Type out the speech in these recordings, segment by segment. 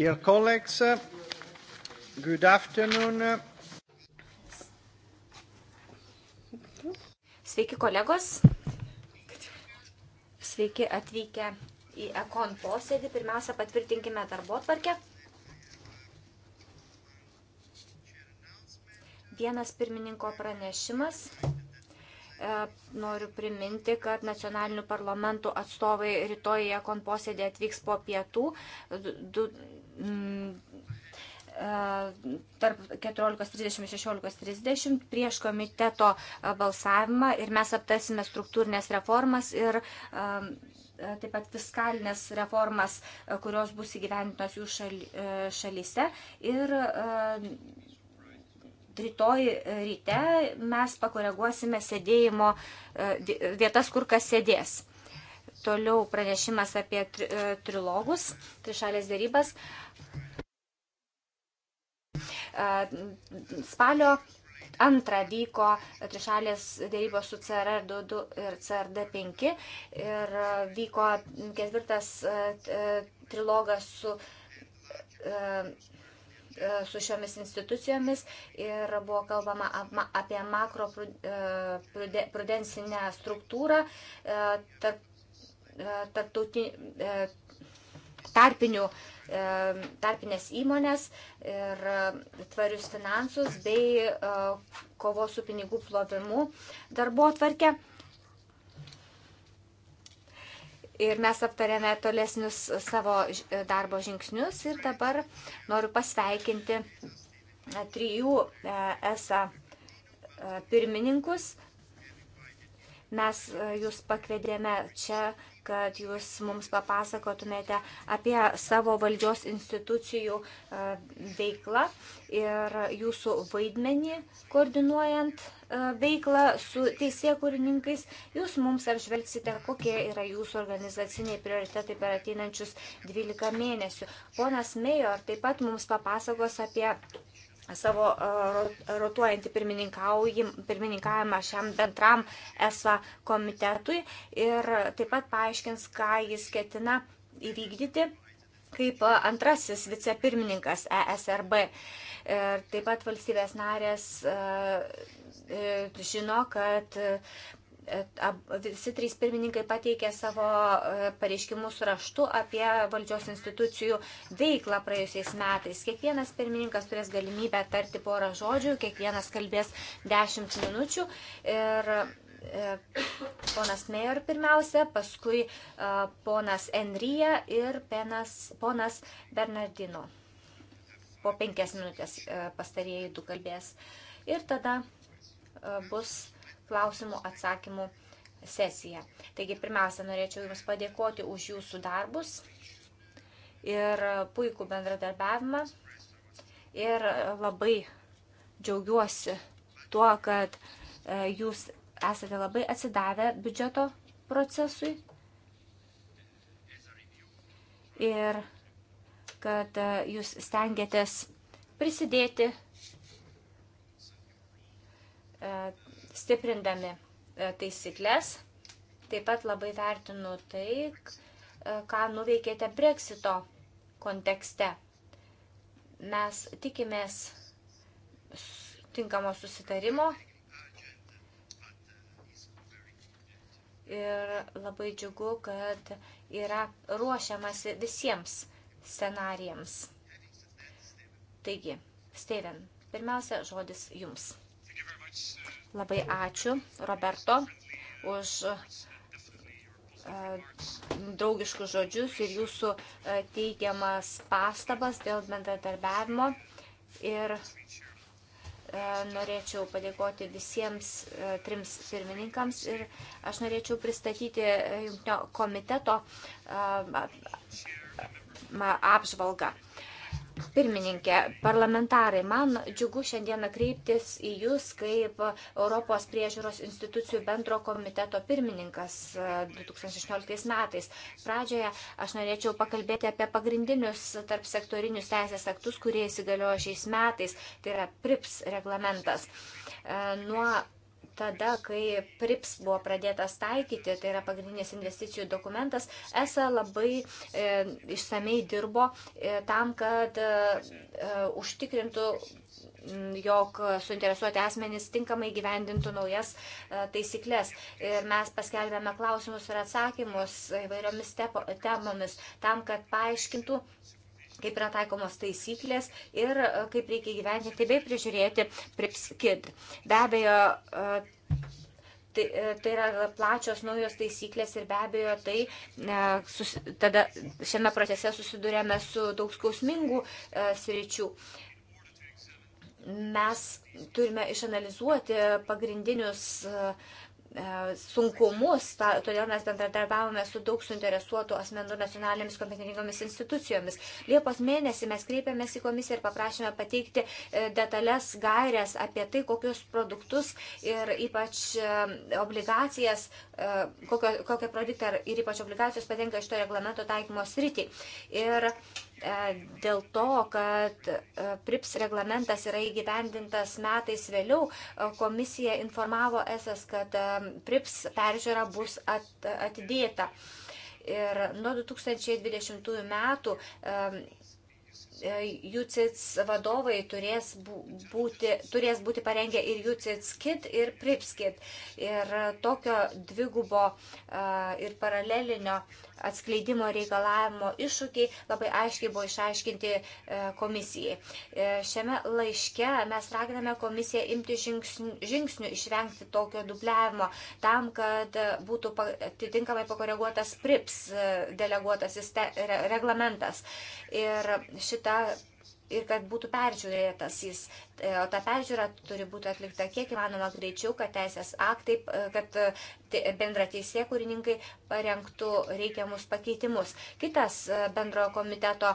Dear colleagues, good afternoon. Sveiki kolegos. Sveiki atvykę į Ekon posėdį. Pirmiausia, patvirtinkime darbo tvarkę. Vienas pirmininko pranešimas. E, noriu priminti, kad nacionalinių parlamentų atstovai rytoj į Ekon posėdį atvyks po pietų. Du, mm, e, tarp 14.30-16.30 prieš komiteto e, balsavimą ir mes aptarsime struktūrinės reformas ir taip pat fiskalinės reformas, kurios bus įgyvendintos jų šalyse. Ir rytoj e, ryte mes pakoreguosime sėdėjimo e, vietas, kur kas sėdės. Toliau pranešimas apie tri, e, trilogus, trišalės dėrybas. Spalio antrą vyko trišalės dėrybos su CRR2 ir CRD5 ir vyko ketvirtas trilogas su su šiomis institucijomis ir buvo kalbama apie makroprudensinę e, struktūrą e, tarp, e, tarptautinį tarpinių, tarpinės įmonės ir tvarius finansus bei kovos su pinigų plovimu darbo atvarkę. Ir mes aptarėme tolesnius savo darbo žingsnius ir dabar noriu pasveikinti e, trijų e, ESA e, pirmininkus. Mes jūs pakvedėme čia, kad jūs mums papasakotumėte apie savo valdžios institucijų veiklą ir jūsų vaidmenį koordinuojant veiklą su teisėkurininkais. Jūs mums apžvelgsite, kokie yra jūsų organizaciniai prioritetai per ateinančius 12 mėnesių. Ponas Mejor taip pat mums papasakos apie savo rotuojantį pirmininkavimą šiam bendram ESA komitetui ir taip pat paaiškins, ką jis ketina įvykdyti kaip antrasis vicepirmininkas ESRB. Ir taip pat valstybės narės e, žino, kad e, visi trys pirmininkai pateikė savo e, pareiškimus raštu apie valdžios institucijų veiklą praėjusiais metais. Kiekvienas pirmininkas turės galimybę tarti porą žodžių, kiekvienas kalbės 10 minučių ir E, ponas Meir pirmiausia, paskui e, ponas Enryja ir penas, ponas Bernardino. Po penkias minutės e, pastarėjai du kalbės. Ir tada bus klausimų atsakymų sesija. Taigi pirmiausia, norėčiau Jums padėkoti už Jūsų darbus ir puikų bendradarbiavimą. Ir labai džiaugiuosi tuo, kad Jūs esate labai atsidavę biudžeto procesui ir kad e, jūs stengiatės prisidėti e, stiprindami e, taisyklės. Taip pat labai vertinu tai, ką nuveikėte Brexito kontekste. Mes tikimės tinkamo susitarimo ir labai džiugu, kad yra ruošiamasi visiems scenarijams. Taigi, Steven, pirmiausia, žodis jums. Labai ačiū, Roberto, už e, draugiškus žodžius ir jūsų e, teigiamas pastabas dėl bendradarbiavimo. Ir E, norėčiau padėkoti visiems e, trims pirmininkams ir aš norėčiau pristatyti e, komiteto apžvalgą. Pirmininkė, parlamentarai, man džiugu šiandieną kreiptis į Jūs kaip Europos priežiūros institucijų bendro komiteto pirmininkas 2016 e, metais. Pradžioje aš norėčiau pakalbėti apie pagrindinius tarp sektorinius teisės aktus, kurie įsigaliojo šiais metais, tai yra PRIPS reglamentas. E, nuo tada, kai PRIPS buvo pradėtas taikyti, tai yra pagrindinis investicijų dokumentas, ESA labai e, išsamei dirbo e, tam, kad e, e užtikrintų jog suinteresuoti asmenys tinkamai gyvendintų naujas e, taisyklės. Ir mes paskelbėme klausimus ir atsakymus įvairiomis tepo, temomis tam, kad paaiškintų kaip yra taikomos taisyklės ir e, kaip reikia gyventi bei prižiūrėti PRIPSKID. Be abejo, e, tai, e, tai yra plačios naujos taisyklės ir be abejo tai ne, sus, tada šiame procese susidurėme su daug skausmingų e, sričių. Mes turime išanalizuoti pagrindinius e, E, sunkumus, ta, todėl mes bendradarbiavome su daug suinteresuotų asmenų nacionalinėmis kompetentingomis institucijomis. Liepos mėnesį mes kreipėmės į komisiją ir paprašėme pateikti e, detalės gairias apie tai, kokius produktus ir ypač e, obligacijas, kokio, kokie produktai ir ypač obligacijos patenka iš to reglamento taikymo sritį. Ir E, dėl to, kad e, PRIPS reglamentas yra įgyvendintas metais vėliau, e, komisija informavo SS, kad PRIPS peržiūra bus atidėta. Ir nuo 2020 metų UCITS vadovai turės būti, turės būti parengę ir UCITS kit, ir PRIPS kit. Ir tokio dvigubo ir paralelinio uh, atskleidimo reikalavimo iššūkiai labai aiškiai buvo išaiškinti e, komisijai. E, šiame laiške mes raginame komisiją imti žingsnių, žingsnių išvengti tokio dubliavimo tam, kad būtų atitinkamai pakoreguotas PRIPS e, deleguotas reglamentas. Ir šita ir kad būtų peržiūrėtas jis. E, o ta peržiūra turi būti atlikta kiek įmanoma greičiau, kad teisės aktai, e, kad e, bendra teisė kūrininkai parengtų reikiamus pakeitimus. Kitas bendrojo komiteto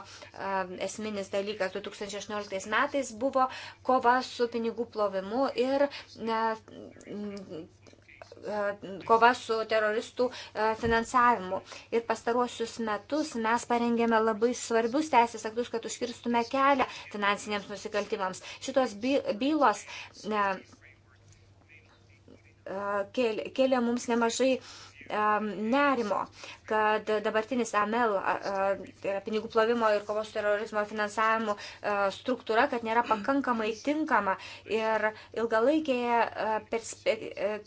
esminis dalykas 2018 metais buvo kova su pinigų plovimu ir kova su teroristų e, finansavimu. Ir pastaruosius metus mes parengėme labai svarbius teisės aktus, kad užkirstume kelią finansiniams nusikaltimams. Šitos bylos e, e, kėlė mums nemažai um, nerimo, kad dabartinis AML, uh, tai yra pinigų plovimo ir kovos su terorizmo finansavimu uh, struktūra, kad nėra pakankamai tinkama ir ilgalaikėje, uh, perspe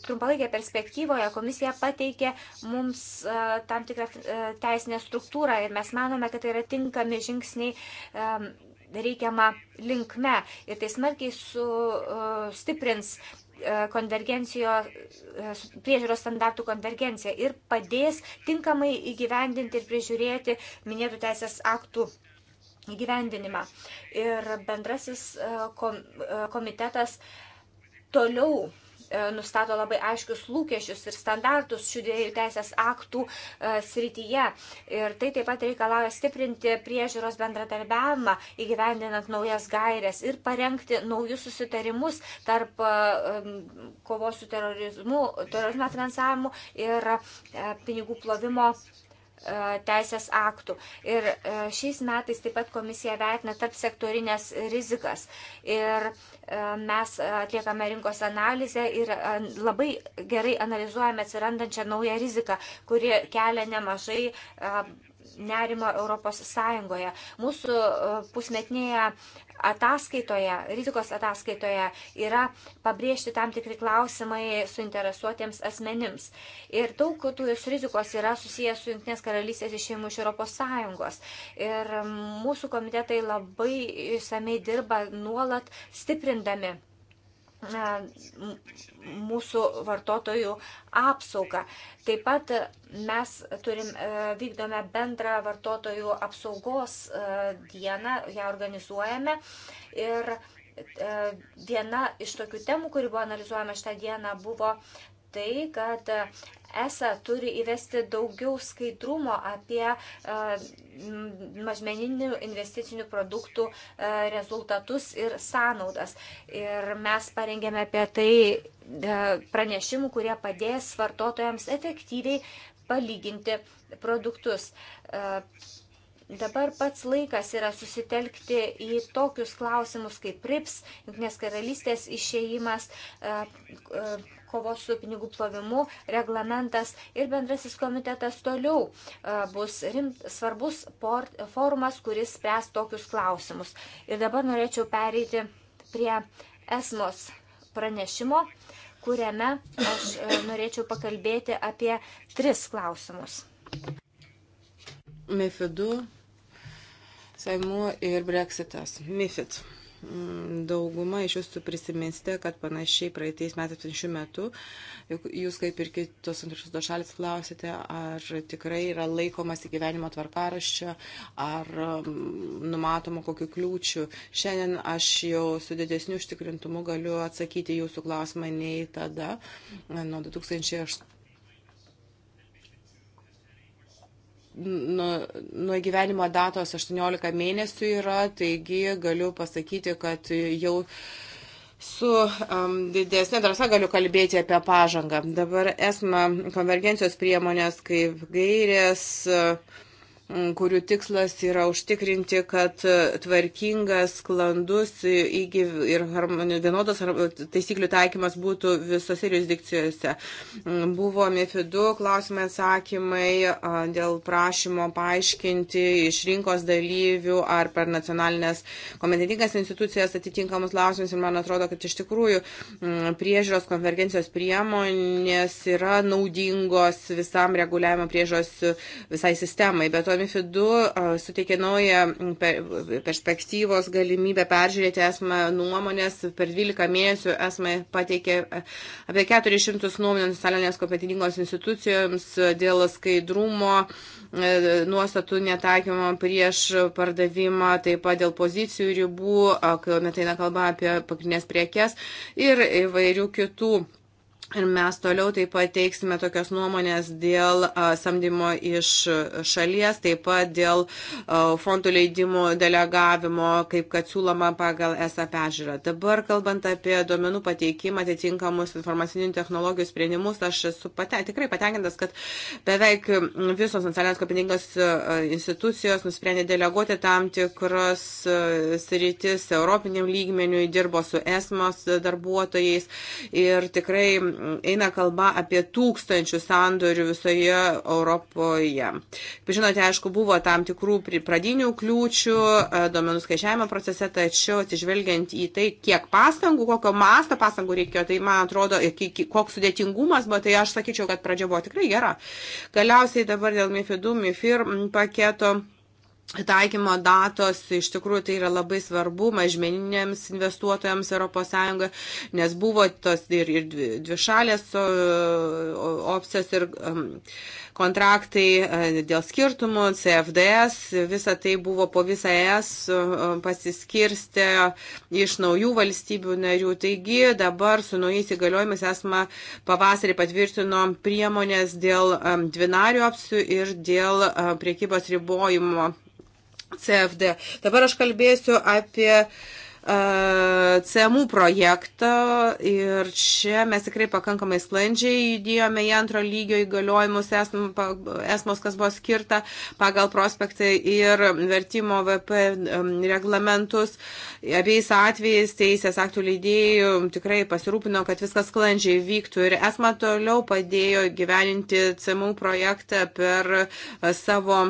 trumpalaikėje perspektyvoje komisija pateikė mums uh, tam tikrą uh, teisinę struktūrą ir mes manome, kad tai yra tinkami žingsniai. Um, reikiamą linkme ir tai smarkiai sustiprins uh, E, priežiūros standartų konvergenciją ir padės tinkamai įgyvendinti ir prižiūrėti minėtų teisės aktų įgyvendinimą. Ir bendrasis e, e, komitetas toliau E, nustato labai aiškius lūkesčius ir standartus šių dviejų teisės aktų e, srityje. Ir tai taip pat reikalauja stiprinti priežiūros bendradarbiavimą, įgyvendinant naujas gairias ir parengti naujus susitarimus tarp e, kovos su terorizmu, terorizmo finansavimu ir pinigų plovimo E, teisės aktų. Ir e, šiais metais taip pat komisija vertina tarp sektorinės rizikas. Ir e, mes atliekame rinkos analizę ir labai gerai analizuojame atsirandančią naują riziką, kuri kelia nemažai nerimo Europos Sąjungoje. Mūsų pusmetinėje ataskaitoje, rizikos ataskaitoje yra pabrėžti tam tikri klausimai suinteresuotiems asmenims. Ir daug tos rizikos yra susijęs su Junktinės karalystės išėjimu iš Europos Sąjungos. Ir mūsų komitetai labai išsamei dirba nuolat stiprindami mūsų vartotojų apsaugą. Taip pat e, mes turim, e, vykdome bendrą vartotojų apsaugos e, dieną, ją organizuojame. Ir viena iš tokių temų, kuri buvo analizuojama šitą dieną, buvo tai, kad e, ESA turi įvesti daugiau skaidrumo apie e, mažmeninių investicinių produktų e, rezultatus ir sąnaudas. Ir mes parengėme apie tai pranešimų, kurie padės vartotojams efektyviai palyginti produktus. Dabar pats laikas yra susitelkti į tokius klausimus kaip RIPS, Junknės karalystės išėjimas, kovos su pinigų plovimu reglamentas ir bendrasis komitetas toliau bus rimt, svarbus port, formas, kuris spręs tokius klausimus. Ir dabar norėčiau pereiti prie esmos pranešimo, kuriame aš norėčiau pakalbėti apie tris klausimus. MIFID 2, Saimu ir Brexitas. MIFID. Mm, dauguma iš jūsų prisiminsite, kad panašiai praeitais metais šių metų, jūs kaip ir kitos antraštos šalis klausite, ar tikrai yra laikomasi gyvenimo tvarkaraščio, ar mm, numatoma kokiu kliūčiu. Šiandien aš jau su didesniu užtikrintumu galiu atsakyti jūsų klausimą nei tada, nuo 2008 nuo, nuo gyvenimo datos 18 mėnesių yra, taigi galiu pasakyti, kad jau su um, didesnė drąsa galiu kalbėti apie pažangą. Dabar esame konvergencijos priemonės kaip gairės. Uh, Mm, kurių tikslas yra užtikrinti, kad e, tvarkingas, sklandus e, ir vienodas taisyklių taikymas būtų visose jurisdikcijose. Mm, buvo MIFIDU klausimai atsakymai dėl prašymo paaiškinti iš rinkos dalyvių ar per nacionalinės kompetentingas institucijas atitinkamus klausimus ir man atrodo, kad iš tikrųjų mm, priežiūros konvergencijos priemonės yra naudingos visam reguliavimo priežiūros visai sistemai. Bet to MIFID 2 suteikė naują perspektyvos galimybę peržiūrėti esmą nuomonės. Per 12 mėnesių esmą pateikė apie 400 nuomonių nacionalinės kompetingos institucijoms dėl skaidrumo e, nuostatų netaikymo prieš pardavimą, taip pat dėl pozicijų ribų, kai metai nekalba apie pagrindinės priekes ir įvairių kitų Ir mes toliau taip pat teiksime tokios nuomonės dėl a, samdymo iš e, šalies, taip pat dėl a, fondų leidimų delegavimo, kaip kad siūloma pagal ESA pežiūrą. Dabar kalbant apie duomenų pateikimą, atitinkamus informacinių technologijų sprendimus, aš esu pate, tikrai patenkintas, kad beveik visos nacionalinės kompetingos e, institucijos nusprendė deleguoti tam tikros e, sritis europiniam lygmeniui, dirbo su esmos darbuotojais ir tikrai eina kalba apie tūkstančių sandorių visoje Europoje. Kaip žinote, aišku, buvo tam tikrų pradinių kliūčių e, duomenų skaičiavimo procese, tačiau atsižvelgiant į tai, kiek pastangų, kokio masto pastangų reikėjo, tai man atrodo, koks sudėtingumas buvo, tai aš sakyčiau, kad pradžia buvo tikrai gera. Galiausiai dabar dėl MIFID 2, MIFIR paketo taikymo datos iš tikrųjų tai yra labai svarbu mažmeniniams investuotojams ES, nes buvo tos ir, ir dvišalės opcijos ir um, kontraktai uh, dėl skirtumų, CFDS, visa tai buvo po visą ES um, pasiskirstę iš naujų valstybių narių. Taigi dabar su naujais įgaliojimais esame pavasarį patvirtino priemonės dėl um, dvinarių opcijų ir dėl uh, priekybos ribojimo CFD. Dabar aš kalbėsiu apie uh, E, CMU projektą ir čia mes tikrai pakankamai sklandžiai judėjome į antro lygio įgaliojimus esmos, kas buvo skirta pagal prospektą ir vertimo VP reglamentus. Abiejais atvejais teisės aktų leidėjų tikrai pasirūpino, kad viskas sklandžiai vyktų ir esma toliau padėjo gyveninti CMU projektą per savo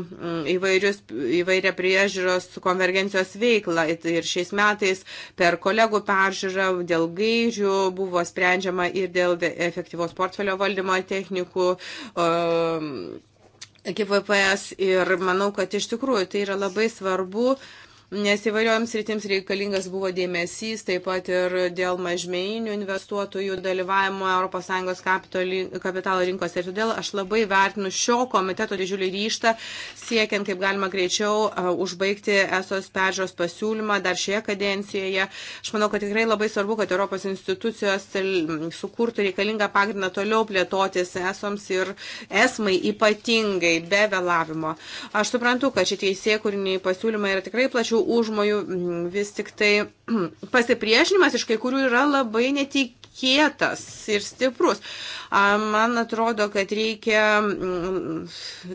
įvairius, įvairią priežiūros konvergencijos veiklą. Ir šiais metais Per kolegų peržiūrą dėl gairių buvo sprendžiama ir dėl efektyvos portfelio valdymo technikų. Um, GVPS ir manau, kad iš tikrųjų tai yra labai svarbu uh, nes įvairioms rytims reikalingas buvo dėmesys, taip pat ir dėl mažmeinių investuotojų dalyvavimo ES kapitalo rinkose. Ir todėl aš labai vertinu šio komiteto didžiulį ryštą, siekiant kaip galima greičiau užbaigti esos peržiūros pasiūlymą dar šioje kadencijoje. Aš manau, kad tikrai labai svarbu, kad Europos institucijos sukurtų reikalingą pagrindą toliau plėtotis esoms ir esmai ypatingai be vėlavimo. Aš suprantu, kad šitie įsiekūriniai pasiūlymai yra tikrai plačių įvairių užmojų, mm, vis tik tai pasipriešinimas iš kai kurių yra labai netik kietas ir stiprus. Man atrodo, kad reikia, mm,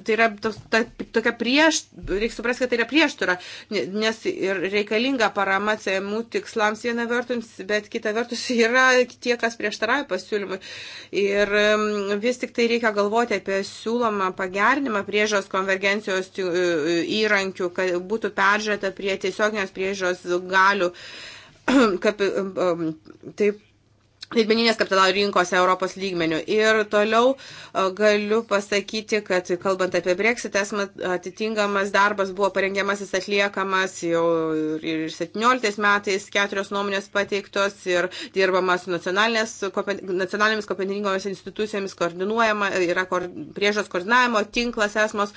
tai yra toks, ta, tokia prieš, reikia suprasti, kad tai yra prieštura, nes ir reikalinga parama CMU tikslams viena vertus, bet kita vertus yra tie, kas prieštarauja pasiūlymui. Ir mm, vis tik tai reikia galvoti apie siūlomą pagernimą priežos konvergencijos e, e, įrankių, kad būtų peržiūrėta prie prie tiesioginės priežiūros galių. Kaip, um, um, taip Didmeninės kapitalo rinkos Europos lygmenių. Ir toliau e, galiu pasakyti, kad kalbant apie Brexit, atitinkamas darbas buvo parengiamasis atliekamas jau ir 17 metais keturios nuomonės pateiktos ir dirbama su nacionalinėmis kompetentingomis institucijomis, koordinuojama, yra ko, priežos koordinavimo tinklas esmos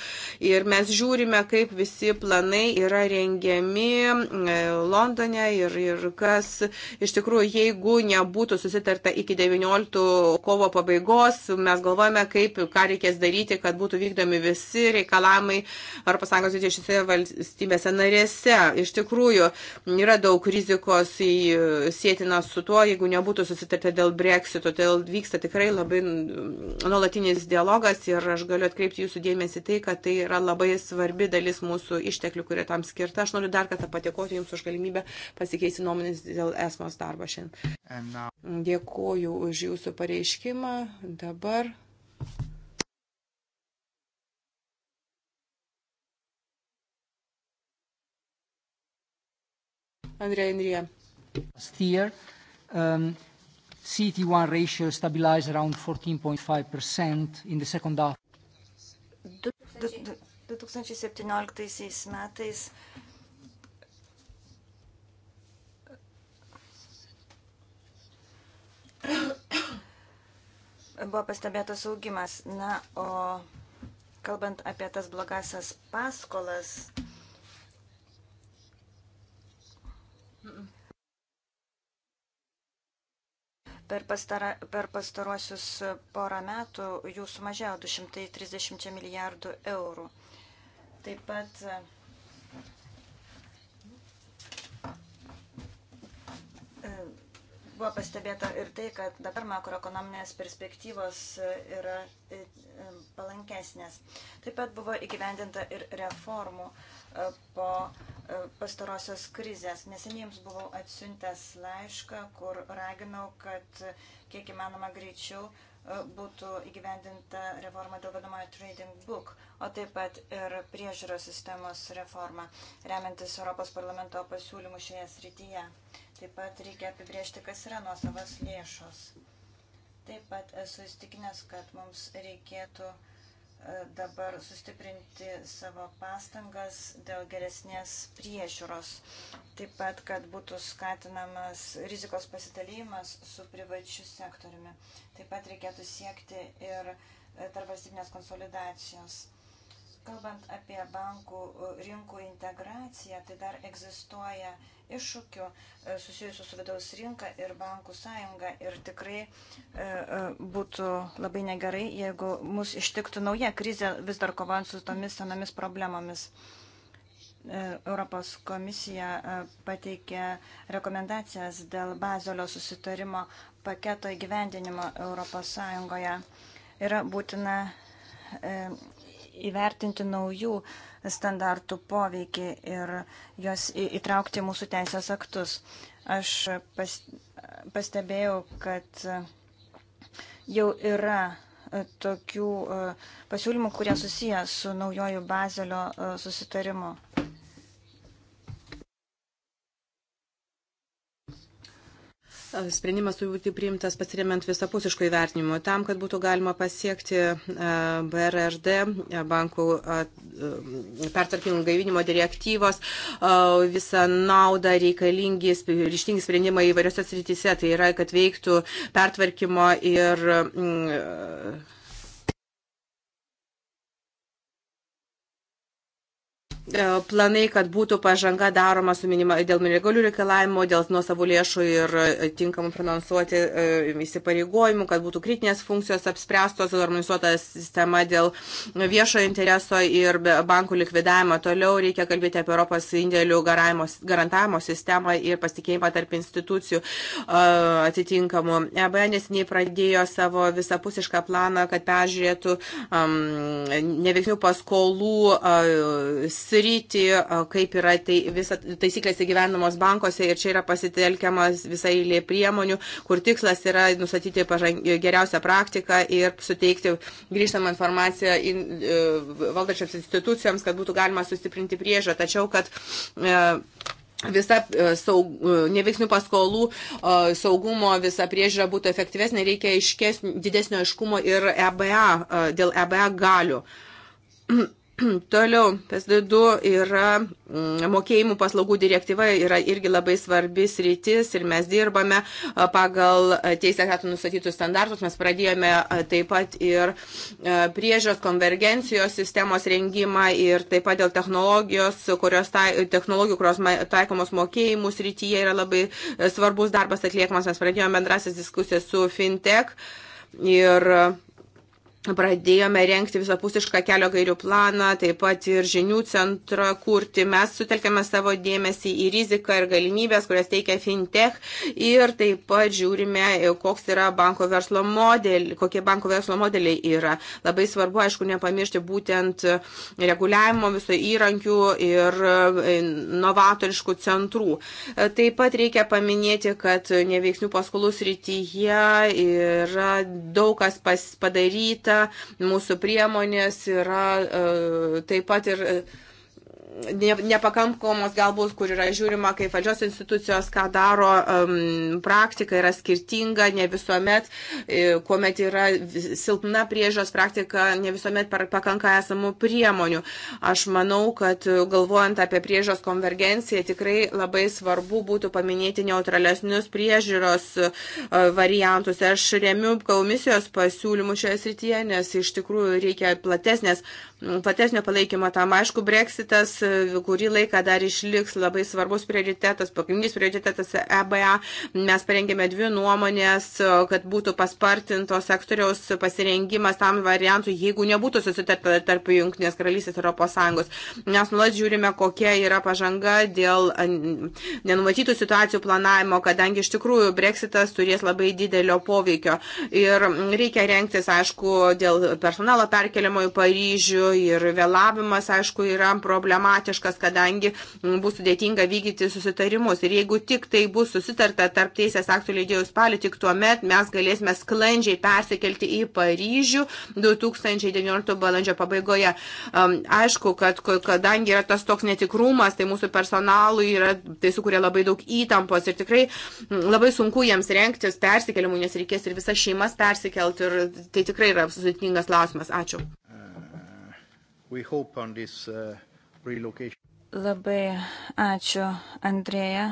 ir mes žiūrime, kaip visi planai yra rengiami e, Londone ir, ir kas iš tikrųjų, jeigu nebūtų susitikti susitarta iki 19 kovo pabaigos. Mes galvojame, kaip, ką reikės daryti, kad būtų vykdomi visi reikalavimai ES 26 valstybėse narėse. Iš tikrųjų, yra daug rizikos sėtina su tuo, jeigu nebūtų susitarta dėl breksito. Todėl vyksta tikrai labai nuolatinis dialogas ir aš galiu atkreipti jūsų dėmesį tai, kad tai yra labai svarbi dalis mūsų išteklių, kurie tam skirta. Aš noriu dar kartą patikoti Jums už galimybę pasikeisti nuomonės dėl esmos darbo šiandien. Now... Dėkoju už jūsų pareiškimą. Dabar Andrea Enria. Last year, um, CET1 ratio stabilized around 14.5% in the second half. 2017 metais Buvo pastebėtas augimas. Na, o kalbant apie tas blogasias paskolas. Per, pastara, per pastaruosius porą metų jų sumažėjo 230 milijardų eurų. Taip pat e, Buvo pastebėta ir tai, kad dabar makroekonominės perspektyvos yra e, e, palankesnės. Taip pat buvo įgyvendinta ir reformų e, po pastarosios krizės. Neseniai jums buvau atsiuntęs laišką, kur raginau, kad kiek įmanoma greičiau E, būtų įgyvendinta reforma dėl vadinamojo Trading Book, o taip pat ir priežiūros sistemos reforma, remiantis Europos parlamento pasiūlymų šioje srityje. Taip pat reikia apibriežti, kas yra nuosavas lėšos. Taip pat esu įstikinęs, kad mums reikėtų uh, dabar sustiprinti savo pastangas dėl geresnės priežiūros. Taip pat, kad būtų skatinamas rizikos pasidalymas su privačiu sektoriumi. Taip pat reikėtų siekti ir tarp valstybinės konsolidacijos. Kalbant apie bankų e, rinkų integraciją, tai dar egzistuoja iššūkių e, susijusių su vidaus rinka ir bankų sąjunga. Ir tikrai e, būtų labai negerai, jeigu mus ištiktų nauja krizė, vis dar kovant su tomis senomis problemomis. Europos komisija pateikė rekomendacijas dėl bazolio susitarimo paketo įgyvendinimo Europos Sąjungoje. Yra būtina įvertinti naujų standartų poveikį ir juos įtraukti mūsų teisės aktus. Aš pas, pastebėjau, kad jau yra e, tokių e, pasiūlymų, kurie susiję su naujoju Bazelio e, susitarimu. Sprendimas turi būti priimtas pasiremiant visapusiško įvertinimu, tam, kad būtų galima pasiekti e, BRRD e, bankų e, pertarpinimų gaivinimo direktyvos visą naudą reikalingi ryštingi sprendimai įvairiose srityse. Tai yra, kad veiktų pertvarkymo ir E, planai, kad būtų pažanga daroma su minima, dėl minimalių reikalavimų, dėl nuosavų lėšų ir e, tinkamų finansuoti e, įsipareigojimų, kad būtų kritinės funkcijos apspręstos, harmonizuota sistema dėl viešojo intereso ir bankų likvidavimo. Toliau reikia kalbėti apie Europos indėlių garantavimo sistemą ir pasitikėjimą tarp institucijų atitinkamų. EB nesiniai pradėjo savo visapusišką planą, kad peržiūrėtų um, neveiksnių paskolų uh, sritį, kaip yra tai visa, taisyklės įgyvenamos bankuose ir čia yra pasitelkiamas visai eilė priemonių, kur tikslas yra nustatyti pažang, geriausią praktiką ir suteikti grįžtamą informaciją in, e, valdačiams institucijoms, kad būtų galima sustiprinti priežą. Tačiau, kad e, visa e, saug, neveiksnių paskolų saugumo visa priežiūra būtų efektyvesnė, reikia iškesnio, didesnio aiškumo ir EBA, dėl EBA galių. Toliau, PSD2 yra mm, mokėjimų paslaugų direktyva, yra irgi labai svarbis rytis ir mes dirbame pagal teisės aktų nustatytus standartus. Mes pradėjome taip pat ir priežios konvergencijos sistemos rengimą ir taip pat dėl technologijos, kurios, technologijų, kurios taikomos mokėjimų srityje yra labai svarbus darbas atliekamas. Mes pradėjome bendrasias diskusijas su FinTech ir Pradėjome renkti visapusišką kelio gairių planą, taip pat ir žinių centrą kurti. Mes sutelkėme savo dėmesį į riziką ir galimybės, kurias teikia fintech ir taip pat žiūrime, koks yra banko verslo model, kokie banko verslo modeliai yra. Labai svarbu, aišku, nepamiršti būtent reguliavimo viso įrankių ir e, novatoriškų centrų. Taip pat reikia paminėti, kad neveiksnių paskolų srityje yra daug kas padaryta Kita mūsų priemonės yra e, taip pat ir e, ne, nepakankamos galbūt, kur yra žiūrima, kaip valdžios institucijos, ką daro, um, praktika yra skirtinga, ne visuomet, e, kuomet yra silpna priežos praktika, ne visuomet per, pakanka esamų priemonių. Aš manau, kad e, galvojant apie priežos konvergenciją, tikrai labai svarbu būtų paminėti neutralesnius priežiūros e, variantus. Aš remiu komisijos pasiūlymus šioje srityje, nes iš tikrųjų reikia platesnės platesnio palaikymo tam. Aišku, breksitas e, kurį laiką dar išliks labai svarbus prioritetas, pagrindinis prioritetas EBA. Mes parengėme dvi nuomonės, e, kad būtų paspartintos sektoriaus pasirengimas tam variantui, jeigu nebūtų susitarta tarp Junktinės karalystės ir ES. Mes nuolat žiūrime, kokia yra pažanga dėl e, nenumatytų situacijų planavimo, kadangi iš tikrųjų breksitas turės labai didelio poveikio. Ir reikia rengtis, aišku, dėl personalo perkeliamo į Paryžių ir vėlavimas, aišku, yra problematiškas, kadangi mm, bus sudėtinga vykdyti susitarimus. Ir jeigu tik tai bus susitarta tarp teisės aktų leidėjų spalį, tik tuo met mes galėsime sklandžiai persikelti į Paryžių 2019 balandžio pabaigoje. Aišku, kad kadangi yra tas toks netikrumas, tai mūsų personalui yra, tai sukuria labai daug įtampos ir tikrai mm, labai sunku jiems renktis persikeliamų, nes reikės ir visas šeimas persikelti ir tai tikrai yra sudėtingas klausimas. Ačiū. Uh, Labai ačiū, Andrėja.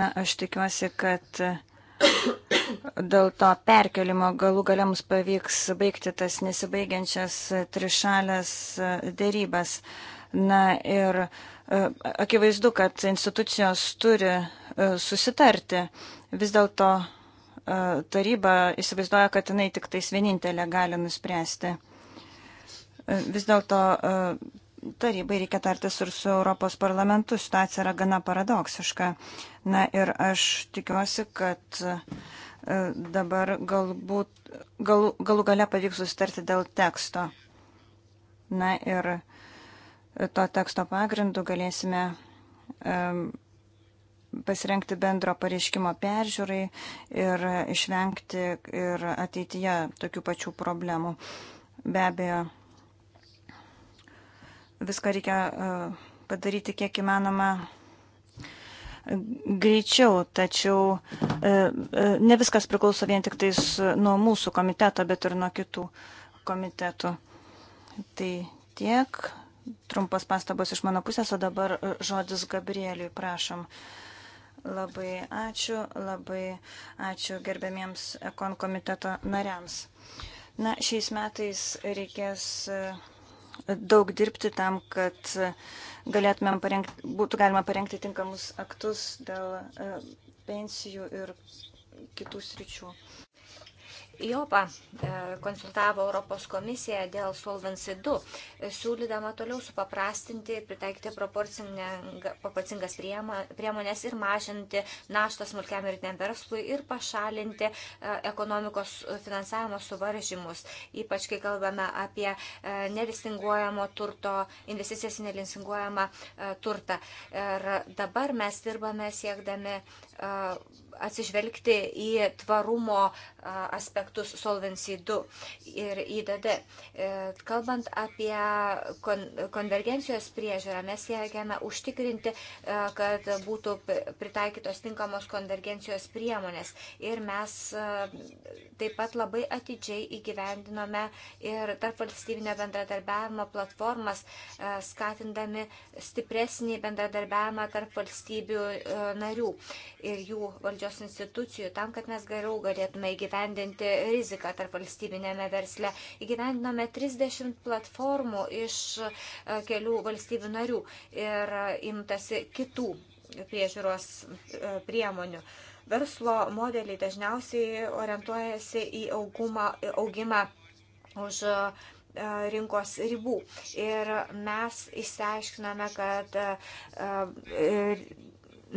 Na, aš tikiuosi, kad dėl to perkelimo galų galia mums pavyks baigti tas nesibaigiančias trišalės e, dėrybas. Na ir e, akivaizdu, kad institucijos turi e, susitarti. Vis dėlto taryba įsivaizduoja, kad jinai tik tais vienintelė gali nuspręsti. Vis dėlto e, tarybai reikia tartis ir su Europos parlamentu. Situacija yra gana paradoksiška. Na ir aš tikiuosi, kad e, dabar galbūt gal, galų gale pavyks sustarti dėl teksto. Na ir e, to teksto pagrindu galėsime um, pasirengti bendro pareiškimo peržiūrai ir išvengti ir ateityje tokių pačių problemų. Be abejo, viską reikia e, padaryti kiek įmanoma greičiau, tačiau e, e, ne viskas priklauso vien tik tais nuo mūsų komiteto, bet ir nuo kitų komitetų. Tai tiek trumpas pastabos iš mano pusės, o dabar žodis Gabrieliui, prašom. Labai ačiū, labai ačiū gerbėmiems ekon komiteto nariams. Na, šiais metais reikės daug dirbti tam, kad e, galėtumėm parengti, būtų galima parengti tinkamus aktus dėl e, pensijų ir kitų sričių. Jopa e, konsultavo Europos komisiją dėl Solvency 2, e, siūlydama toliau supaprastinti ir pritaikyti proporcingas priemonės ir mažinti naštą smulkiam ir tiem verslui ir pašalinti e, ekonomikos finansavimo suvaržymus, ypač kai kalbame apie nelistinguojamo turto, investicijas į nelistinguojamą turtą. Ir dabar mes dirbame siekdami atsižvelgti į tvarumo aspektus Solvency 2 ir IDD. E, kalbant apie konvergencijos priežiūrą, mes siekiame užtikrinti, kad būtų pritaikytos tinkamos konvergencijos priemonės. Ir mes taip pat labai atidžiai įgyvendinome ir tarp valstybinio bendradarbiavimo platformas, skatindami stipresnį bendradarbiavimą tarp valstybių narių ir jų valdžios valdžios institucijų tam, kad mes geriau galėtume įgyvendinti riziką tarp valstybinėme versle. Įgyvendinome 30 platformų iš e, kelių valstybių narių ir e, imtasi kitų priežiūros e, priemonių. Verslo modeliai dažniausiai orientuojasi į augumą, augimą už rinkos ribų. Ir mes išsiaiškiname, kad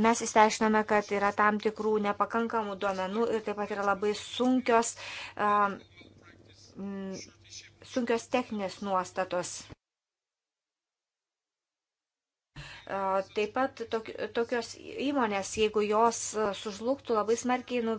Mes įsteišiname, kad yra tam tikrų nepakankamų duomenų ir taip pat yra labai sunkios, um, sunkios techninės nuostatos. Taip pat tokios įmonės, jeigu jos sužlugtų, labai smarkiai nu,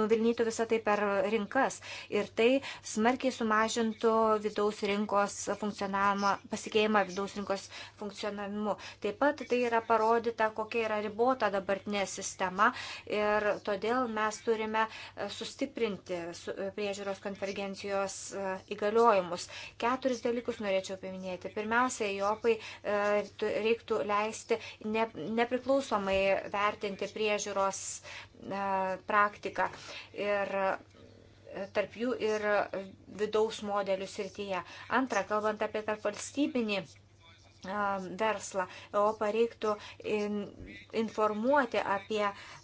nuvilnytų visą tai per rinkas ir tai smarkiai sumažintų vidaus rinkos funkcionavimą, pasikeimą vidaus rinkos funkcionavimu. Taip pat tai yra parodyta, kokia yra ribota dabartinė sistema ir todėl mes turime sustiprinti priežiūros konvergencijos įgaliojimus. Keturis dalykus norėčiau paminėti. Pirmiausia, Jopai reiktų reiktų leisti ne, nepriklausomai vertinti priežiūros e, praktiką. Ir e, tarp jų ir vidaus modelių srityje. Antra, kalbant apie tarp valstybinį Um, verslą. Europą reiktų informuoti apie uh,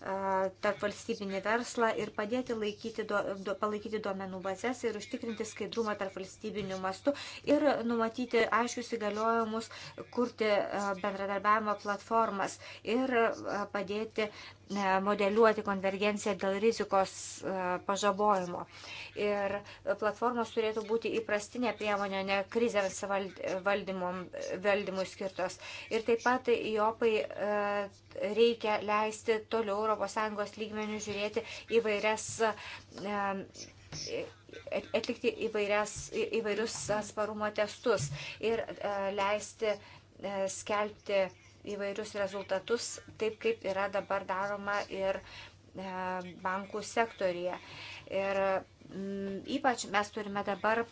tarpvalstybinį verslą ir padėti laikyti, do, palaikyti duomenų bazės ir užtikrinti skaidrumą tarpvalstybiniu mastu ir numatyti aiškius įgaliojimus, kurti uh, bendradarbiavimo platformas ir uh, padėti E, modeliuoti konvergenciją dėl rizikos e, pažabojimo. Ir platformos turėtų būti įprastinė priemonė, ne krizėms valdymui skirtos. Ir taip pat jopai e, reikia leisti toliau ES lygmenių žiūrėti įvairias atlikti įvairias, įvairius atsparumo testus ir leisti skelbti įvairius rezultatus, taip kaip yra dabar daroma ir e, bankų sektorija. Ir mm, ypač mes turime dabar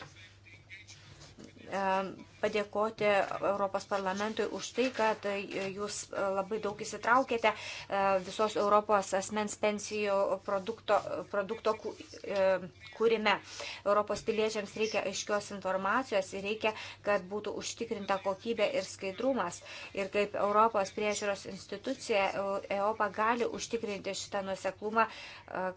padėkoti Europos parlamentui už tai, kad jūs e, labai daug įsitraukėte e, visos Europos asmens pensijų produkto, produkto e, kūrime. Europos piliečiams reikia aiškios informacijos ir reikia, kad būtų užtikrinta kokybė ir skaidrumas. Ir kaip Europos priežiūros institucija, EOPA gali užtikrinti šitą nuseklumą,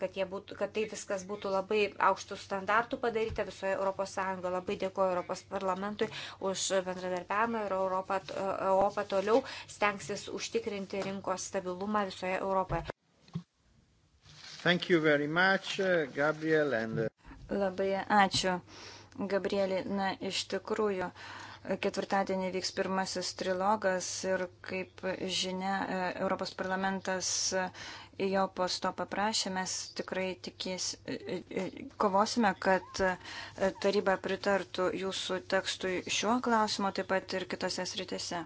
kad, būtų, kad tai viskas būtų labai aukštų standartų padaryta visoje Europos Sąjungoje. Labai dėkuoju Europos parlamentui parlamentui už bendradarbiavimą ir Europa, Europa toliau stengsis užtikrinti rinkos stabilumą visoje Europoje. Thank you very much, Gabriel. And... Uh, Labai ačiū, Gabrielė. Na, iš tikrųjų ketvirtadienį vyks pirmasis trilogas ir, kaip žinia, e, Europos parlamentas jo posto paprašė, mes tikrai tikės, e, e, kovosime, kad e, taryba pritartų jūsų tekstui šiuo klausimu, taip pat ir kitose sritise.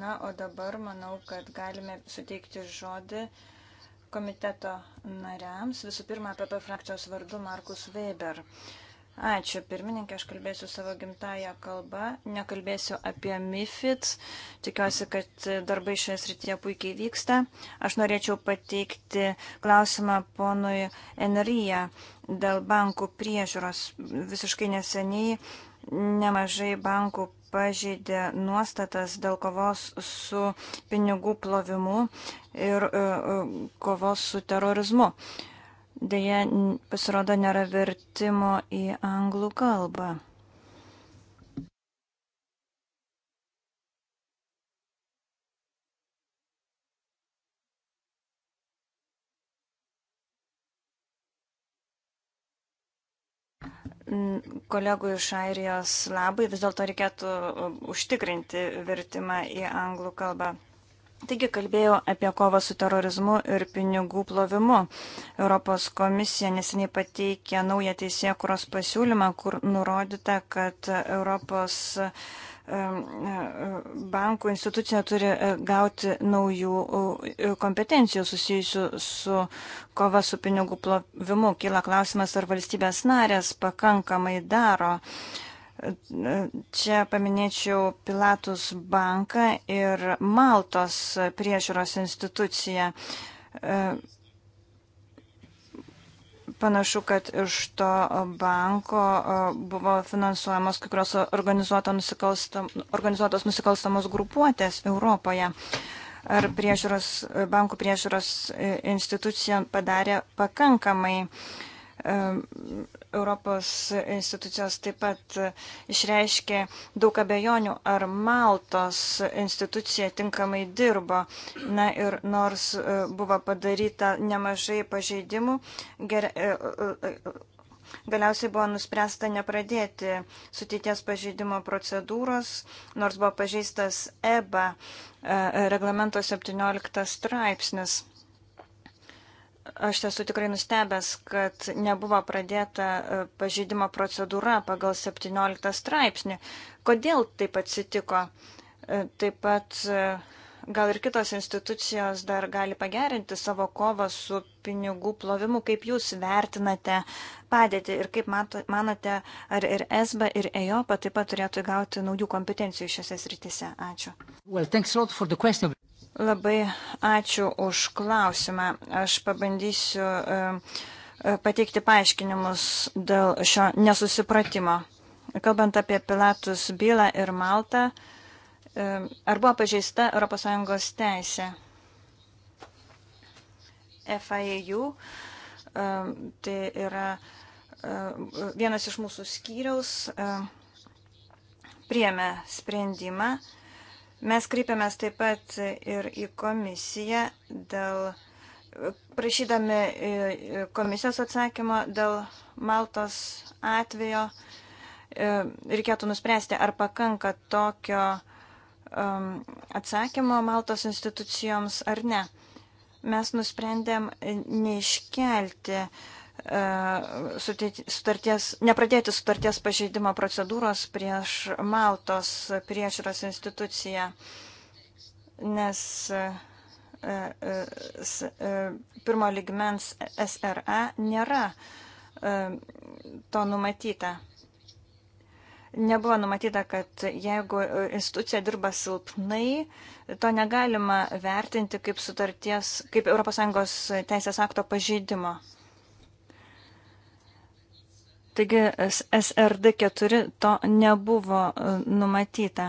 Na, o dabar manau, kad galime suteikti žodį komiteto nariams. Visų pirma, PP frakcijos vardu Markus Weber. Uh, Ačiū, pirmininkė, aš kalbėsiu savo gimtają kalbą, nekalbėsiu apie MIFID, tikiuosi, kad darbai šioje srityje puikiai vyksta. Aš norėčiau pateikti klausimą ponui Enryje dėl bankų priežiūros. Visiškai neseniai nemažai bankų pažeidė nuostatas dėl kovos su pinigų plovimu ir e, e, kovos su terorizmu. Uh, Deja, pasirodo, nėra vertimo į anglų kalbą. kolegų iš Airijos labai vis dėlto reikėtų uh, užtikrinti vertimą į anglų kalbą. Taigi kalbėjau apie kovą su terorizmu ir pinigų plovimu. Europos komisija neseniai pateikė naują teisėkuros pasiūlymą, kur nurodyta, kad Europos bankų institucija turi e, gauti naujų e, kompetencijų susijusių su kova su pinigų plovimu. Kila klausimas, ar valstybės narės pakankamai daro. Uh, Čia paminėčiau Pilatus banką ir Maltos priežiūros instituciją. Panašu, kad iš to banko e, buvo finansuojamos kai kurios organizuotos nusikalstamos grupuotės Europoje. Ar priežiūros, bankų priežiūros e, institucija padarė pakankamai e, Europos institucijos taip pat e, išreiškė daug abejonių, ar Maltos institucija tinkamai dirbo. Na ir nors e, buvo padaryta nemažai pažeidimų, ger... E, galiausiai buvo nuspręsta nepradėti sutyties pažeidimo procedūros, nors buvo pažeistas EBA reglamento 17 straipsnis. Aš esu tikrai nustebęs, kad nebuvo pradėta e, pažeidimo procedūra pagal 17 straipsnį. Kodėl taip atsitiko? E, taip pat e, Gal ir kitos institucijos dar gali pagerinti savo kovą su pinigų plovimu, kaip jūs vertinate padėtį ir kaip mato, manote, ar ir ESBA, ir EJOPA taip pat turėtų įgauti naujų kompetencijų šiose srityse. Ačiū. Well, Labai ačiū už klausimą. Aš pabandysiu e, e, pateikti paaiškinimus dėl šio nesusipratimo. Kalbant apie Pilatus bylą ir Maltą, uh, ar buvo pažeista ES teisė. FIAU, e tai yra vienas iš mūsų skyriaus, priemė sprendimą. Mes kreipiamės taip pat ir į komisiją dėl, prašydami e, komisijos atsakymo dėl Maltos atvejo, reikėtų nuspręsti, ar pakanka tokio uh, um, atsakymo Maltos institucijoms ar ne. Mes nusprendėm neiškelti uh, sutarties, nepradėti sutarties pažeidimo procedūros prieš Maltos priežiūros instituciją, nes uh, uh, uh pirmo ligmens SRA nėra uh, to numatyta nebuvo numatyta, kad jeigu institucija dirba silpnai, to negalima vertinti kaip sutarties, kaip ES teisės akto pažeidimo. Taigi SRD 4 to nebuvo e, numatyta.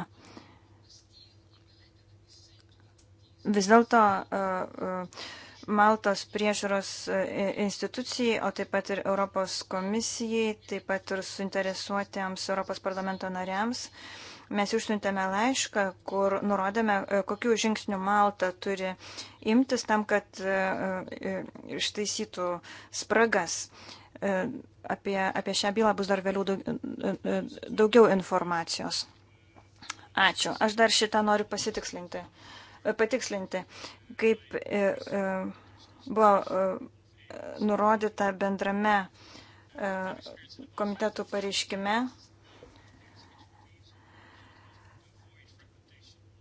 Vis dėlto uh, uh, Maltos priežiūros e, institucijai, o taip pat ir Europos komisijai, taip pat ir suinteresuotiems Europos parlamento nariams. Mes išsiuntėme laišką, kur nurodėme, e, kokių žingsnių Malta turi imtis tam, kad e, ištaisytų spragas. Apie, apie šią bylą bus dar vėliau daug, daugiau informacijos. Ačiū. Aš dar šitą noriu pasitikslinti. Uh, patikslinti, kaip e, e, buvo e, nurodyta bendrame komitetų pareiškime.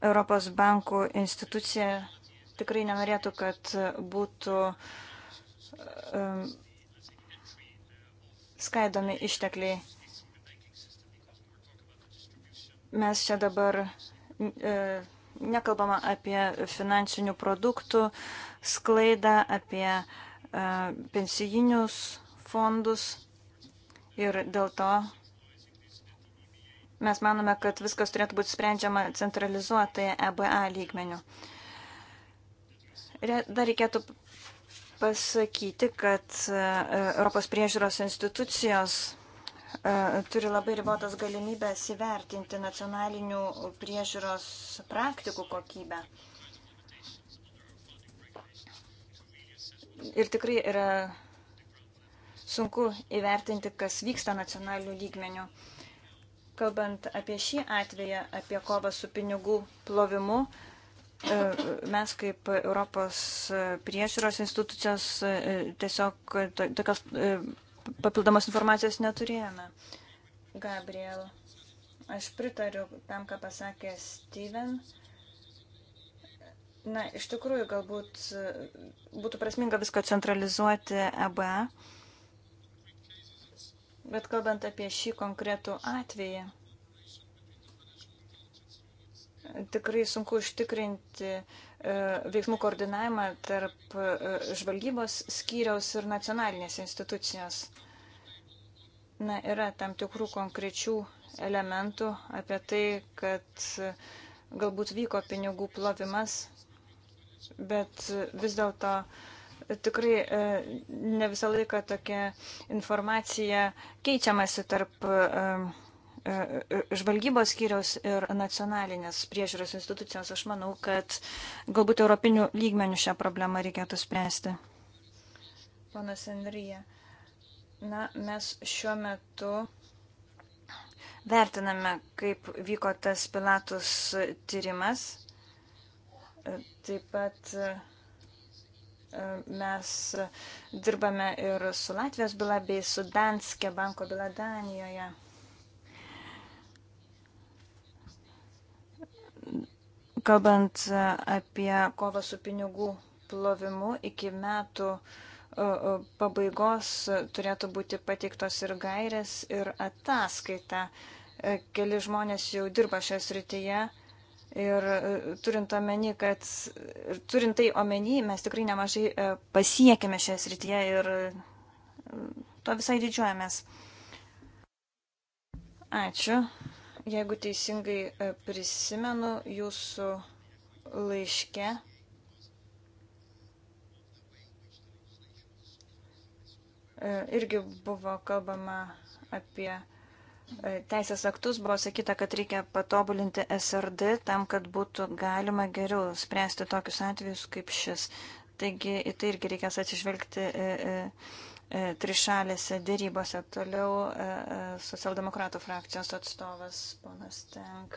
Europos bankų institucija tikrai nenorėtų, kad būtų skaidomi ištekliai. Mes čia dabar Nekalbama apie finansinių produktų sklaidą, apie e, pensijinius fondus ir dėl to mes manome, kad viskas turėtų būti sprendžiama centralizuotai EBA lygmeniu. Dar reikėtų pasakyti, kad e, Europos priežiūros institucijos E, turi labai ribotas galimybės įvertinti nacionalinių priežiūros praktikų kokybę. Ir tikrai yra sunku įvertinti, kas vyksta nacionalinių lygmenių. Kalbant apie šį atveją, apie kovą su pinigų plovimu, e, mes kaip Europos priežiūros institucijos e, tiesiog tokios papildomos informacijos neturėjome. Gabriel, aš pritariu tam, ką pasakė Steven. Na, iš tikrųjų, galbūt e, būtų prasminga viską centralizuoti EBA. Bet kalbant apie šį konkretų atvejį, tikrai sunku užtikrinti uh, E, veiksmų koordinavimą tarp e, žvalgybos skyriaus ir nacionalinės institucijos. Na, yra tam tikrų konkrečių elementų apie tai, kad e, galbūt vyko pinigų plovimas, bet vis dėlto tikrai ne visą laiką tokia informacija keičiamasi tarp E, e, žvalgybos skyriaus ir nacionalinės priežiūros institucijos, aš manau, kad galbūt europinių lygmenių šią problemą reikėtų spręsti. Ponas Enrija, na, mes šiuo metu vertiname, kaip vyko tas Pilatus tyrimas. E, taip pat mes dirbame ir su Latvijos byla bei su Danske banko byla Danijoje. Kalbant e, apie kovą su pinigų plovimu, iki metų e, e, pabaigos turėtų būti pateiktos ir gairės, ir ataskaita. Keli žmonės jau dirba šioje srityje ir turint omeny, kad turint tai omeny, mes tikrai nemažai pasiekėme šioje srityje ir to visai didžiuojamės. Ačiū. Jeigu teisingai e, prisimenu, jūsų laiške e, irgi buvo kalbama apie e, teisės aktus, buvo sakyta, kad reikia patobulinti SRD tam, kad būtų galima geriau spręsti tokius atvejus kaip šis. Taigi į tai irgi reikės atsižvelgti E, trišalėse dėrybose. Toliau e, e, socialdemokratų frakcijos atstovas ponas Tenk.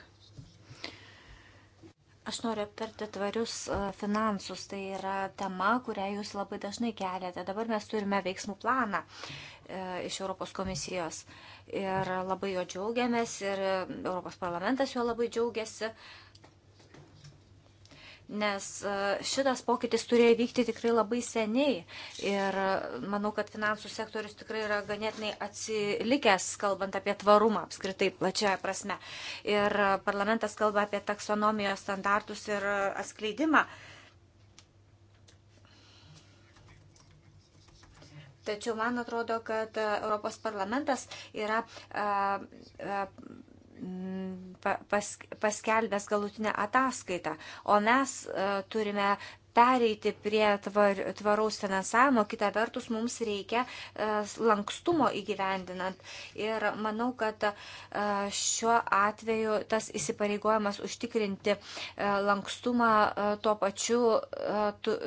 Aš noriu aptarti tvarius finansus. Tai yra tema, kurią jūs labai dažnai keliate. Dabar mes turime veiksmų planą iš Europos komisijos. Ir labai jo džiaugiamės ir Europos parlamentas jo labai džiaugiasi nes e, šitas pokytis turėjo vykti tikrai labai seniai ir e, manau, kad finansų sektorius tikrai yra ganėtinai atsilikęs, kalbant apie tvarumą apskritai plačiaja prasme. Ir e, parlamentas kalba apie taksonomijos standartus ir atskleidimą. Tačiau man atrodo, kad Europos parlamentas yra Mm, pas, paskelbęs galutinę ataskaitą, o mes e, turime pereiti prie tvar, tvaraus finansavimo, kita vertus mums reikia e, lankstumo įgyvendinant. Ir manau, kad e, šiuo atveju tas įsipareigojimas užtikrinti lankstumą tuo pačiu tu,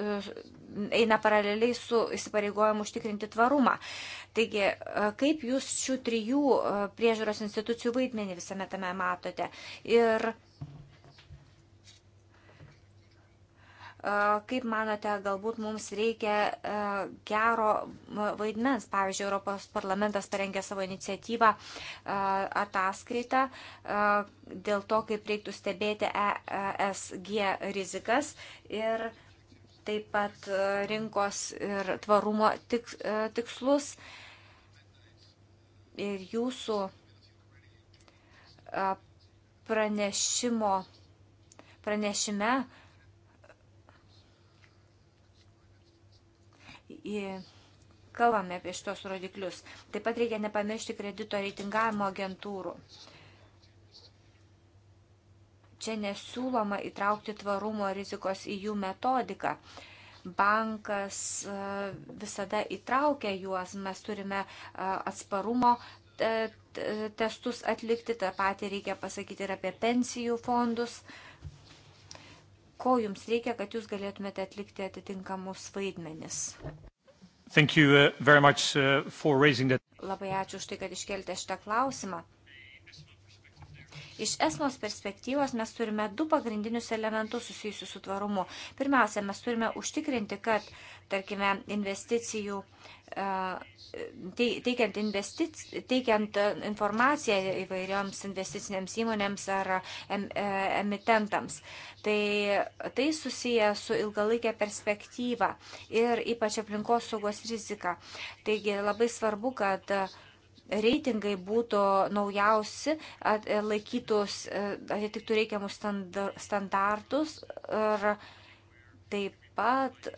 eina paraleliai su įsipareigojimu užtikrinti tvarumą. Taigi, e, kaip jūs šių trijų e, priežiūros institucijų vaidmenį visame tame matote? Ir e, kaip manote, galbūt mums reikia gero vaidmens? Pavyzdžiui, Europos parlamentas parengė savo iniciatyvą ataskaitą dėl to, kaip reiktų stebėti ESG rizikas ir taip pat e, rinkos ir tvarumo e, tikslus. Ir jūsų e, pranešimo, pranešime kalbame apie šitos rodiklius. Taip pat reikia nepamiršti kredito reitingavimo agentūrų čia nesiūloma įtraukti tvarumo rizikos į jų metodiką. Bankas e, visada įtraukia juos, mes turime e, atsparumo e, testus atlikti, tą patį reikia pasakyti ir apie pensijų fondus. Ko jums reikia, kad jūs galėtumėte atlikti atitinkamus vaidmenis? Thank you uh, very much uh, for raising that. Labai ačiū už tai, kad iškeltė šitą klausimą. Iš esmos perspektyvos mes turime du pagrindinius elementus susijusius su tvarumu. Pirmiausia, mes turime užtikrinti, kad, tarkime, investicijų e, teikiant, investic, teikiant e, informaciją įvairioms investicinėms įmonėms ar em, e, emitentams. Tai, tai susiję su ilgalaikė perspektyva ir ypač aplinkos saugos rizika. Taigi labai svarbu, kad reitingai būtų naujausi, laikytus, e, atitiktų reikiamus standartus ir taip pat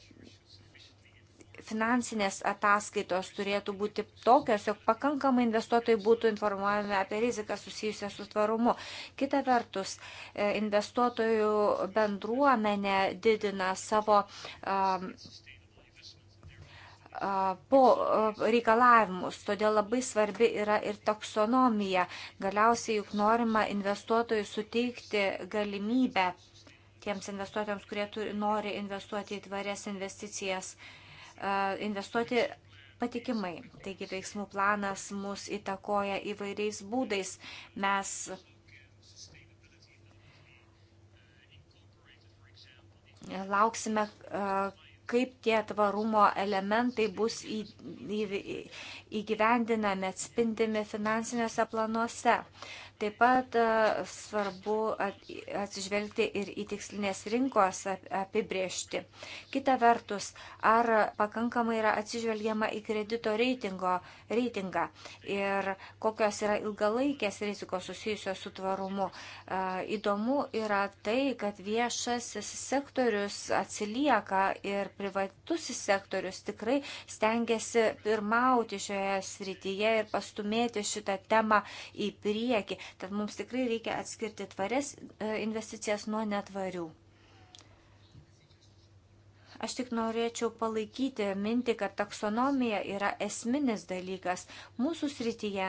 finansinės ataskaitos turėtų būti tokios, jog pakankamai investuotojai būtų informuojami apie riziką susijusią su tvarumu. Kita vertus, e, investuotojų bendruomenė didina savo um, po reikalavimus. Todėl labai svarbi yra ir taksonomija. Galiausiai juk norima investuotojui suteikti galimybę tiems investuotojams, kurie turi, nori investuoti į tvarias investicijas, investuoti patikimai. Taigi veiksmų planas mus įtakoja įvairiais būdais. Mes lauksime, kaip tie tvarumo elementai bus į, į, įgyvendinami, atspindimi finansinėse planuose. Taip pat e, svarbu atsižvelgti ir į tikslinės rinkos apibriežti. Kita vertus, ar pakankamai yra atsižvelgiama į kredito reitingo, reitingą ir kokios yra ilgalaikės rizikos susijusios su tvarumu. E, įdomu yra tai, kad viešasis sektorius atsilieka ir privatus sektorius tikrai stengiasi pirmauti šioje srityje ir pastumėti šitą temą į priekį. Tad mums tikrai reikia atskirti tvarias e, investicijas nuo netvarių. Aš tik norėčiau palaikyti mintį, kad taksonomija yra esminis dalykas mūsų srityje.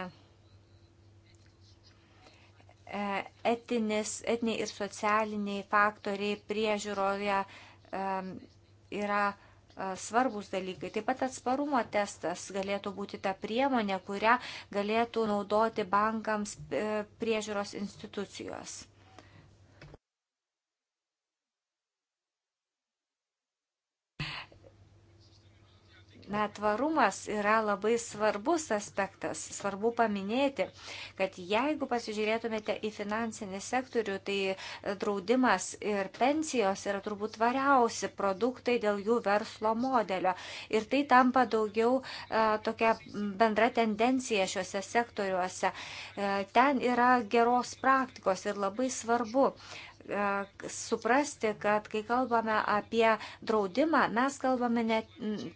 E, etinis, etiniai ir socialiniai faktoriai priežiūroje e, yra svarbus dalykai. Taip pat atsparumo testas galėtų būti ta priemonė, kurią galėtų naudoti bankams e, priežiūros institucijos. Netvarumas yra labai svarbus aspektas, svarbu paminėti, kad jeigu pasižiūrėtumėte į finansinį sektorių, tai draudimas ir pensijos yra turbūt tvariausi produktai dėl jų verslo modelio. Ir tai tampa daugiau a, e, tokia bendra tendencija šiuose sektoriuose. A, e, ten yra geros praktikos ir labai svarbu. A, E, suprasti, kad kai kalbame apie draudimą, mes kalbame ne,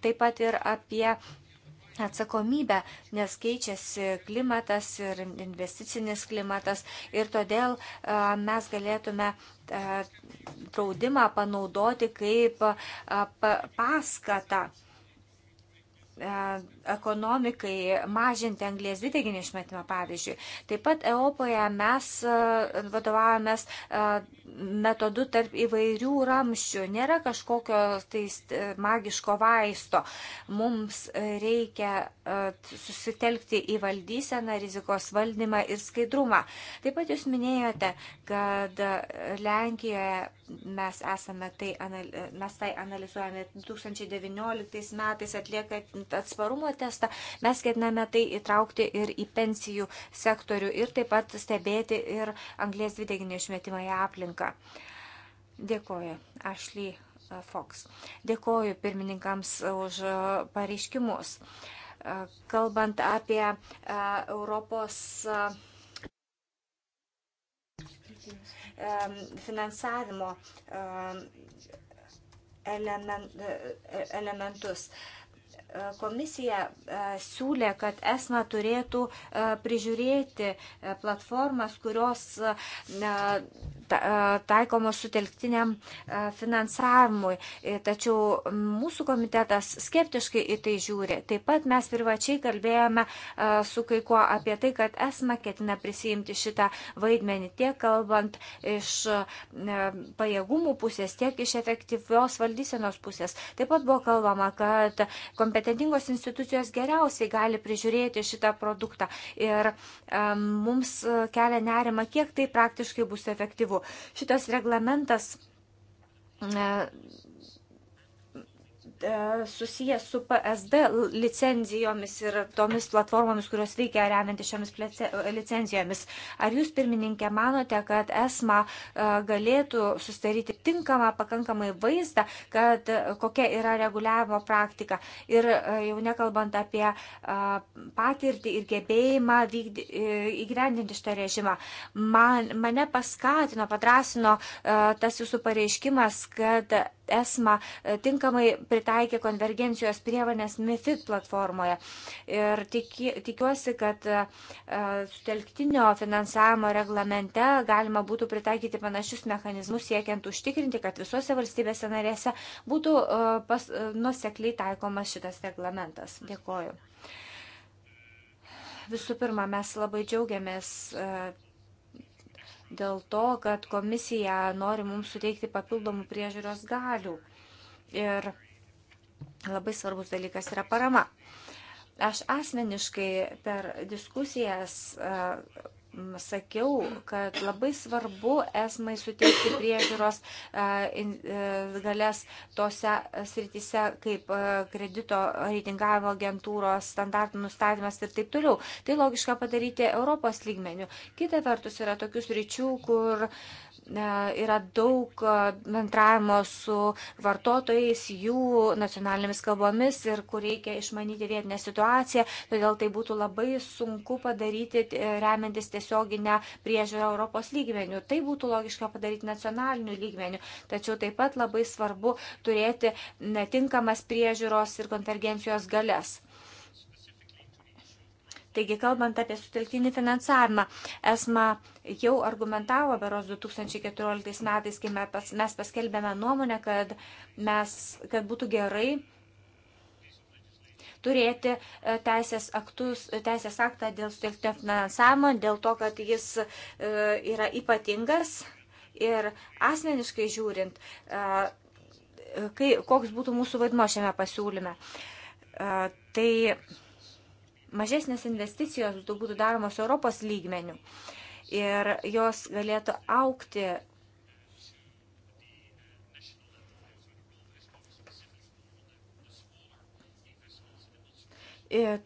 taip pat ir apie atsakomybę, nes keičiasi klimatas ir investicinis klimatas ir todėl e, mes galėtume e, draudimą panaudoti kaip paskatą ekonomikai mažinti anglės dvideginį išmetimą, pavyzdžiui. Taip pat Europoje mes vadovavomės metodu tarp įvairių ramščių. Nėra kažkokio tai magiško vaisto. Mums reikia e, susitelkti į valdyseną, rizikos valdymą ir skaidrumą. Taip pat jūs minėjote, kad Lenkijoje mes, esame tai, mes tai analizuojame 2019 metais atliekant atsparumo testą. Mes ketiname tai įtraukti ir į pensijų sektorių ir taip pat stebėti ir anglės dvideginio išmetimą į aplinką rinką. Dėkoju, Ashley uh, Fox. Dėkoju pirmininkams už uh, pareiškimus. Uh, kalbant apie Europos um, finansavimo um, elementus. Komisija siūlė, kad ESMA turėtų prižiūrėti platformas, kurios taikomos sutelktiniam finansavimui. E, tačiau mūsų komitetas skeptiškai į tai žiūri. Taip pat mes privačiai kalbėjome su kai kuo apie tai, kad esma ketina prisijimti šitą vaidmenį tiek kalbant iš pajėgumų pusės, tiek iš efektyvios valdysenos pusės. Taip pat buvo kalbama, kad kompetentingos institucijos geriausiai gali prižiūrėti šitą produktą. Ir mums kelia nerima, kiek tai praktiškai bus efektyvu. Šitas reglamentas e, E, susijęs su PSD licenzijomis ir tomis platformomis, kurios veikia remiantis šiomis licenzijomis. Ar jūs, pirmininkė, manote, kad ESMA e, galėtų sustaryti tinkamą pakankamai vaizdą, kad e, kokia yra reguliavimo praktika ir jau nekalbant apie patirtį ir gebėjimą vykdy, įgyvendinti šitą režimą. Man, mane paskatino, padrasino tas jūsų pareiškimas, kad ESMA tinkamai pritaikė taikė konvergencijos prievanės MIFID platformoje. Ir tiki, tikiuosi, kad e, sutelktinio finansavimo reglamente galima būtų pritaikyti panašius mechanizmus, siekiant užtikrinti, kad visose valstybėse narėse būtų e, pas, e, nusekliai taikomas šitas reglamentas. Dėkoju. Visų pirma, mes labai džiaugiamės dėl to, kad komisija nori mums suteikti papildomų priežiūros galių. Ir labai svarbus dalykas yra parama. Aš asmeniškai per diskusijas sakiau, kad labai svarbu esmai suteikti priežiūros e, galės tose sritise kaip kredito reitingavimo agentūros, standartų nustatymas ir taip toliau. Tai logiška padaryti Europos lygmenių. Kita vertus yra tokius ryčių, kur uh, E, yra daug e, bendravimo su vartotojais, jų nacionalinėmis kalbomis ir kur reikia išmanyti vietinę situaciją, todėl tai būtų labai sunku padaryti e, remiantis tiesioginę priežiūrą Europos lygmenių. Tai būtų logiška padaryti nacionaliniu lygmeniu, tačiau taip pat labai svarbu turėti netinkamas priežiūros ir konvergencijos galės. Taigi, kalbant apie sutelktinį finansavimą, esma jau argumentavo beros 2014 metais, kai mes paskelbėme nuomonę, kad, mes, kad būtų gerai turėti e, teisės, aktus, e, teisės aktą dėl sutelktinio finansavimo, dėl to, kad jis e, yra ypatingas. Ir asmeniškai žiūrint, kai, koks būtų mūsų vaidmo šiame pasiūlyme. Tai mažesnės investicijos būtų daromos Europos lygmenių ir jos galėtų aukti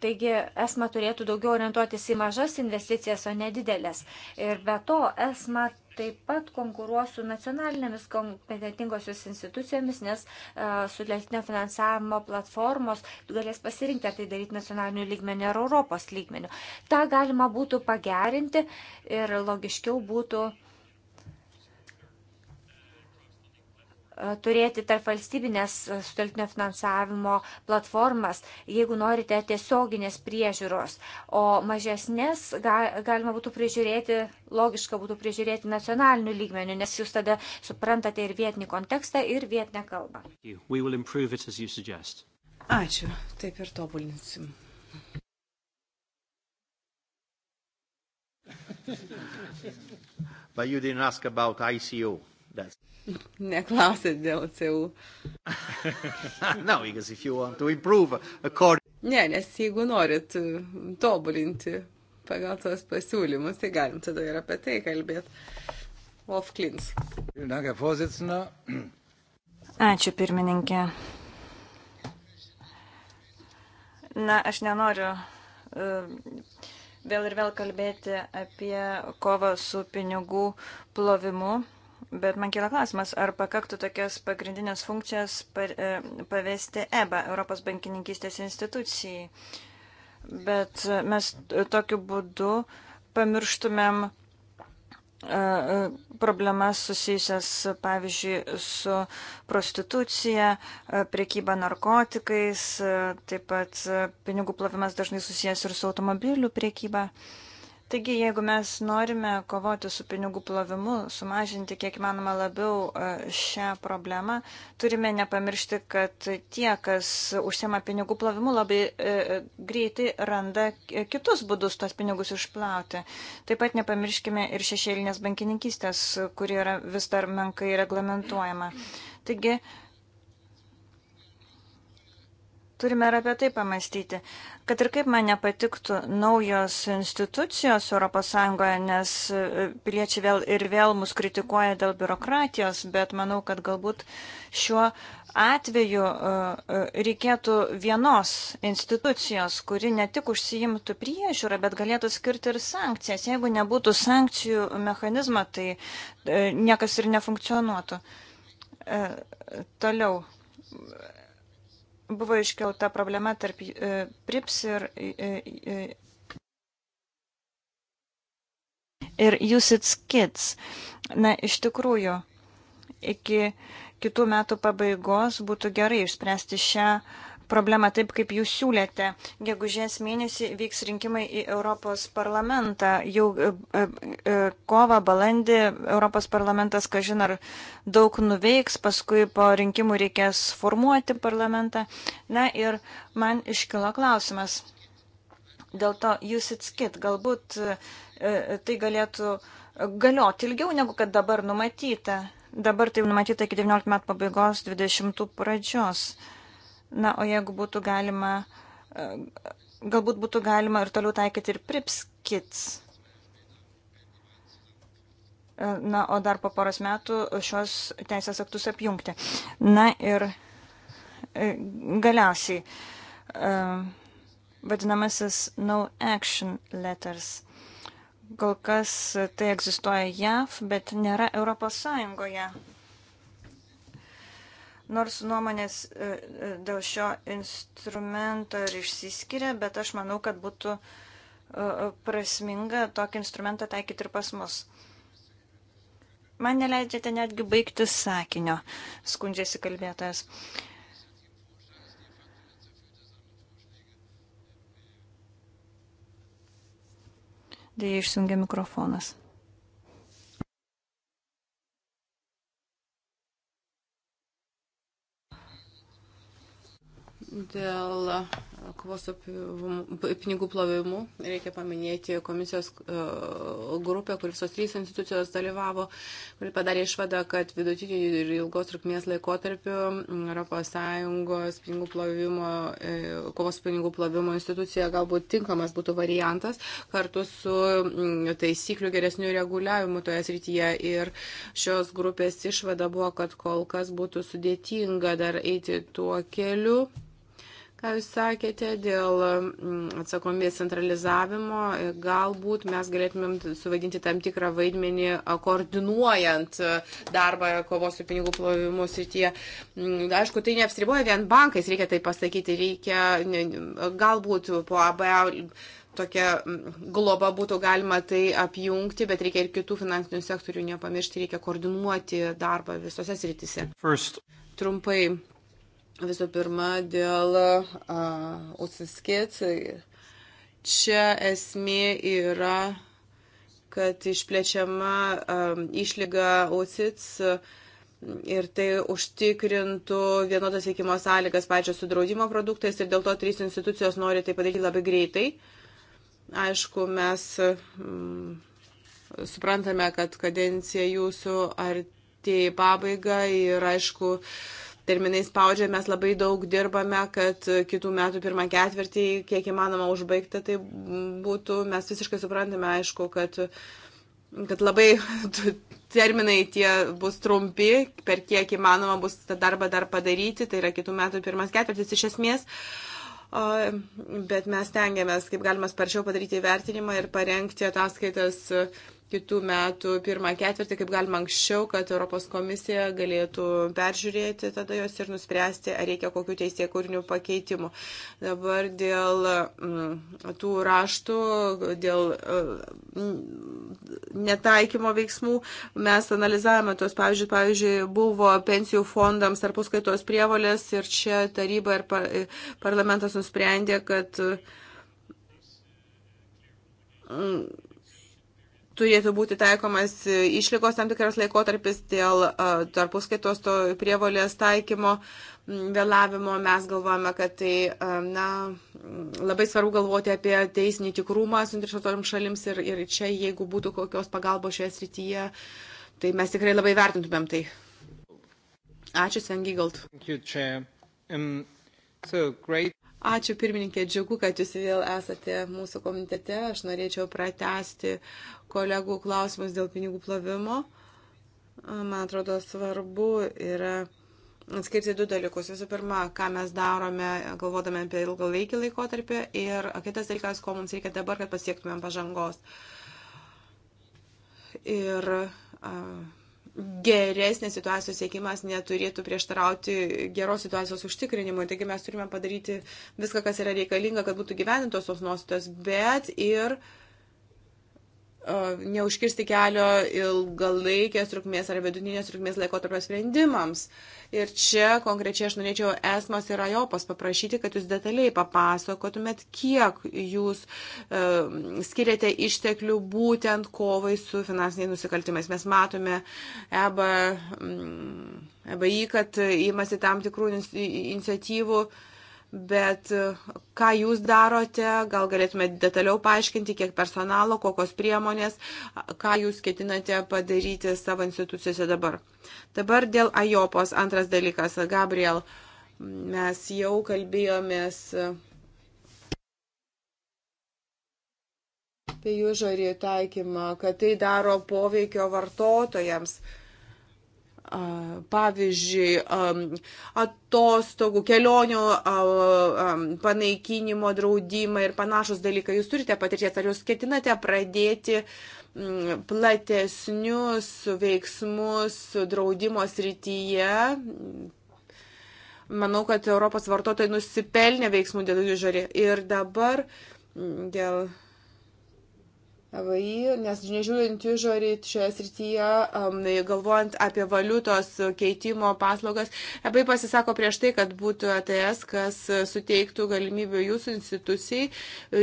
Taigi ESMA turėtų daugiau orientuotis į mažas investicijas, o ne didelės. Ir be to ESMA taip pat konkuruos su nacionalinėmis kompetentingosiomis institucijomis, nes e, su leistinio finansavimo platformos galės pasirinkti, ar tai daryti nacionaliniu lygmeniu ar Europos lygmeniu. Ta galima būtų pagerinti ir logiškiau būtų uh, E, turėti tarp valstybinės e, sutelktinio finansavimo platformas, jeigu norite tiesioginės priežiūros, o mažesnės galima būtų prižiūrėti, logiška būtų prižiūrėti nacionaliniu lygmeniu, nes jūs tada suprantate ir vietinį kontekstą, ir vietinę kalbą. Ačiū, taip ir tobulinsim. But you didn't ask about ICO. That's... Neklausiet DLCU. no, because if you want to improve according... Ne, nes jeigu norit mm, tobulinti pagal tos pasiūlymus, tai galim tada ir apie tai kalbėti. Wolf Klins. Ačiū pirmininkė. Na, aš nenoriu uh, vėl ir vėl kalbėti apie kovą su pinigų plovimu Bet man kila klausimas, ar pakaktų tokias pagrindinės funkcijas e, pavesti EBA, Europos bankininkystės institucijai. Bet e, mes tokiu būdu pamirštumėm e, problemas susijusias, pavyzdžiui, su prostitucija, priekyba narkotikais, taip pat pinigų plovimas dažnai susijęs ir su automobilių priekyba. Uh, Taigi, jeigu mes norime kovoti su pinigų plovimu, sumažinti kiek manoma labiau e, šią problemą, turime nepamiršti, kad tie, kas užsiema pinigų plovimu, labai e, e, greitai randa kitus būdus tuos pinigus išplauti. Taip pat nepamirškime ir šešėlinės bankininkystės, kuri yra vis dar menkai reglamentuojama. Taigi, Turime ir apie tai pamastyti, kad ir kaip man nepatiktų naujos institucijos ES, nes e, piliečiai vėl ir vėl mus kritikuoja dėl biurokratijos, bet manau, kad galbūt šiuo atveju e, e, reikėtų vienos institucijos, kuri ne tik užsiimtų priežiūrą, bet galėtų skirti ir sankcijas. Jeigu nebūtų sankcijų mechanizmo, tai niekas ir nefunkcionuotų. Toliau buvo iškelta problema tarp e, PRIPS ir, e, e, ir USITS KIDS. Na, iš tikrųjų, iki kitų metų pabaigos būtų gerai išspręsti šią uh, problemą taip, kaip jūs siūlėte. Gegužės mėnesį vyks rinkimai į Europos parlamentą. Jau e, e, e, kova, balandį Europos parlamentas, kažin ar daug nuveiks, paskui po rinkimų reikės formuoti parlamentą. Na ir man iškilo klausimas. Dėl to jūs atskit, galbūt tai galėtų galioti ilgiau negu kad dabar numatyta. Dabar tai numatyta iki 19 metų pabaigos, 20 pradžios. Na, o jeigu būtų galima, e, galbūt būtų galima ir toliau taikyti ir pripskits. E, na, o dar po poros metų šios teisės aktus apjungti. Na ir e, galiausiai vadinamasis no action letters. Kol kas tai egzistuoja JAV, bet nėra Europos Sąjungoje. Nors nuomonės e, e, dėl šio instrumento ir išsiskiria, bet aš manau, kad būtų e, prasminga tokį instrumentą taikyti ir pas mus. Man neleidžiate netgi baigti sakinio, skundžiasi kalbėtojas. Dėja išsijungia mikrofonas. Dėl uh, kovos su pinigų plovimu reikia paminėti komisijos uh, grupę, kur visos trys institucijos dalyvavo, kuri padarė išvadą, kad vidutinių ir ilgos trukmės laikotarpiu mm, ES pinigų plovimo, uh, kovos su pinigų plovimo institucija galbūt tinkamas būtų variantas kartu su mm, taisyklių geresnių reguliavimu toje srityje. Ir šios grupės išvada buvo, kad kol kas būtų sudėtinga dar eiti tuo keliu ką Jūs sakėte dėl mm, atsakomės centralizavimo. Galbūt mes galėtumėm suvaidinti tam tikrą vaidmenį koordinuojant darbą kovos su pinigų plovimu srityje. Mm, aišku, tai neapsiriboja vien bankais, reikia tai pasakyti, reikia galbūt po ABA tokia mm, globa būtų galima tai apjungti, bet reikia ir kitų finansinių sektorių nepamiršti, reikia koordinuoti darbą visose sritise. First. Trumpai Visų pirma, dėl UCSKC. Čia esmė yra, kad išplečiama a, išlyga UCITS ir tai užtikrintų vienodas veikimo sąlygas pačios su draudimo produktais ir dėl to trys institucijos nori tai padaryti labai greitai. Aišku, mes m, mm, suprantame, kad kadencija jūsų artėja į pabaigą ir aišku, m, terminais spaudžia, mes labai daug dirbame, kad kitų metų pirmą ketvirtį, kiek įmanoma užbaigti, tai būtų, mes visiškai suprantame, aišku, kad, kad labai terminai tie bus trumpi, per kiek įmanoma bus tą darbą dar padaryti, tai yra kitų metų pirmas ketvirtis iš esmės. Bet mes tengiamės, kaip galima sparčiau padaryti įvertinimą ir parengti ataskaitas uh, kitų metų pirmą ketvirtį, kaip galima anksčiau, kad Europos komisija galėtų peržiūrėti tada jos ir nuspręsti, ar reikia kokių teisė kūrinių pakeitimų. Dabar dėl m, mm, tų raštų, dėl m, mm, netaikymo veiksmų mes analizavome tos, pavyzdžiui, pavyzdžiui, buvo pensijų fondams ar puskaitos prievolės ir čia taryba ir par, parlamentas nusprendė, kad m, mm, turėtų būti taikomas e, išlygos tam tikras laikotarpis dėl e, tarpuskaitos to prievolės taikymo vėlavimo. Mes galvojame, kad tai e, na, labai svarbu galvoti apie teisinį tikrumą suinteresuotoms šalims ir, ir čia, jeigu būtų kokios pagalbos šioje srityje, tai mes tikrai labai vertintumėm tai. Ačiū, Sven Gigalt. Thank you, Chair. Um, so great. Ačiū pirmininkė, džiugu, kad jūs vėl esate mūsų komitete. Aš norėčiau pratesti kolegų klausimus dėl pinigų plovimo. Man atrodo, svarbu yra atskirti du dalykus. Visų pirma, ką mes darome, galvodami apie ilgalaikį laikotarpį ir kitas dalykas, ko mums reikia dabar, kad pasiektumėm pažangos. Ir uh, geresnės situacijos siekimas neturėtų prieštarauti geros situacijos užtikrinimui. Taigi mes turime padaryti viską, kas yra reikalinga, kad būtų gyvenintos tos nuostatos, bet ir uh, E, neužkirsti kelio ilgalaikės trukmės ar vidutinės trukmės laikotarpio sprendimams. Ir čia konkrečiai aš norėčiau esmas ir ajopas paprašyti, kad jūs detaliai papasakotumėt, kiek jūs e, skiriate išteklių būtent kovai su finansiniais nusikaltimais. Mes matome EBA, mm, EBI, kad įmasi tam tikrų iniciatyvų. E, Bet e, ką jūs darote, gal galėtumėte detaliau paaiškinti, kiek personalo, kokios priemonės, ką jūs ketinate padaryti savo institucijose dabar. Dabar dėl Ajopos antras dalykas. Gabriel, mes jau kalbėjomės e, apie jų žarį taikymą, kad tai daro poveikio vartotojams. Uh, pavyzdžiui, atostogų, kelionių panaikinimo draudimai ir panašus dalykai. Jūs turite patirties, ar jūs ketinate pradėti mm, platesnius veiksmus draudimo srityje? Manau, kad Europos vartotojai nusipelnė veiksmų dėl jų žarė. Ir dabar mm, dėl VI, nes nežiūrint išorėt šioje srityje, um, galvojant apie valiutos keitimo paslaugas, labai pasisako prieš tai, kad būtų ATS, e kas suteiktų galimybę jūsų institucijai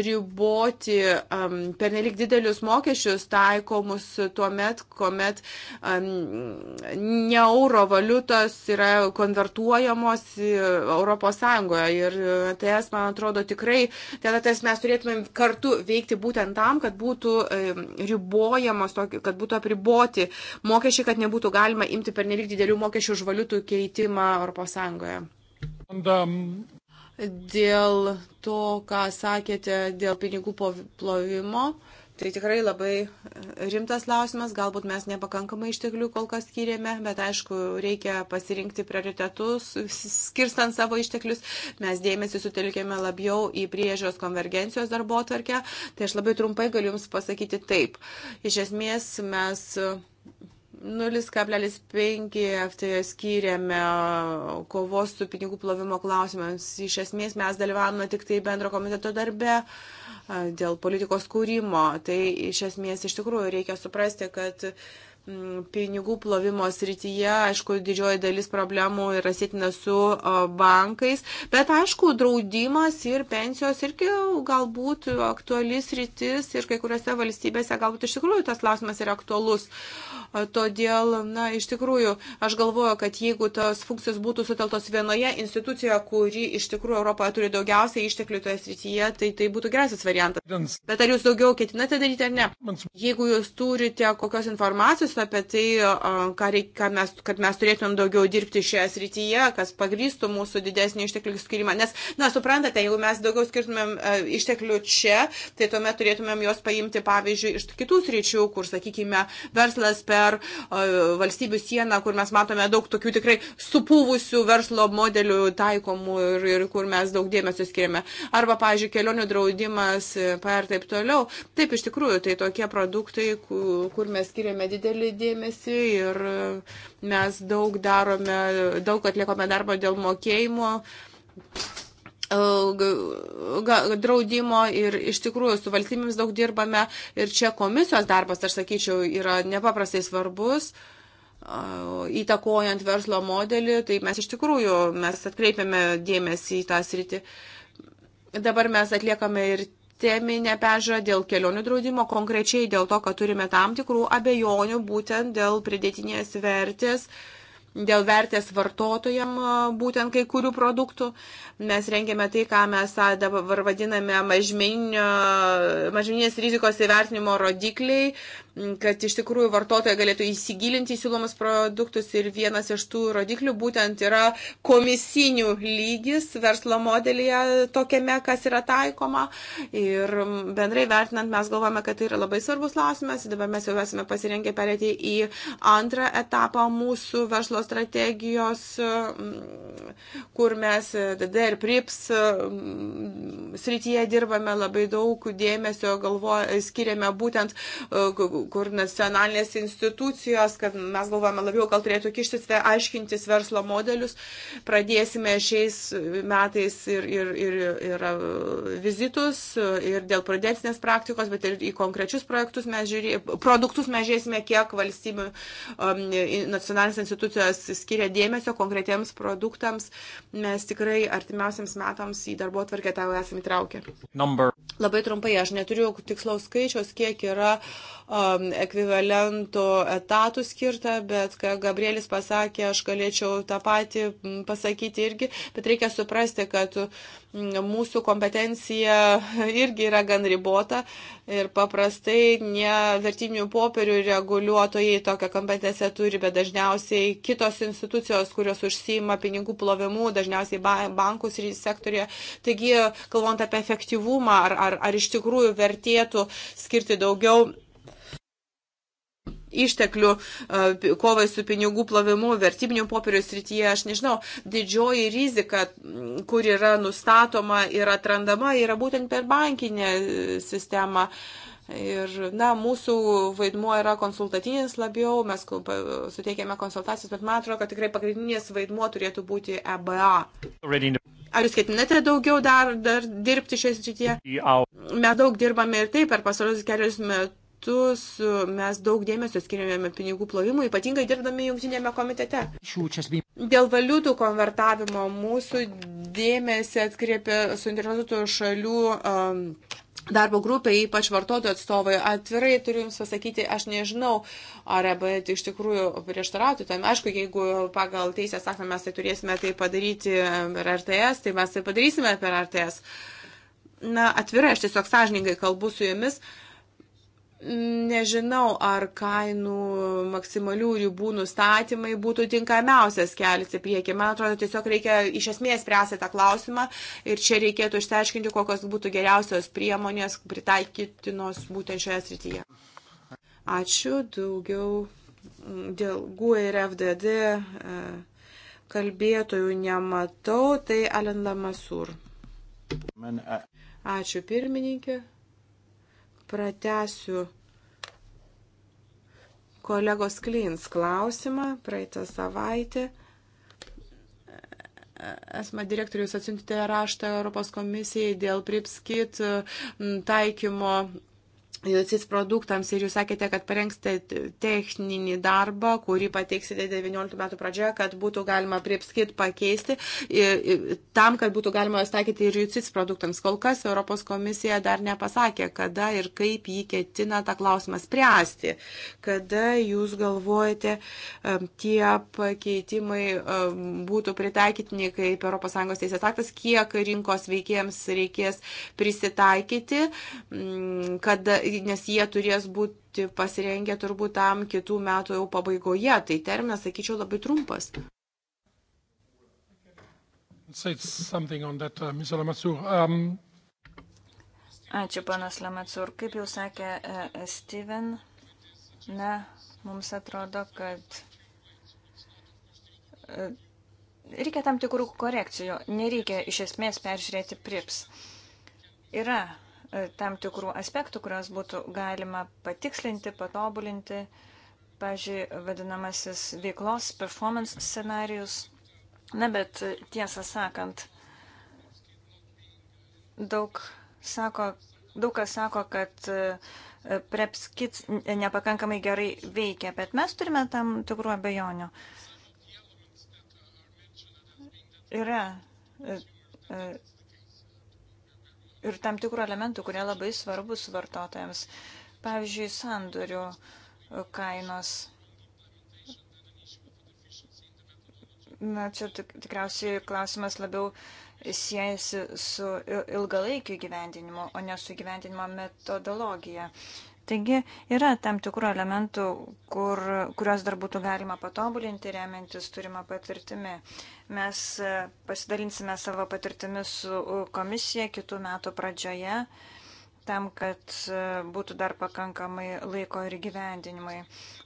riboti um, pernelik didelius mokesčius taikomus tuo met, kuomet um, ne euro valiutos yra konvertuojamos Europos Sąjungoje. Ir ATS, e man atrodo, tikrai, ten ATS e mes turėtumėm kartu veikti būtent tam, kad būtų ribojamos, kad būtų apriboti mokesčiai, kad nebūtų galima imti per nelik didelių mokesčių už valiutų keitimą ES. Um, dėl to, ką sakėte, dėl pinigų plovimo. Po Tai tikrai labai e, rimtas klausimas, galbūt mes nepakankamai išteklių kol kas skiriame, bet aišku, reikia pasirinkti prioritetus, skirstant savo išteklius. Mes dėmesį sutelkėme labiau į priežios konvergencijos darbo tvarkę. Tai aš labai trumpai galiu Jums pasakyti taip. Iš esmės mes 0,5 FTO skyrėme kovos su pinigų plovimo klausimams. Iš esmės mes dalyvavome tik tai bendro komiteto darbe dėl politikos kūrimo. Tai iš esmės iš tikrųjų reikia suprasti, kad mm, pinigų plovimo srityje, aišku, didžioji dalis problemų yra sėtina su bankais, bet aišku, draudimas ir pensijos irgi galbūt aktualis rytis ir kai kuriuose valstybėse galbūt iš tikrųjų tas klausimas yra aktualus. Uh, Todėl, na, iš tikrųjų, aš galvoju, kad jeigu tos funkcijos būtų suteltos vienoje institucijoje, kuri iš tikrųjų Europoje turi daugiausiai išteklių toje srityje, tai tai būtų geriausias variantas. Bet ar jūs daugiau ketinate daryti ar ne? Jeigu jūs turite kokios informacijos apie tai, ką reik, ką mes, kad mes turėtumėm daugiau dirbti šioje srityje, kas pagrįstų mūsų didesnį išteklių skirimą, nes, na, suprantate, jeigu mes daugiau skirtumėm išteklių čia, tai tuomet turėtumėm juos paimti, pavyzdžiui, iš kitų sričių, kur, sakykime, verslas per per valstybių sieną, kur mes matome daug tokių tikrai supūvusių verslo modelių taikomų ir, ir kur mes daug dėmesio skiriame. Arba, pavyzdžiui, kelionių draudimas ir er, taip toliau. Taip, iš tikrųjų, tai tokie produktai, kur mes skiriame didelį dėmesį ir mes daug darome, daug atliekame darbo dėl mokėjimo. E, draudimo ir iš tikrųjų su valstybėmis daug dirbame ir čia komisijos darbas, aš sakyčiau, yra nepaprastai svarbus e, įtakojant verslo modelį, tai mes iš tikrųjų mes atkreipiame dėmesį į tą sritį. Dabar mes atliekame ir teminę pežą dėl kelionių draudimo, konkrečiai dėl to, kad turime tam tikrų abejonių būtent dėl pridėtinės vertės dėl vertės vartotojam būtent kai kurių produktų mes rengėme tai, ką mes dabar vadiname mažmeninės rizikos įvertinimo rodikliai, kad iš tikrųjų vartotojai galėtų įsigilinti į siūlomus produktus ir vienas iš tų rodiklių būtent yra komisinių lygis verslo modelėje tokiame, kas yra taikoma. Ir bendrai vertinant, mes galvojame, kad tai yra labai svarbus klausimas. Dabar mes jau esame pasirengę perėti į antrą etapą mūsų verslo strategijos, kur mes DD ir prips e, srityje dirbame labai daug dėmesio, galvo, skiriame būtent, e, kur nacionalinės institucijos, kad mes galvojame labiau, gal turėtų kištis, aiškintis verslo modelius. Pradėsime šiais metais ir, ir, ir, ir e, vizitus, ir dėl prudencinės praktikos, bet ir į konkrečius projektus mes žiūrėsime, produktus mes žiūrėsime, kiek valstybių um, nacionalinės institucijos skiria dėmesio konkretiems produktams. Mes tikrai artime artimiausiams metams į darbo tvarkę tą jau esame įtraukę. Number. Labai trumpai, aš neturiu tikslaus skaičiaus, kiek yra um, ekvivalentų etatų skirta, bet ką Gabrielis pasakė, aš galėčiau tą patį pasakyti irgi, bet reikia suprasti, kad uh, mūsų kompetencija irgi yra gan ribota ir paprastai ne vertinių popierių reguliuotojai tokią kompetenciją turi, bet dažniausiai kitos institucijos, kurios užsima pinigų plovimu, dažniausiai bankus ir sektorė. Taigi, kalbant apie efektyvumą, ar, ar, ar iš tikrųjų vertėtų skirti daugiau išteklių e, kovai su pinigų plovimu, vertybinių popierių srityje, aš nežinau, didžioji rizika, kur yra nustatoma ir atrandama, yra būtent per bankinę e, sistemą. Ir, na, mūsų vaidmuo yra konsultatinis labiau, mes suteikėme konsultacijas, bet man atrodo, kad tikrai pagrindinis vaidmuo turėtų būti EBA. Ar jūs ketinate daugiau dar, dar dirbti šioje srityje? Mes daug dirbame ir taip per pasarosius kelius metus metus e, mes daug dėmesio skiriame pinigų plovimui, ypatingai dirbdami jungtinėme komitete. Dėl valiutų konvertavimo mūsų dėmesį atskriepia suinteresuotų šalių. Um, darbo grupė, ypač vartotojų atstovai, atvirai turiu Jums pasakyti, aš nežinau, ar EBT iš tikrųjų prieštarauti tam. Aišku, jeigu pagal teisės aktą mes tai turėsime tai padaryti per RTS, tai mes tai padarysime per RTS. Na, atvirai, aš tiesiog sąžiningai kalbu su Jumis. Uh, Nežinau, ar kainų maksimalių ribų nustatymai būtų tinkamiausias kelias į priekį. Man atrodo, tiesiog reikia iš esmės spręsti tą klausimą ir čia reikėtų išsiaiškinti, kokios būtų geriausios priemonės pritaikytinos būtent šioje srityje. Ačiū daugiau dėl GUE ir FDD e, kalbėtojų nematau, tai Alenda Masur. Ačiū pirmininkė pratesiu kolegos Klins klausimą praeitą savaitę. E, Esma direktorius atsiuntė raštą Europos komisijai dėl Pripskit taikymo CIS produktams ir jūs sakėte, kad parengsite techninį darbą, kurį pateiksite 19 metų pradžioje, kad būtų galima priepskit pakeisti, tam, kad būtų galima jūs taikyti ir CIS produktams. Kol kas Europos komisija dar nepasakė, kada ir kaip jį ketina tą klausimą spręsti, kada jūs galvojate tie pakeitimai būtų pritaikytini kaip ES teisės aktas, kiek rinkos veikėjams reikės prisitaikyti, kada nes jie turės būti pasirengę turbūt tam kitų metų jau pabaigoje. Tai terminas, sakyčiau, labai trumpas. That, uh, um... Ačiū, panas Lamatsur. Kaip jau sakė uh, Steven, na, mums atrodo, kad uh, reikia tam tikrų korekcijų. Nereikia iš esmės peržiūrėti prips. Yra E, tam tikrų aspektų, kurios būtų galima patikslinti, patobulinti, pažiūrėjau, vadinamasis veiklos performance scenarius. Na, bet tiesą sakant, daug, sako, daug kas sako, kad e, prepskits nepakankamai gerai veikia, bet mes turime tam tikrų abejonių. Yra e, ir tam tikrų elementų, kurie labai svarbus vartotojams. Pavyzdžiui, sandorių kainos. Na, čia tikriausiai klausimas labiau siejasi su ilgalaikiu gyvendinimu, o ne su gyvendinimo metodologija. Uh, Taigi yra tam tikrų elementų, kur, kuriuos dar būtų galima patobulinti, remiantis turimą patirtimį. Mes e, pasidalinsime savo patirtimi su komisija kitų metų pradžioje, tam, kad e, būtų dar pakankamai laiko ir gyvendinimui.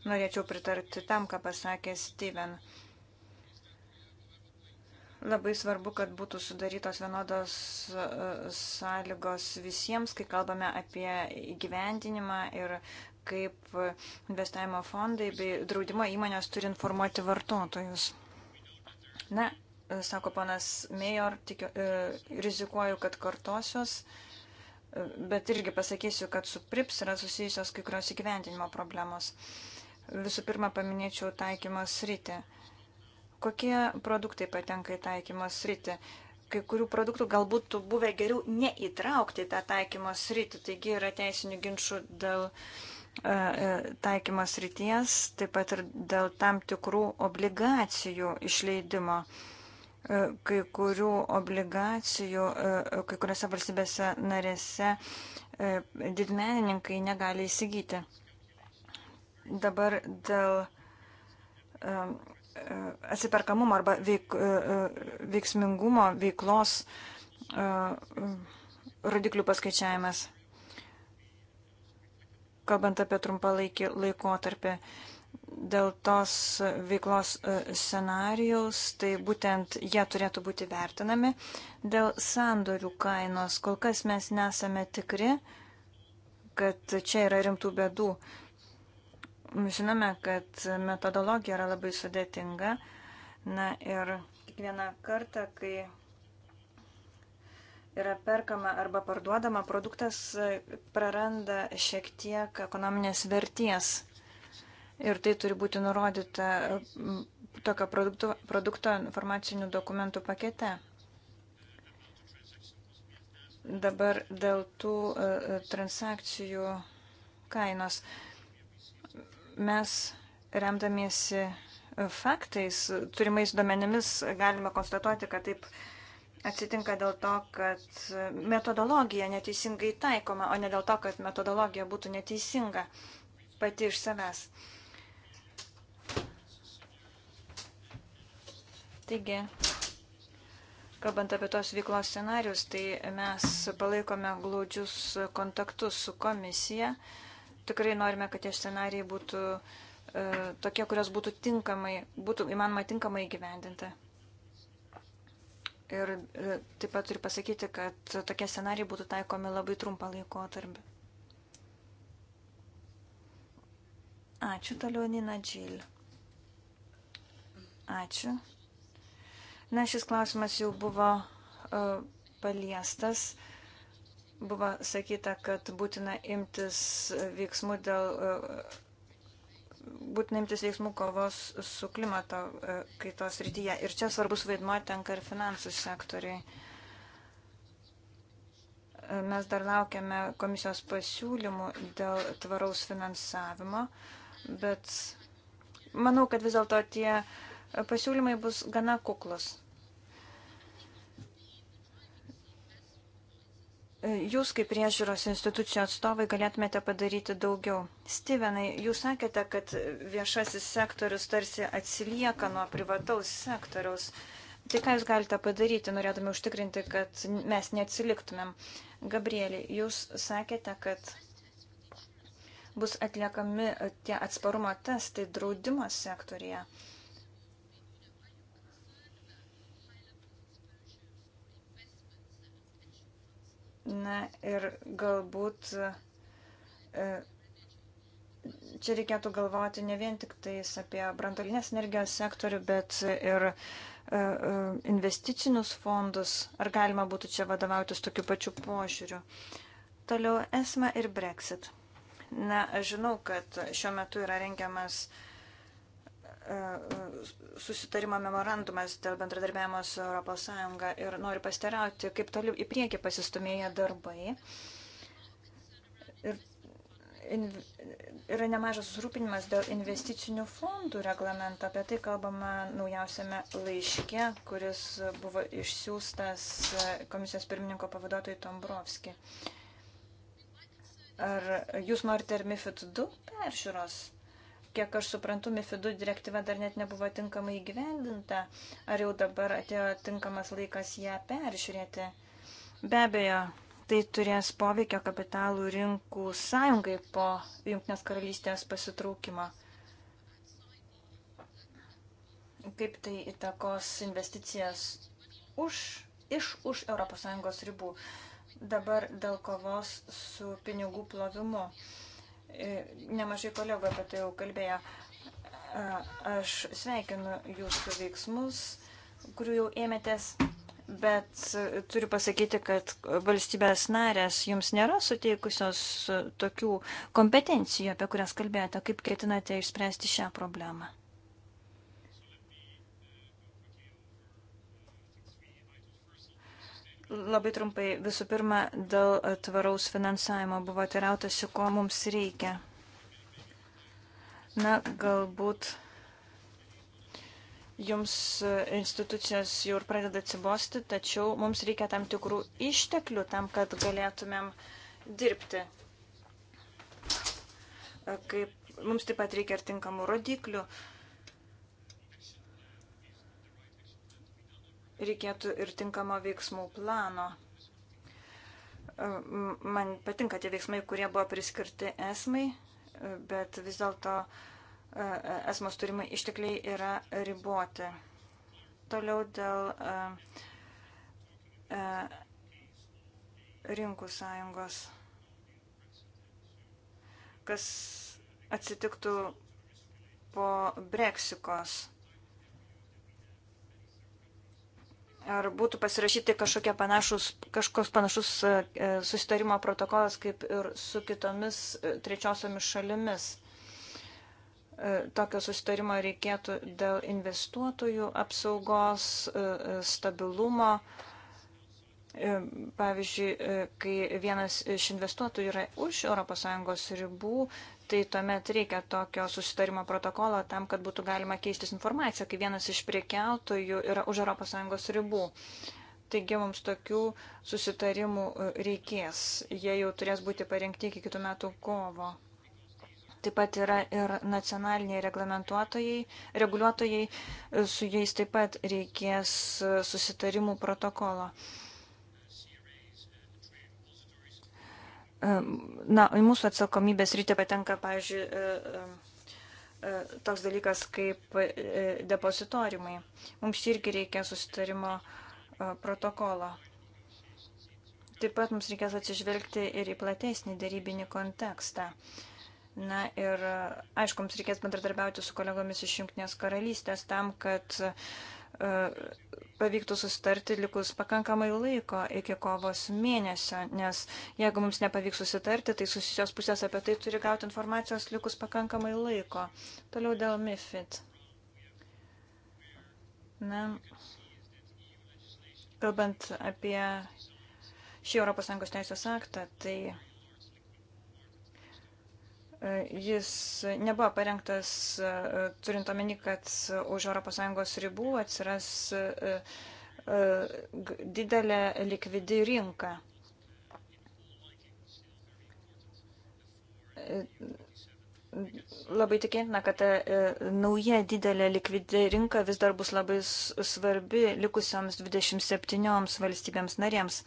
Norėčiau pritarti tam, ką pasakė Steven. Labai svarbu, kad būtų sudarytos vienodos e, sąlygos visiems, kai kalbame apie įgyvendinimą ir kaip investavimo fondai bei draudimo įmonės turi informuoti vartotojus. Na, e, sako panas Mejor, tikiu, e, rizikuoju, kad kartosios, bet irgi pasakysiu, kad su PRIPS yra susijusios kai kurios įgyvendinimo problemos. Visų pirma, paminėčiau taikymo sritį kokie produktai patenka į taikymo sritį. Kai kurių produktų galbūt buvę geriau neįtraukti į tą taikymo sritį, taigi yra teisinių ginčių dėl e, e, taikymo srities, taip pat ir dėl tam tikrų obligacijų išleidimo. E, kai kurių obligacijų, kai kuriuose valstybėse narėse didmenininkai negali įsigyti. Dabar dėl E, atsiperkamumo arba veik, e, e, veiksmingumo veiklos rodiklių paskaičiavimas, kalbant apie trumpalaikį laikotarpį. Dėl tos veiklos scenarijaus, tai būtent jie turėtų būti vertinami. Dėl sandorių kainos kol kas mes nesame tikri, kad čia yra rimtų bėdų. Žinome, kad metodologija yra labai sudėtinga. Na ir kiekvieną kartą, kai yra perkama arba parduodama, produktas praranda šiek tiek ekonominės verties. Ir tai turi būti nurodyta tokio produkto, produkto informacinių dokumentų pakete. Dabar dėl tų e, e, transakcijų kainos. Uh, mes remdamiesi e, faktais, turimais duomenimis galime konstatuoti, kad taip atsitinka dėl to, kad metodologija neteisingai taikoma, o ne dėl to, kad metodologija būtų neteisinga pati iš savęs. Taigi, kalbant apie tos veiklos scenarius, tai mes palaikome glaudžius kontaktus su komisija. Uh, Tikrai norime, kad tie scenarijai būtų e, tokie, kurios būtų, tinkamai, būtų įmanoma tinkamai gyvendinti. Ir e, taip pat turiu pasakyti, kad tokie scenarijai būtų taikomi labai trumpą laikotarpį. Ačiū toliau, Nina Džil. Ačiū. Na, šis klausimas jau buvo uh, paliestas. Uh, Buvo sakyta, kad būtina imtis veiksmų dėl e, būtina imtis veiksmų kovos su klimato e, kaitos rytyje. Ir čia svarbus vaidmuo tenka ir finansų sektoriai. E, mes dar laukiame komisijos pasiūlymų dėl tvaraus finansavimo, bet manau, kad vis dėlto tie pasiūlymai bus gana kuklus. Jūs kaip priežiūros institucijų atstovai galėtumėte padaryti daugiau. Stevenai, jūs sakėte, kad viešasis sektorius tarsi atsilieka nuo privataus sektoriaus. Tai ką jūs galite padaryti, norėdami užtikrinti, kad mes neatsiliktumėm? Gabrielį, jūs sakėte, kad bus atliekami tie atsparumo testai draudimo sektorija. Uh, Na ir galbūt e, čia reikėtų galvoti ne vien tik tais apie brandolinės energijos sektorių, bet ir e, e, investicinius fondus. Ar galima būtų čia vadovautis tokiu pačiu požiūriu? Toliau esma ir Brexit. Na, aš žinau, kad šiuo metu yra rengiamas uh, E, susitarimo memorandumas dėl bendradarbiavimo su ES ir noriu pasterauti, kaip toliau į priekį pasistumėja darbai. Ir yra nemažas susirūpinimas dėl investicinių fondų reglamento. Apie tai kalbama naujausiame laiške, kuris buvo išsiųstas komisijos pirmininko pavaduotojui Tombrovski. Ar jūs norite ir MIFID 2 peržiūros? Kiek aš suprantu, MIFID 2 direktyva dar net nebuvo tinkamai įgyvendinta. Ar jau dabar atėjo tinkamas laikas ją peržiūrėti? Be abejo, tai turės poveikio kapitalų rinkų sąjungai po Junktinės karalystės pasitraukimo. Kaip tai įtakos investicijas už, iš už ES ribų dabar dėl kovos su pinigų plovimu. Uh, E, nemažai kolegų apie tai jau kalbėjo. E, aš sveikinu jūsų veiksmus, kurių jau ėmėtės, bet turiu pasakyti, kad valstybės narės jums nėra suteikusios tokių kompetencijų, apie kurias kalbėjote, kaip ketinate išspręsti šią problemą. Labai trumpai, visų pirma, dėl e, tvaraus finansavimo buvo teirautasi, ko mums reikia. Na, galbūt jums e, institucijos jau ir pradeda atsibosti, tačiau mums reikia tam tikrų išteklių tam, kad galėtumėm dirbti. E, kaip, mums taip pat reikia ir tinkamų rodiklių. Uh, reikėtų ir tinkamo veiksmų plano. E, man patinka tie veiksmai, kurie buvo priskirti esmai, e, bet vis dėlto e, esmos turimai ištekliai yra riboti. Toliau dėl rinkų sąjungos. Kas atsitiktų po Brexikos? ar būtų pasirašyti kažkokie panašus, kažkoks panašus e, e, susitarimo protokolas kaip ir su kitomis e, trečiosiomis šalimis. Tokio susitarimo reikėtų dėl investuotojų apsaugos, stabilumo. Pavyzdžiui, kai vienas iš investuotojų yra už ES ribų, tai tuomet reikia tokio susitarimo protokolo tam, kad būtų galima keistis informaciją, kai vienas iš priekiautojų yra už ES ribų. Taigi mums tokių susitarimų e, reikės. Jie jau turės būti parengti iki kitų metų kovo. Taip pat yra ir nacionaliniai reglamentuotojai, reguliuotojai, e, su jais taip pat reikės e, susitarimų protokolo. Uh, Ehm, na, į mūsų atsakomybės rytę patenka, pavyzdžiui, e, e, e, toks dalykas kaip depozitorimai. Mums irgi reikia susitarimo protokolo. Taip pat mums reikės atsižvelgti ir į platesnį darybinį kontekstą. Na ir aišku, mums reikės bendradarbiauti su kolegomis iš Junktinės karalystės tam, kad E, pavyktų susitarti likus pakankamai laiko iki kovos mėnesio, nes jeigu mums nepavyks susitarti, tai susijusios pusės apie tai turi gauti informacijos likus pakankamai laiko. Toliau dėl MIFID. Na, kalbant apie šį ES teisės aktą, tai Jis nebuvo parengtas, e, turint omeny, kad už ES ribų atsiras e, e, didelė likvidi rinka. Labai tikėtina, kad ta nauja didelė likvidi rinka vis dar bus labai svarbi likusioms 27 valstybėms narėms.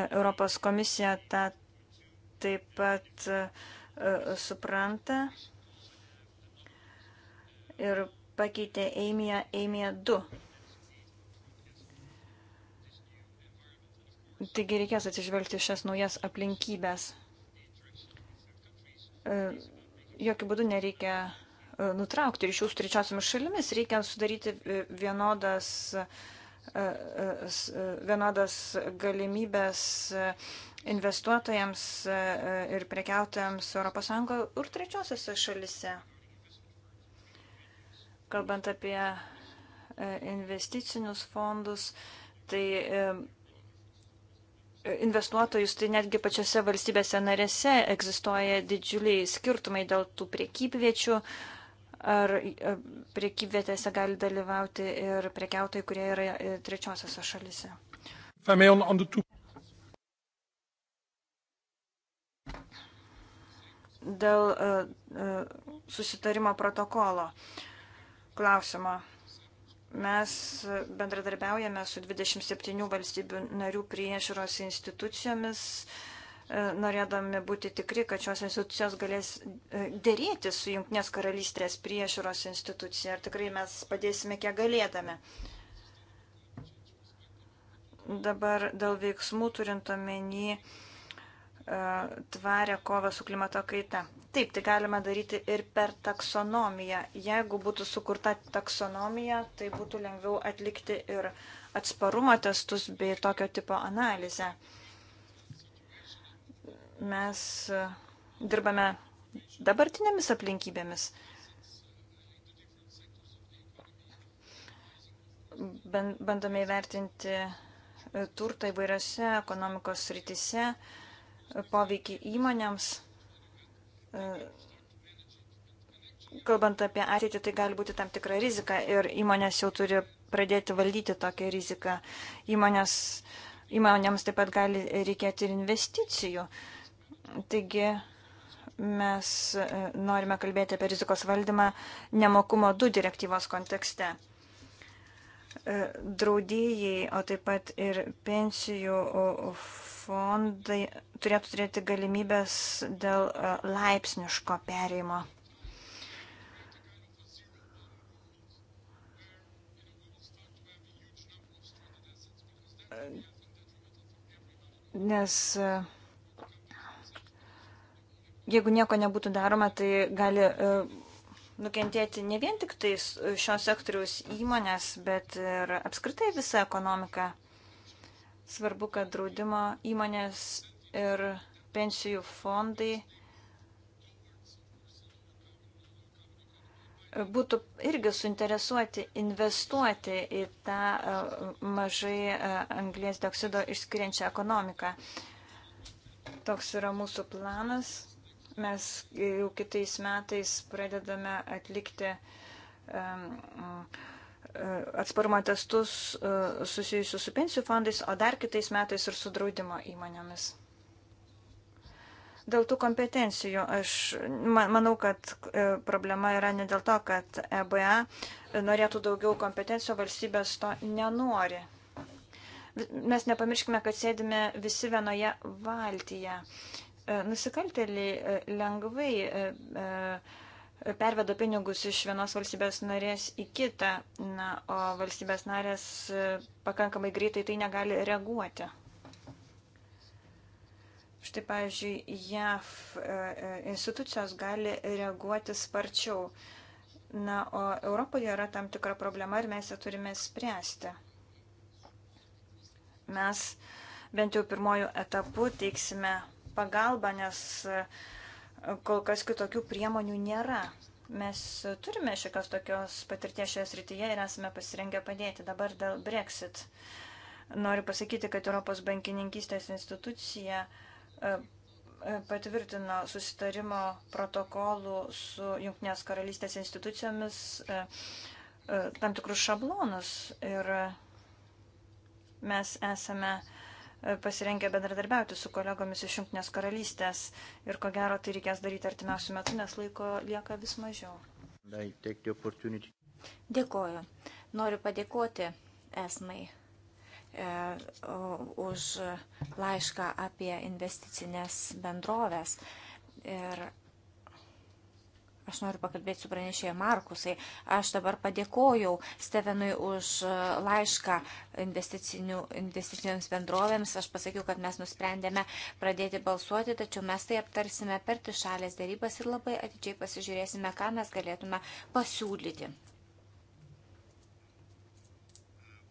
Europos komisija tą taip pat uh, E, supranta ir pakeitė Eimiją Eimiją 2. Taigi reikės atsižvelgti šias naujas aplinkybės. E, jokių būdų nereikia e, nutraukti ryšių su trečiosiomis šalimis, reikia sudaryti vienodas, vienodas galimybės investuotojams e, e, ir prekiautojams ES ir trečiosiose šalise. Kalbant apie e, investicinius fondus, tai investuotojus, tai netgi pačiose valstybėse narėse egzistuoja didžiuliai skirtumai dėl tų priekybviečių. Ar priekybvietėse gali dalyvauti ir prekiautojai, kurie yra trečiosiose šalise? dėl e, e, susitarimo protokolo klausimo. Mes bendradarbiaujame su 27 valstybių narių priežiūros institucijomis, e, norėdami būti tikri, kad šios institucijos galės dėrėti su Junktinės karalystės priežiūros institucija. Ir tikrai mes padėsime, kiek galėdami. Dabar dėl veiksmų turint omenyje E, tvarę kovą su klimato kaita. Taip, tai galima daryti ir per taksonomiją. Jeigu būtų sukurta taksonomija, tai būtų lengviau atlikti ir atsparumo testus bei tokio tipo analizę. Mes e, dirbame dabartinėmis aplinkybėmis. Bandome įvertinti turtą įvairiose ekonomikos rytise poveikį įmonėms. E, kalbant apie ateitį, tai gali būti tam tikra rizika ir įmonės jau turi pradėti valdyti tokią riziką. Įmonės, įmonėms taip pat gali reikėti ir investicijų. Taigi mes e, norime kalbėti apie rizikos valdymą nemokumo 2 direktyvos kontekste e, draudėjai, o taip pat ir pensijų fondai turėtų turėti galimybės dėl e, laipsniško perėjimo. Nes e, jeigu nieko nebūtų daroma, tai gali e, nukentėti ne vien tik tais šios sektoriaus įmonės, bet ir apskritai visa ekonomika. Svarbu, kad draudimo įmonės ir pensijų fondai būtų irgi suinteresuoti investuoti į tą e, mažai e, anglės dioksido išskiriančią ekonomiką. Toks yra mūsų planas. Mes jau kitais metais pradedame atlikti um, E, atsparumo testus e, susijusius su pensijų fondais, o dar kitais metais ir su draudimo įmonėmis. Dėl tų kompetencijų aš manau, kad e, problema yra ne dėl to, kad EBA norėtų daugiau kompetencijų, valstybės to nenori. Mes nepamirškime, kad sėdime visi vienoje valtyje. Nusikaltėliai lengvai perveda pinigus iš vienos valstybės narės į kitą, na, o valstybės narės e, pakankamai greitai tai negali reaguoti. Štai, pavyzdžiui, JAV e, e, institucijos gali reaguoti sparčiau. Na, o Europoje yra tam tikra problema ir mes ją turime spręsti. Mes bent jau pirmojų etapų teiksime pagalbą, nes uh, kol kas kitokių priemonių nėra. Mes turime šiokios tokios patirties šioje srityje ir esame pasirengę padėti dabar dėl Brexit. Noriu pasakyti, kad Europos bankininkystės institucija e, e, patvirtino susitarimo protokolų su Junktinės karalystės institucijomis e, tam tikrus šablonus ir mes esame uh, E, pasirengę bendradarbiauti su kolegomis iš Junktinės karalystės ir ko gero tai reikės daryti artimiausių metų, nes laiko lieka vis mažiau. Dėkoju. Noriu padėkoti esmai e, už laišką apie investicinės bendrovės. Ir Aš noriu pakalbėti su pranešėja Markusai. Aš dabar padėkojau Stevenui už e, laišką investicinėms bendrovėms. Aš pasakiau, kad mes nusprendėme pradėti balsuoti, tačiau mes tai aptarsime per trišalės darybas ir labai atidžiai pasižiūrėsime, ką mes galėtume pasiūlyti.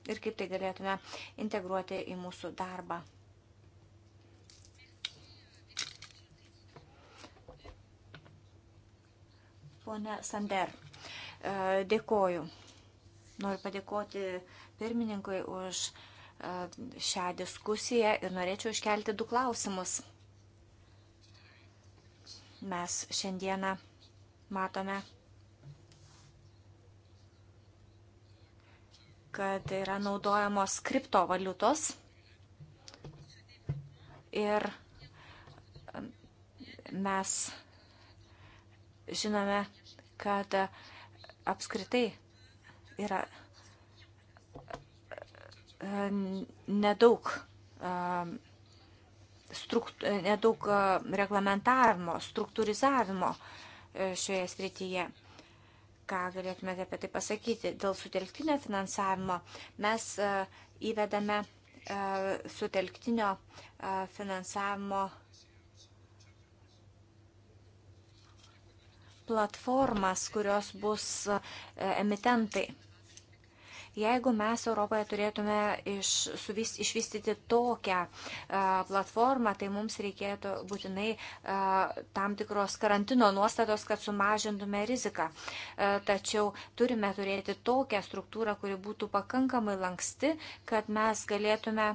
Ir kaip tai galėtume integruoti į mūsų darbą. Pone Sander, e, dėkoju. Noriu padėkoti pirmininkui už e, šią diskusiją ir norėčiau iškelti du klausimus. Mes šiandieną matome, kad yra naudojamos kriptovaliutos ir mes žinome, kad apskritai yra e, nedaug e, strukt, nedaug e, reglamentavimo, struktūrizavimo šioje srityje. Ką galėtumėte apie tai pasakyti? Dėl sutelktinio finansavimo mes įvedame sutelktinio finansavimo platformas, kurios bus e, emitentai. Jeigu mes Europoje turėtume iš, suvis, išvystyti tokią a, e, platformą, tai mums reikėtų būtinai a, e, tam tikros karantino nuostatos, kad sumažintume riziką. A, tačiau turime turėti tokią struktūrą, kuri būtų pakankamai lanksti, kad mes galėtume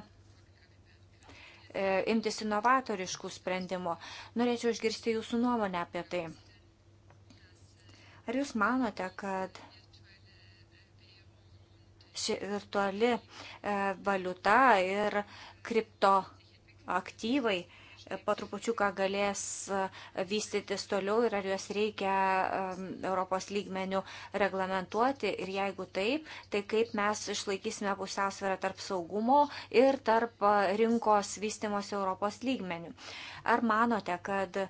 imtis inovatoriškų sprendimų. Norėčiau išgirsti jūsų nuomonę apie tai. Ar jūs manote, kad ši virtuali e, valiuta ir kripto aktyvai e, po trupučiuką galės e, vystytis toliau ir ar juos reikia Europos lygmenių reglamentuoti ir jeigu taip, tai kaip mes išlaikysime pusiausvyrą tarp saugumo ir tarp rinkos vystimos Europos lygmenių. Ar manote, kad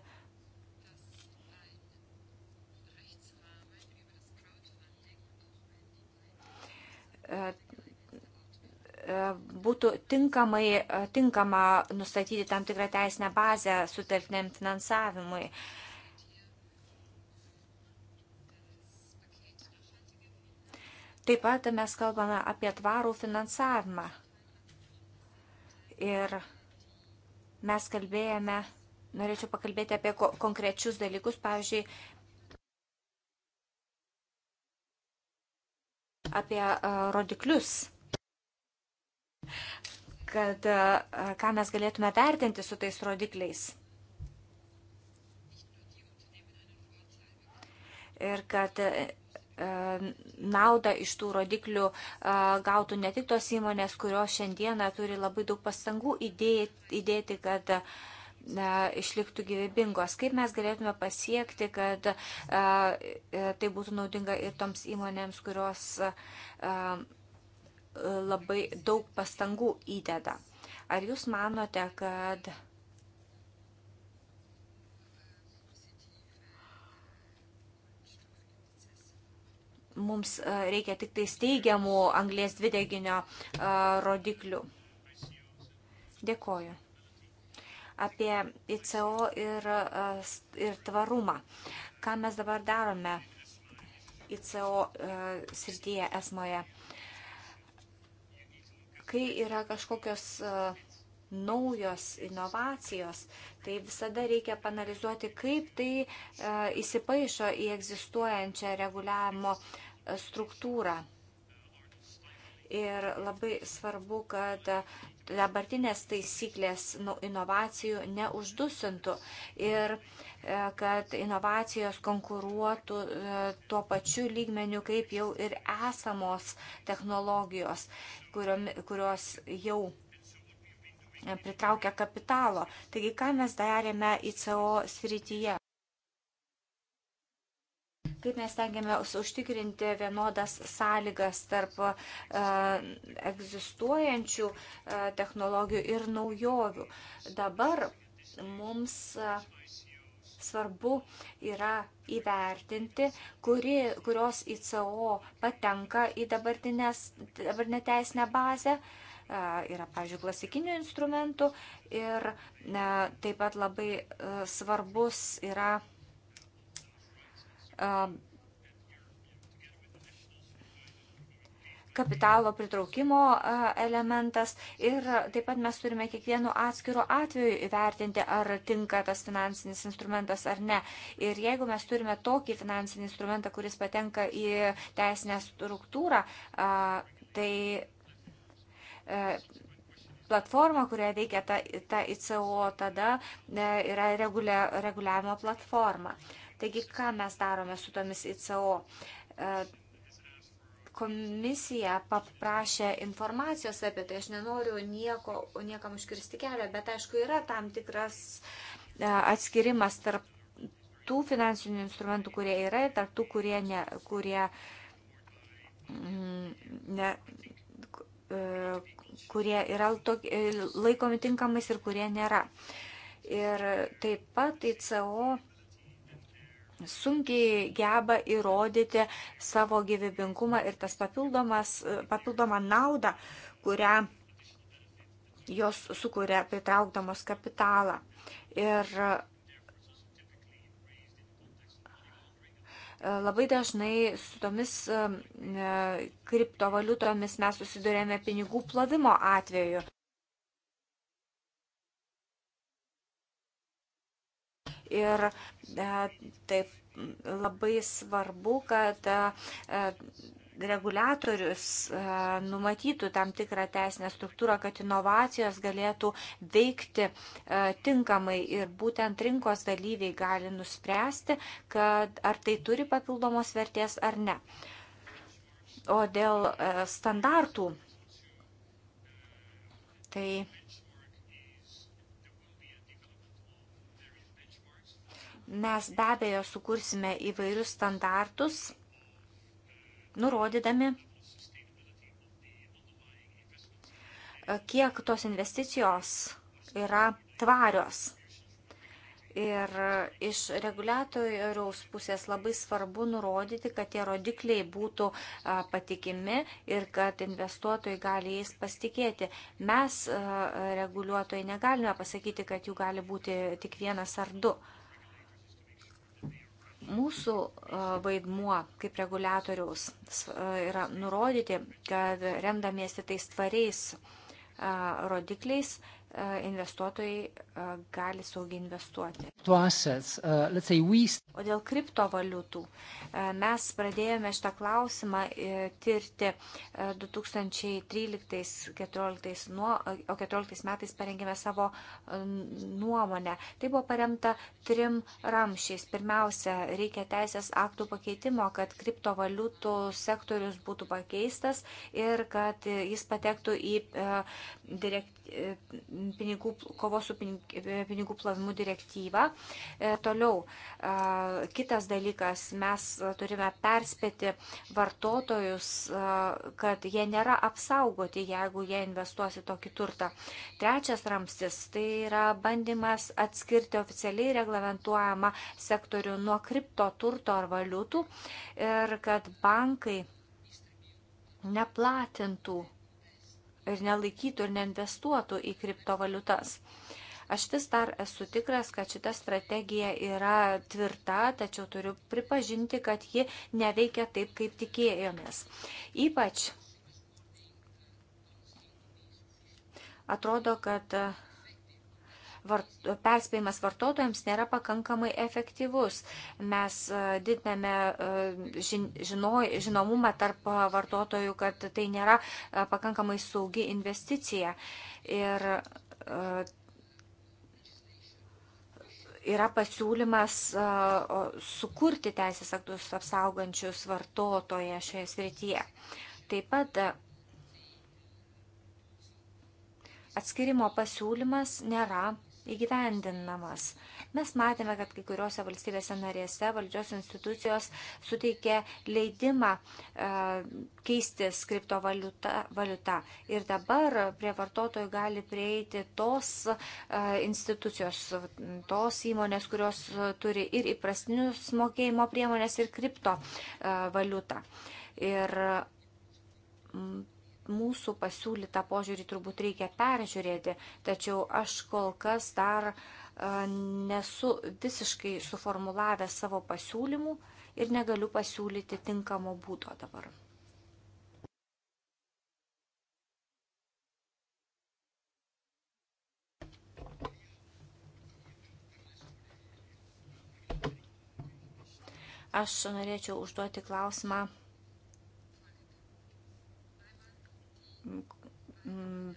būtų tinkamai, tinkama nustatyti tam tikrą teisinę bazę sutartiniam finansavimui. Taip pat mes kalbame apie tvarų finansavimą. Ir mes kalbėjome, norėčiau pakalbėti apie konkrečius dalykus, pavyzdžiui, apie rodiklius kad ką mes galėtume vertinti su tais rodikliais. Ir kad e, e, naudą iš tų rodiklių gautų ne tik tos įmonės, kurios šiandieną turi labai daug pastangų įdėti, įdėti kad uh, išliktų gyvybingos. Kaip mes galėtume pasiekti, kad e, tai būtų naudinga ir toms įmonėms, kurios labai daug pastangų įdeda. Ar jūs manote, kad mums reikia tik tai steigiamų anglės dvideginio rodiklių? Dėkoju apie ICO ir, e, ir tvarumą. Ką mes dabar darome ICO e, srityje esmoje? Kai yra kažkokios e, naujos inovacijos, tai visada reikia panalizuoti, kaip tai e, įsipaišo į egzistuojančią reguliavimo struktūrą. Ir labai svarbu, kad dabartinės taisyklės nu, inovacijų neuždusintų ir e, kad inovacijos konkuruotų e, tuo pačiu lygmeniu, kaip jau ir esamos technologijos, kurios jau e, pritraukia kapitalo. Taigi, ką mes darėme ICO srityje? kaip mes tengiamės užtikrinti vienodas sąlygas tarp e, egzistuojančių e, technologijų ir naujovių. Dabar mums e, svarbu yra įvertinti, kuri, kurios ICO patenka į dabartinę teisinę bazę. E, yra, pavyzdžiui, klasikinių instrumentų ir e, taip pat labai e, svarbus yra Um, kapitalo pritraukimo uh, elementas ir uh, taip pat mes turime kiekvienu atskiru atveju įvertinti, ar tinka tas finansinis instrumentas ar ne. Ir jeigu mes turime tokį finansinį instrumentą, kuris patenka į teisinę struktūrą, uh, tai platforma, kurioje veikia ta, ta ICO, tada yra regulia, reguliavimo platforma. Taigi, ką mes darome su tomis ICO? E, komisija paprašė informacijos apie tai, aš nenoriu nieko, niekam užkirsti kelią, bet aišku, yra tam tikras e, atskirimas tarp tų finansinių instrumentų, kurie yra ir tarp tų, kurie, ne, kurie mm, ne, e, kurie yra laikomi tinkamais ir kurie nėra. Ir taip pat ICO sunkiai geba įrodyti savo gyvybingumą ir tas papildomą e, naudą, kurią jos sukuria pritraukdamos kapitalą. Ir e, labai dažnai su tomis e, kriptovaliutomis mes susidurėme pinigų plovimo atveju. Ir e, taip labai svarbu, kad e, reguliatorius e, numatytų tam tikrą teisinę struktūrą, kad inovacijos galėtų veikti tinkamai ir būtent rinkos dalyviai gali nuspręsti, kad ar tai turi papildomos vertės ar ne. O dėl standartų, tai Mes be abejo sukursime įvairius standartus, nurodydami, kiek tos investicijos yra tvarios. Ir iš reguliatoriaus pusės labai svarbu nurodyti, kad tie rodikliai būtų patikimi ir kad investuotojai gali jais pasitikėti. Mes reguliuotojai negalime pasakyti, kad jų gali būti tik vienas ar du. Mūsų e, vaidmuo kaip reguliatoriaus e, yra nurodyti, kad remdamiesi tais tvariais e, rodikliais E, investuotojai e, gali saugiai investuoti. E, o dėl kriptovaliutų mes pradėjome šitą klausimą tirti 2013-2014 nuo, metais parengėme savo nuomonę. Tai buvo paremta trim ramšiais. Pirmiausia, reikia teisės aktų pakeitimo, kad kriptovaliutų sektorius būtų pakeistas ir kad jis patektų į direktyvą pinigų, kovos su pinigų plavimų direktyvą. E, toliau, e, kitas dalykas, mes turime perspėti vartotojus, e, kad jie nėra apsaugoti, jeigu jie investuos į tokį turtą. Trečias ramstis - tai yra bandymas atskirti oficialiai reglamentuojamą sektorių nuo kripto turto ar valiutų ir kad bankai neplatintų ir nelaikytų ir neinvestuotų į kriptovaliutas. Aš vis dar esu tikras, kad šita strategija yra tvirta, tačiau turiu pripažinti, kad ji neveikia taip, kaip tikėjomės. Ypač atrodo, kad uh, vart, perspėjimas vartotojams nėra pakankamai efektyvus. Mes e, didiname e, žino, žinomumą tarp vartotojų, kad tai nėra e, pakankamai saugi investicija. Ir yra pasiūlymas sukurti teisės aktus apsaugančius vartotoje šioje srityje. Taip pat atskirimo pasiūlymas nėra įgyvendinamas. Mes matėme, kad kai kuriuose valstybėse narėse valdžios institucijos suteikė leidimą e, keistis kriptovaliutą. Ir dabar prie vartotojų gali prieiti tos e, institucijos, tos įmonės, kurios turi ir įprastinius mokėjimo priemonės, ir kriptovaliutą. Ir mm, mūsų pasiūlytą požiūrį turbūt reikia peržiūrėti, tačiau aš kol kas dar e, nesu visiškai suformulavęs savo pasiūlymų ir negaliu pasiūlyti tinkamo būdo dabar. Aš norėčiau užduoti klausimą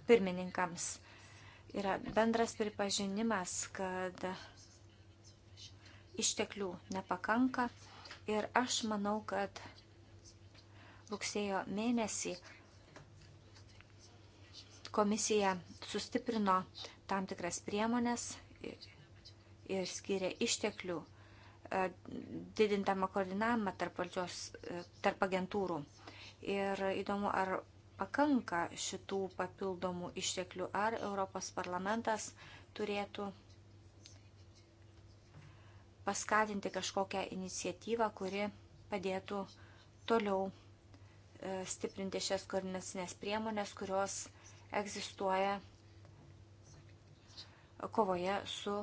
pirmininkams. Yra bendras pripažinimas, kad išteklių nepakanka ir aš manau, kad rugsėjo mėnesį komisija sustiprino tam tikras priemonės ir skiria išteklių e, didintamą koordinavimą tarp, valdžios, e, tarp agentūrų. Ir įdomu, ar pakanka šitų papildomų išteklių, ar Europos parlamentas turėtų paskatinti kažkokią iniciatyvą, kuri padėtų toliau e, stiprinti šias koordinacinės priemonės, kurios egzistuoja kovoje su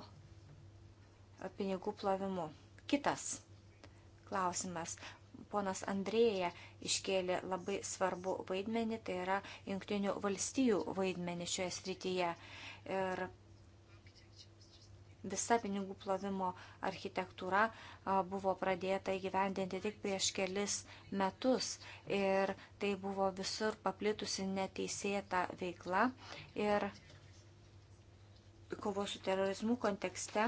pinigų plovimu. Kitas klausimas ponas Andrėja iškėlė labai svarbu vaidmenį, tai yra jungtinių valstijų vaidmenį šioje srityje. Ir visa pinigų plovimo architektūra buvo pradėta įgyvendinti tik prieš kelis metus ir tai buvo visur paplitusi neteisėta veikla ir kovos su terorizmu kontekste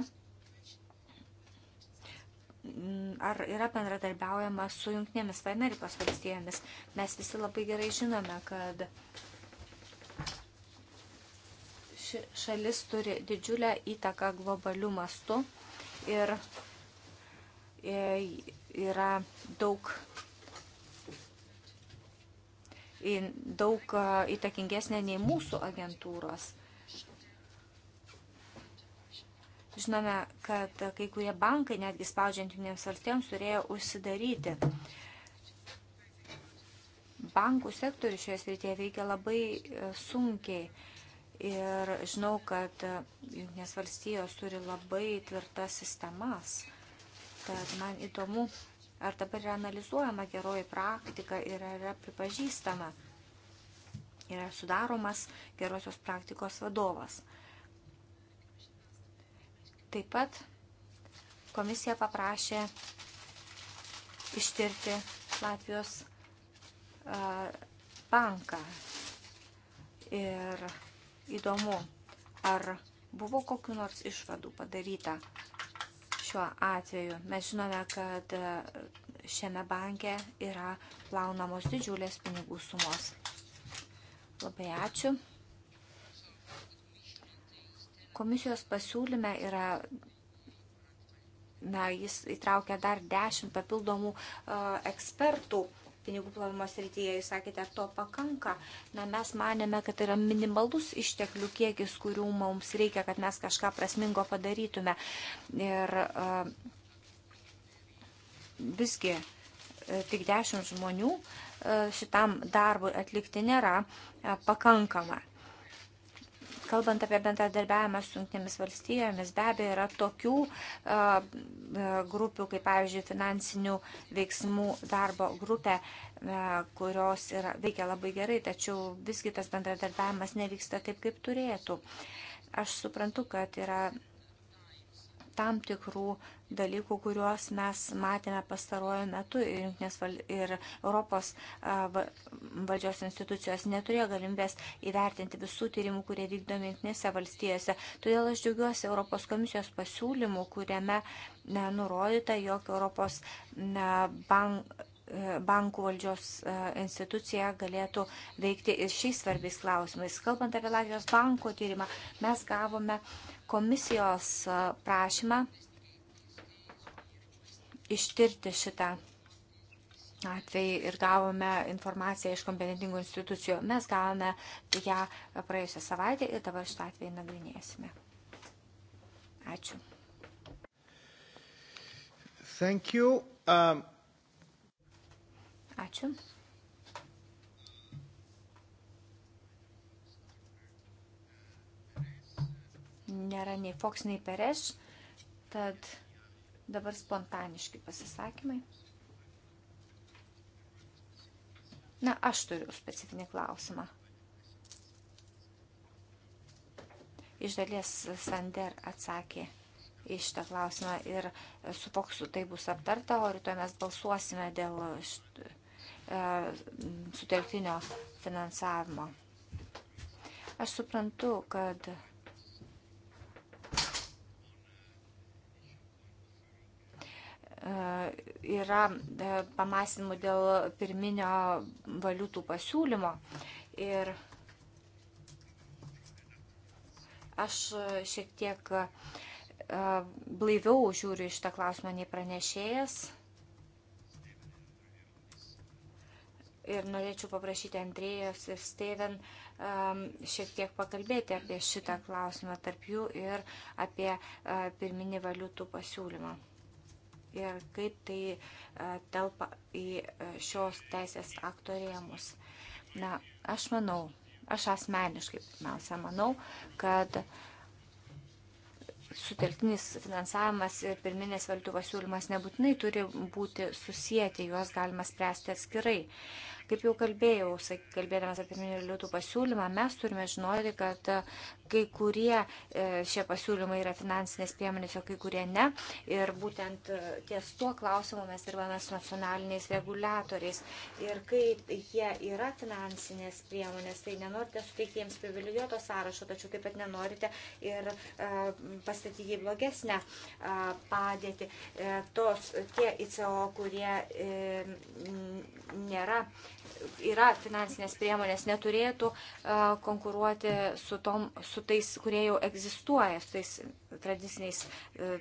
Mm, ar yra bendradarbiaujama su Junktinėmis Amerikos valstijomis. Mes visi labai gerai žinome, kad ši šalis turi didžiulę įtaką globalių mastų ir e, yra daug daug e, įtakingesnė nei mūsų agentūros. Žinome, kad kai kurie bankai, netgi spaudžiant jungtinėms valstijams, turėjo užsidaryti. Bankų sektorius šioje srityje veikia labai e, sunkiai. Ir žinau, kad e, jungtinės valstijos turi labai tvirtas sistemas. Tad man įdomu, ar dabar yra analizuojama geroji praktika ir ar yra pripažįstama. Yra sudaromas gerosios praktikos vadovas. Taip pat komisija paprašė ištirti Latvijos banką. Ir įdomu, ar buvo kokiu nors išvadų padaryta šiuo atveju. Mes žinome, kad šiame banke yra plaunamos didžiulės pinigų sumos. Labai ačiū. Komisijos pasiūlyme yra na, jis įtraukia dar dešimt papildomų uh, ekspertų pinigų plovimo srityje, jūs sakėte, ar to pakanka. Na, mes manėme, kad tai yra minimalus išteklių kiekis, kurių mums reikia, kad mes kažką prasmingo padarytume. Ir uh, visgi uh, tik dešimt žmonių uh, šitam darbui atlikti nėra uh, pakankama. Kalbant apie bendradarbiavimą su jungtinėmis valstijomis, be abejo, yra tokių grupių, kaip pavyzdžiui, finansinių veiksmų darbo grupė, kurios yra, veikia labai gerai, tačiau visgi tas bendradarbiavimas nevyksta taip, kaip turėtų. Aš suprantu, kad yra tam tikrų dalykų, kuriuos mes matėme pastaruoju metu ir, val... ir Europos valdžios institucijos neturėjo galimybės įvertinti visų tyrimų, kurie vykdomi jungtinėse valstijose. Todėl aš džiaugiuosi Europos komisijos pasiūlymų, kuriame nurodyta, jog Europos bank e, bankų valdžios e, institucija galėtų veikti ir šiais svarbiais klausimais. Kalbant apie Latvijos banko tyrimą, mes gavome komisijos prašymą ištirti šitą atvejį ir gavome informaciją iš kompetentingų institucijų. Mes gavome ją praėjusią savaitę ir dabar šitą atvejį nagrinėsime. Ačiū. Thank you. Um... Ačiū. nėra nei Fox, nei Pereš, tad dabar spontaniški pasisakymai. Na, aš turiu specifinį klausimą. Iš dalies Sander atsakė į šitą klausimą ir su Foksu tai bus aptarta, o rytoj mes balsuosime dėl št, e, sutelktinio finansavimo. Aš suprantu, kad E, yra e, pamastymų dėl pirminio valiutų pasiūlymo. Ir aš šiek tiek e, blaiviau žiūriu iš tą klausimą nei pranešėjas. Ir norėčiau paprašyti Andrėjos ir Steven um, šiek tiek pakalbėti apie šitą klausimą tarp jų ir apie uh, pirminį valiutų pasiūlymą ir kaip tai e, telpa į e, šios teisės akto rėmus. Na, aš manau, aš asmeniškai pirmiausia manau, kad sutelktinis finansavimas ir pirminės valiutų pasiūlymas nebūtinai turi būti susijęti, juos galima spręsti atskirai. Kaip jau kalbėjau, kalbėdamas apie pirminį valiutų pasiūlymą, mes turime žinoti, kad Kai kurie e, šie pasiūlymai yra finansinės priemonės, o kai kurie ne. Ir būtent e, ties tuo klausimu mes dirbame su nacionaliniais reguliatoriais. Ir kai jie yra finansinės priemonės, tai nenorite suteikti jiems privilegijuoto sąrašo, tačiau taip pat nenorite ir e, pastatyti į blogesnę padėtį. Tos, tie ICO, kurie nėra, yra finansinės priemonės, neturėtų konkuruoti su, tom, su su tais, kurie jau egzistuoja, su tais tradiciniais e,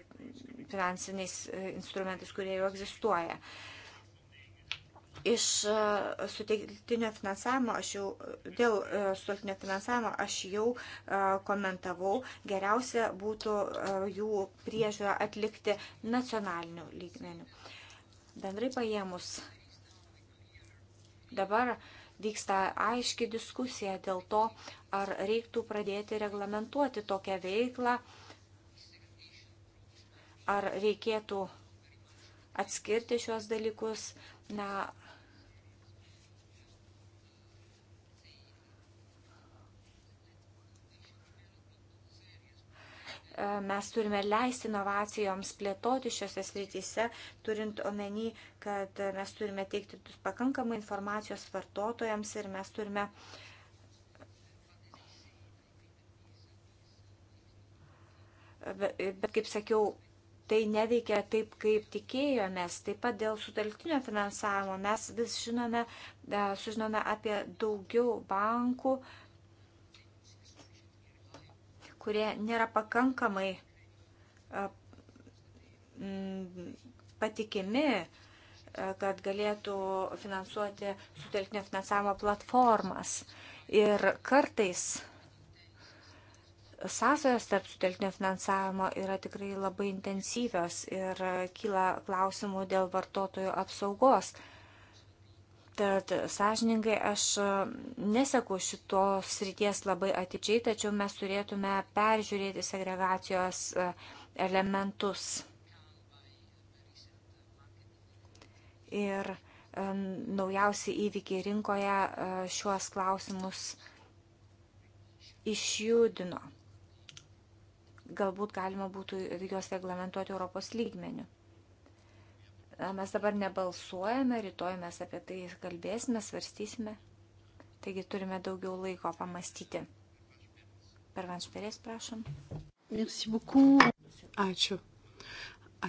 finansiniais e, instrumentais, kurie jau egzistuoja. Iš e, suteiktinio finansavimo, aš jau, dėl suteiktinio finansavimo aš jau komentavau, geriausia būtų jų priežiūrą atlikti nacionaliniu lygmeniu. Bendrai paėmus, dabar uh, vyksta aiški diskusija dėl to, ar reiktų pradėti reglamentuoti tokią veiklą, ar reikėtų atskirti šios dalykus. Na, mes turime leisti inovacijoms plėtoti šiuose srityse, turint omeny, kad mes turime teikti pakankamai informacijos vartotojams ir mes turime Bet, bet kaip sakiau, tai neveikia taip, kaip tikėjomės. Taip pat dėl sutelktinio finansavimo mes vis žinome, sužinome apie daugiau bankų, uh, kurie nėra pakankamai patikimi, kad galėtų finansuoti sutelkinio finansavimo platformas. Ir kartais sąsajos tarp sutelkinio finansavimo yra tikrai labai intensyvios ir kyla klausimų dėl vartotojų apsaugos. Tad sąžiningai aš e, neseku šitos ryties labai atidžiai, tačiau mes turėtume peržiūrėti segregacijos e, elementus. Ir e, naujausi įvykiai rinkoje šiuos klausimus išjudino. Galbūt galima būtų juos reglamentuoti Europos lygmeniu. Mes dabar nebalsuojame, rytoj mes apie tai kalbėsime, svarstysime. Taigi turime daugiau laiko pamastyti. Per Vanšperės, prašom. Merci beaucoup. Ačiū.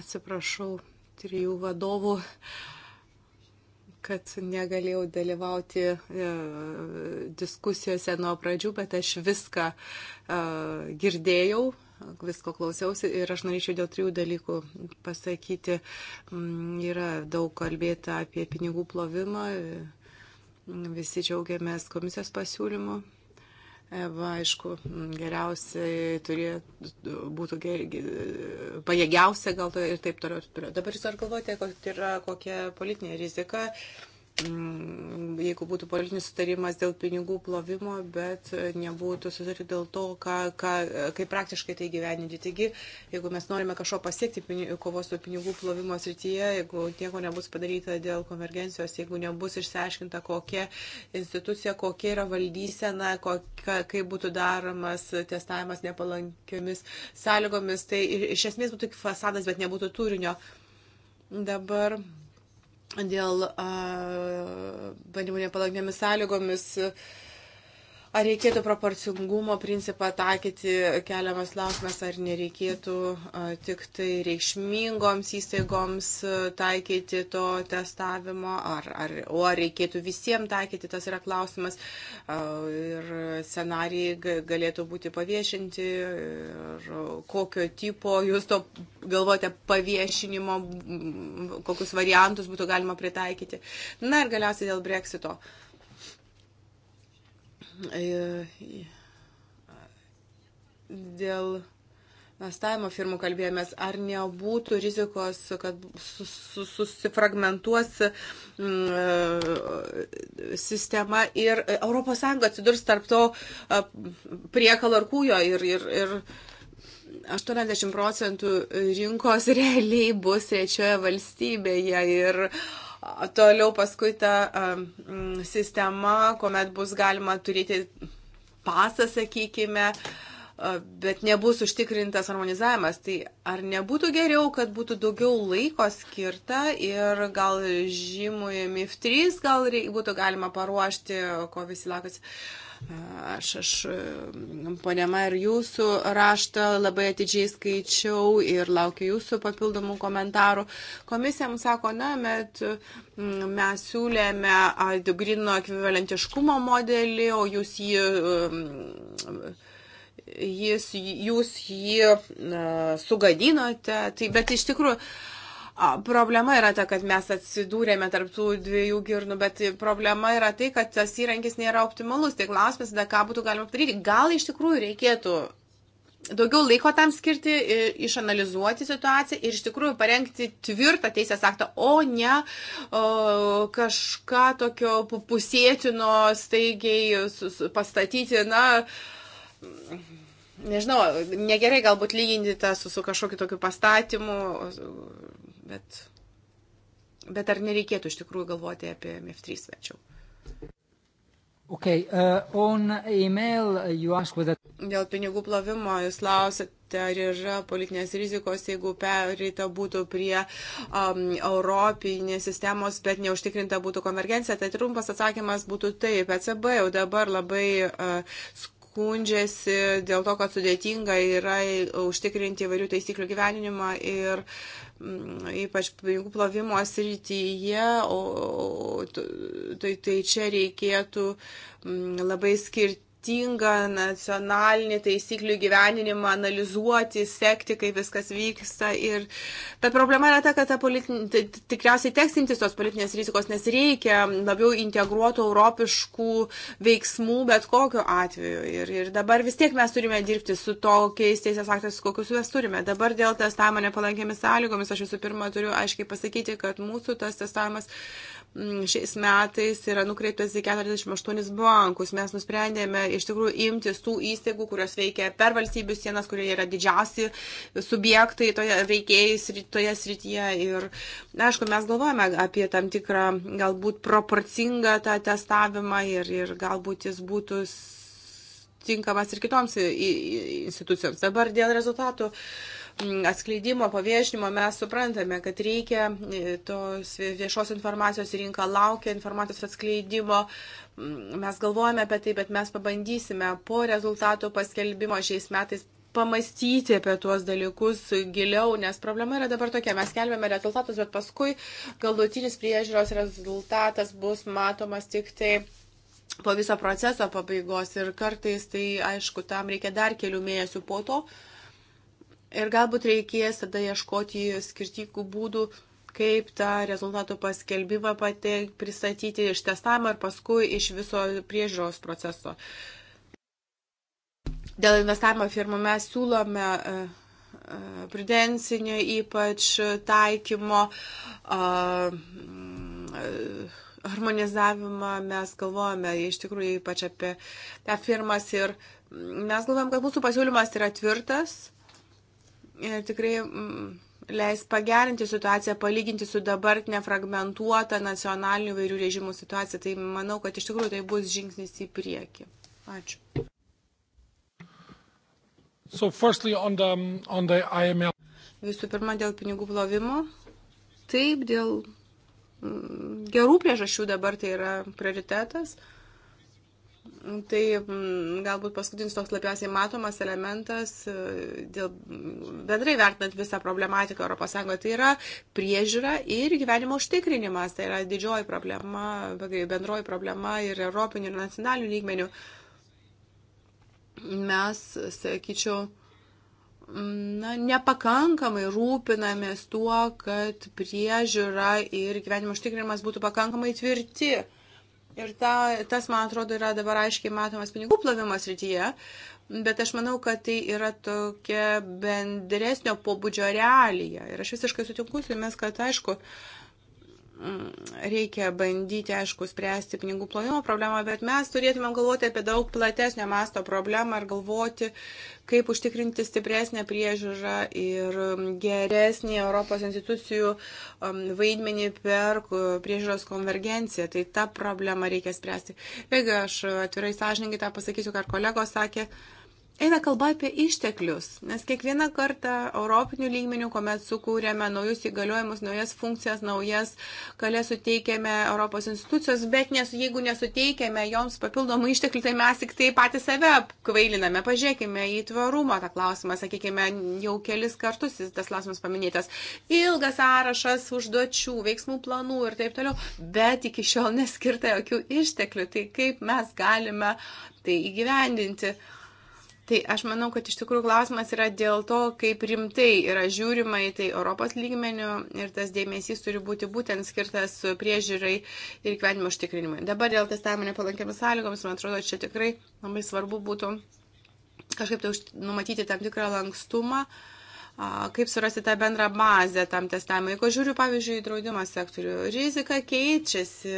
Atsiprašau trijų vadovų kad negalėjau dalyvauti e, diskusijose nuo pradžių, bet aš viską e, girdėjau, visko klausiausi ir aš norėčiau dėl trijų dalykų pasakyti. Mm, yra daug kalbėta apie pinigų plovimą, visi džiaugiamės komisijos pasiūlymu. Eva, aišku, geriausiai turė, būtų ger, pajėgiausia gal ir taip toliau. Dabar jūs ar galvojate, kad yra kokia politinė rizika? Uh, jeigu būtų politinis sutarimas dėl pinigų plovimo, bet nebūtų sutarti dėl to, ką, ką, kaip praktiškai tai gyveninti. Taigi, jeigu mes norime kažko pasiekti kovos su pinigų plovimo srityje, jeigu nieko nebus padaryta dėl konvergencijos, jeigu nebus išsiaiškinta, kokia institucija, kokia yra valdysena, kokia, kaip būtų daromas testavimas nepalankiomis sąlygomis, tai iš esmės būtų fasadas, bet nebūtų turinio. Dabar dėl bandymų nepalanknėmis sąlygomis. Uh, Ar reikėtų proporcingumo principą taikyti keliamas klausimas, ar nereikėtų tik tai reikšmingoms įstaigoms taikyti to testavimo, ar, ar, o ar reikėtų visiems taikyti, tas yra klausimas. Ir scenarijai galėtų būti paviešinti, ir kokio tipo jūs to galvojate paviešinimo, kokius variantus būtų galima pritaikyti. Na ir galiausiai dėl breksito. Uh, E, e, dėl investavimo firmų kalbėjomės, ar nebūtų rizikos, kad susifragmentuos mm, e, sistema ir ES atsidurs tarp to priekalo ir kūjo ir, ir, ir 80 procentų rinkos realiai bus trečioje valstybėje ir uh, Toliau paskui ta um, sistema, kuomet bus galima turėti pasą, sakykime, e, bet nebus užtikrintas harmonizavimas. Tai ar nebūtų geriau, kad būtų daugiau laiko skirta ir gal žymui MIF3 gal būtų galima paruošti, ko visi lakosi. Uh, Aš, aš, ponia Mair, jūsų raštą labai atidžiai skaičiau ir laukiu jūsų papildomų komentarų. Komisija mums sako, na, bet mes siūlėme grino ekvivalentiškumo modelį, o jūs jį. Um, jis, jūs jį uh, sugadinote, tai, bet iš tikrųjų uh, Problema yra ta, kad mes atsidūrėme tarp tų dviejų girnų, bet problema yra tai, kad tas įrankis nėra optimalus. Tai klausimas, tada ką būtų galima padaryti. Gal iš tikrųjų reikėtų daugiau laiko tam skirti, išanalizuoti situaciją ir iš tikrųjų parengti tvirtą teisės aktą, o ne o, kažką tokio pusėtino staigiai pastatyti, na, nežinau, negerai galbūt lyginti tą su, su kažkokiu tokiu pastatymu, Bet, bet ar nereikėtų iš tikrųjų galvoti apie MF3 svečiau? Okay, uh, on email you ask whether... Dėl pinigų plovimo jūs klausėte, ar yra politinės rizikos, jeigu pereita būtų prie um, europinės sistemos, bet neužtikrinta būtų konvergencija. Tai trumpas atsakymas būtų taip. ECB jau dabar labai uh, skundžiasi dėl to, kad sudėtinga yra užtikrinti įvairių taisyklių gyvenimą ir uh, ypač pinigų plovimo srityje, o, o, tai, tai čia reikėtų mm, labai skirti kryptingą nacionalinį taisyklių gyveninimą, analizuoti, sekti, kaip viskas vyksta. Ir ta problema yra ta, kad ta politin... tikriausiai teks imtis tos politinės rizikos, nes reikia labiau integruotų europiškų veiksmų bet kokiu atveju. Ir, ir dabar vis tiek mes turime dirbti su tokiais teisės aktais, kokius mes turime. Dabar dėl testavimo nepalankėmis sąlygomis aš visų pirma turiu aiškiai pasakyti, kad mūsų tas testavimas šiais metais yra nukreiptas į 48 bankus. Mes nusprendėme iš tikrųjų imtis tų įstaigų, kurios veikia per valstybių sienas, kurie yra didžiausi subjektai toje veikėjai toje srityje. Ir, aišku, mes galvojame apie tam tikrą galbūt proporcingą tą testavimą ir, ir galbūt jis būtų tinkamas ir kitoms institucijoms. Dabar dėl rezultatų. Uh, Mm, atskleidimo, paviešinimo mes suprantame, kad reikia e, tos viešos informacijos rinka laukia informacijos atskleidimo. Mm, mes galvojame apie tai, bet mes pabandysime po rezultatų paskelbimo šiais metais pamastyti apie tuos dalykus giliau, nes problema yra dabar tokia, mes kelbėme rezultatus, bet paskui galutinis priežiūros rezultatas bus matomas tik tai po viso proceso pabaigos ir kartais tai, aišku, tam reikia dar kelių mėnesių po to, uh, Ir galbūt reikės tada ieškoti skirtingų būdų, kaip tą rezultatų paskelbimą pateik, pristatyti iš testavimo ir paskui iš viso priežiūros proceso. Dėl investavimo firmų mes siūlome e, e, prudensinio ypač taikymo e, harmonizavimą, mes galvojame iš tikrųjų ypač apie tą firmas ir mes galvojame, kad mūsų pasiūlymas yra tvirtas, E, tikrai mm, leis pagerinti situaciją, palyginti su dabartinė fragmentuota nacionalinių vairių režimų situacija. Tai manau, kad iš tikrųjų tai bus žingsnis į priekį. Ačiū. So firstly, on the, on the IML. Visų pirma, dėl pinigų plovimo. Taip, dėl mm, gerų priežasčių dabar tai yra prioritetas. Uh, Tai mm, galbūt paskutinis toks labiausiai matomas elementas, e, dėl, bendrai vertinant visą problematiką ES, tai yra priežiūra ir gyvenimo užtikrinimas. Tai yra didžioji problema, bendroji problema ir europinių, ir nacionalinių lygmenių. Mes, sakyčiau, na, nepakankamai rūpinamės tuo, kad priežiūra ir gyvenimo užtikrinimas būtų pakankamai tvirti. Uh, Ir ta, tas, man atrodo, yra dabar aiškiai matomas pinigų plovimo srityje, bet aš manau, kad tai yra tokia bendresnio pobūdžio realija. Ir aš visiškai sutinku su jumis, kad aišku, uh, reikia bandyti, aišku, spręsti pinigų plovimo problemą, bet mes turėtumėm galvoti apie daug platesnio masto problemą ir galvoti, kaip užtikrinti stipresnę priežiūrą ir geresnį Europos institucijų um, vaidmenį per priežiūros konvergenciją. Tai tą problemą reikia spręsti. Vėlgi, aš atvirai sąžininkai tą pasakysiu, ką kolegos sakė. Uh, Eina kalba apie išteklius, nes kiekvieną kartą europinių lygmenių, kuomet sukūrėme naujus įgaliojimus, naujas funkcijas, naujas kalės suteikėme Europos institucijos, bet nes, jeigu nesuteikėme joms papildomų išteklių, tai mes tik tai patys save kvailiname. Pažiūrėkime į tvarumą tą klausimą, sakykime, jau kelis kartus tas klausimas paminėtas. Ilgas sąrašas užduočių, veiksmų planų ir taip toliau, bet iki šiol neskirta jokių išteklių. Tai kaip mes galime tai įgyvendinti? Tai aš manau, kad iš tikrųjų klausimas yra dėl to, kaip rimtai yra žiūrima į tai Europos lygmenių ir tas dėmesys turi būti būtent skirtas priežiūrai ir gyvenimo užtikrinimui. Dabar dėl testavimo nepalankiamis sąlygomis, man atrodo, čia tikrai labai svarbu būtų kažkaip tai numatyti tam tikrą lankstumą. Uh, kaip surasti tą bendrą bazę tam testavimui. Jeigu žiūriu, pavyzdžiui, į draudimo sektorių, rizika keičiasi,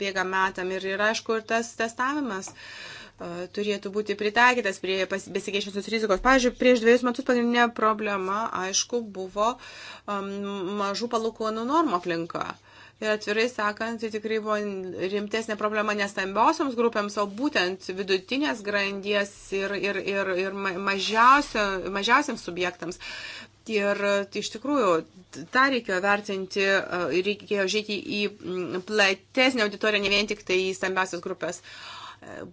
bėga metam ir yra, aišku, ir tas testavimas E, turėtų būti pritaikytas prie besikeičiančios rizikos. Pavyzdžiui, prieš dviejus metus pagrindinė problema, aišku, buvo um, mažų palūkonų normų aplinka. Ir atvirai sakant, tai tikrai buvo rimtesnė problema ne stambiosioms grupėms, o būtent vidutinės grandies ir, ir, ir, ir mažiausio, mažiausiams subjektams. Ir tai iš tikrųjų tą reikėjo vertinti, e, reikėjo žiūrėti į platesnį auditoriją, ne vien tik tai į stambiasias grupės. Uh,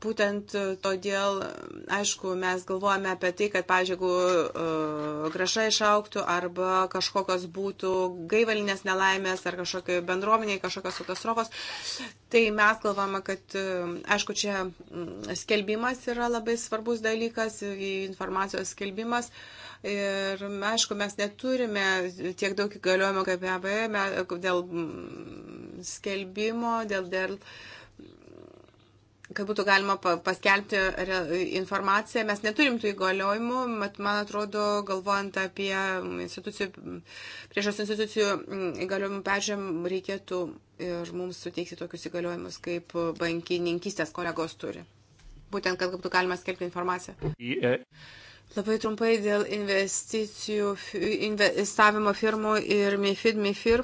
Būtent e, todėl, e, aišku, mes galvojame apie tai, kad, pavyzdžiui, jeigu e, graža išauktų arba kažkokios būtų gaivalinės nelaimės ar kažkokie bendruomeniai, kažkokios katastrofos, tai mes galvojame, kad, aišku, čia mm, skelbimas yra labai svarbus dalykas, informacijos skelbimas. Ir, aišku, mes neturime tiek daug įgaliojimų kaip EBE dėl mm, skelbimo, dėl, dėl uh, kad būtų galima paskelbti informaciją. Mes neturim tų įgaliojimų, bet man atrodo, galvojant apie mm, institucijų, priežas institucijų mm, įgaliojimų peržiūrėm, reikėtų ir mums suteikti tokius įgaliojimus, kaip bankininkystės kolegos turi. Būtent, kad būtų galima skelbti informaciją. Yeah. Labai trumpai dėl investicijų, investavimo firmų ir MIFID, MIFIR.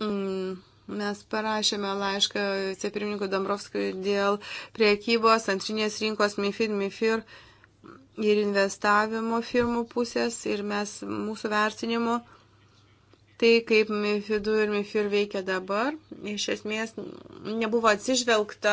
Mm Mes parašėme laišką vicepirmininkui Dombrovskui dėl priekybos, antrinės rinkos, MIFID, MIFIR ir investavimo firmų pusės ir mes mūsų vertinimu tai, kaip MIFID 2 ir MIFIR veikia dabar, iš esmės nebuvo atsižvelgta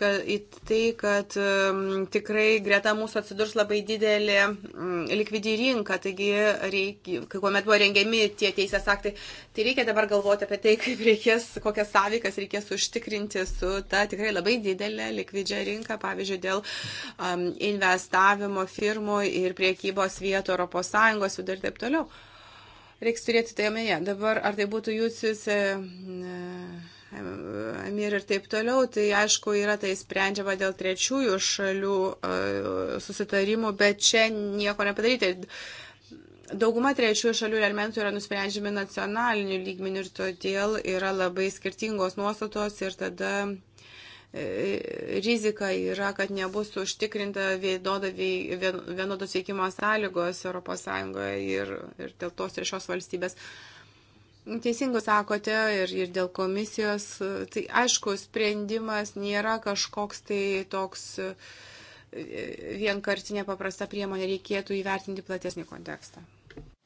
kad, į tai, kad um, tikrai greta mūsų atsidurs labai didelė um, likvidi rinka, taigi, reikia, kai kuomet buvo rengiami tie teisės aktai, tai reikia dabar galvoti apie tai, kaip reikės, kokias sąvykas reikės užtikrinti su ta tikrai labai didelė likvidžia rinka, pavyzdžiui, dėl um, investavimo firmų ir priekybos vietų ES vidurį ir taip toliau. Reiks turėti tai omenyje. Dabar, ar tai būtų jūsius, e, e, emir ir taip toliau, tai aišku, yra tai sprendžiama dėl trečiųjų šalių e, susitarimų, bet čia nieko nepadaryti. Dauguma trečiųjų šalių elementų yra nusprendžiami nacionaliniu lygmeniu ir todėl yra labai skirtingos nuostatos ir tada rizika yra, kad nebus užtikrinta vienodos veikimo sąlygos ES ir, ir dėl tos ir šios valstybės. Teisingai sakote ir, ir dėl komisijos, tai aišku, sprendimas nėra kažkoks tai toks e, vienkartinė paprasta priemonė, reikėtų įvertinti platesnį kontekstą.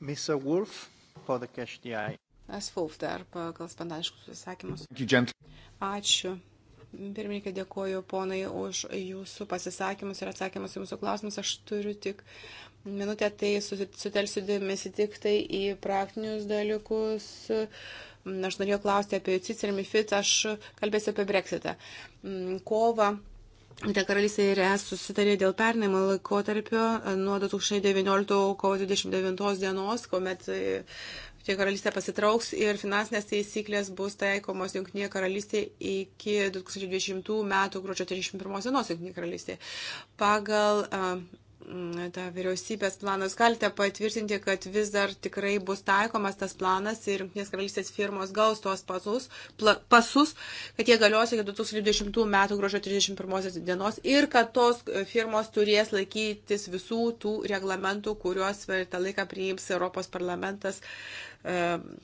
Mr. Wolf, for the cash DI. As Wolf dar pagal spontaniškus pasakymus. Ačiū. Pirmininkė, dėkoju ponai už jūsų pasisakymus ir atsakymus į mūsų klausimus. Aš turiu tik minutę, tai sutelsiu dėmesį tik tai į praktinius dalykus. Aš norėjau klausti apie CICER ir MIFID, aš kalbėsiu apie Brexitą. Kova Jungtinė karalystė ir ES susitarė dėl pernimo laikotarpio nuo 2019 kovo 29 dienos, kuomet Jungtinė karalystė pasitrauks ir finansinės taisyklės bus taikomos Jungtinėje karalystėje iki 2020 metų gruodžio 31 dienos Jungtinėje karalystėje. Pagal uh, tą vyriausybės planą. Jūs galite patvirtinti, kad vis dar tikrai bus taikomas tas planas ir Junktinės karalystės firmos gaus tuos pasus, pla, pasus, kad jie galios iki 2020 metų gruodžio 31 dienos ir kad tos firmos turės laikytis visų tų reglamentų, kuriuos per tą laiką priims Europos parlamentas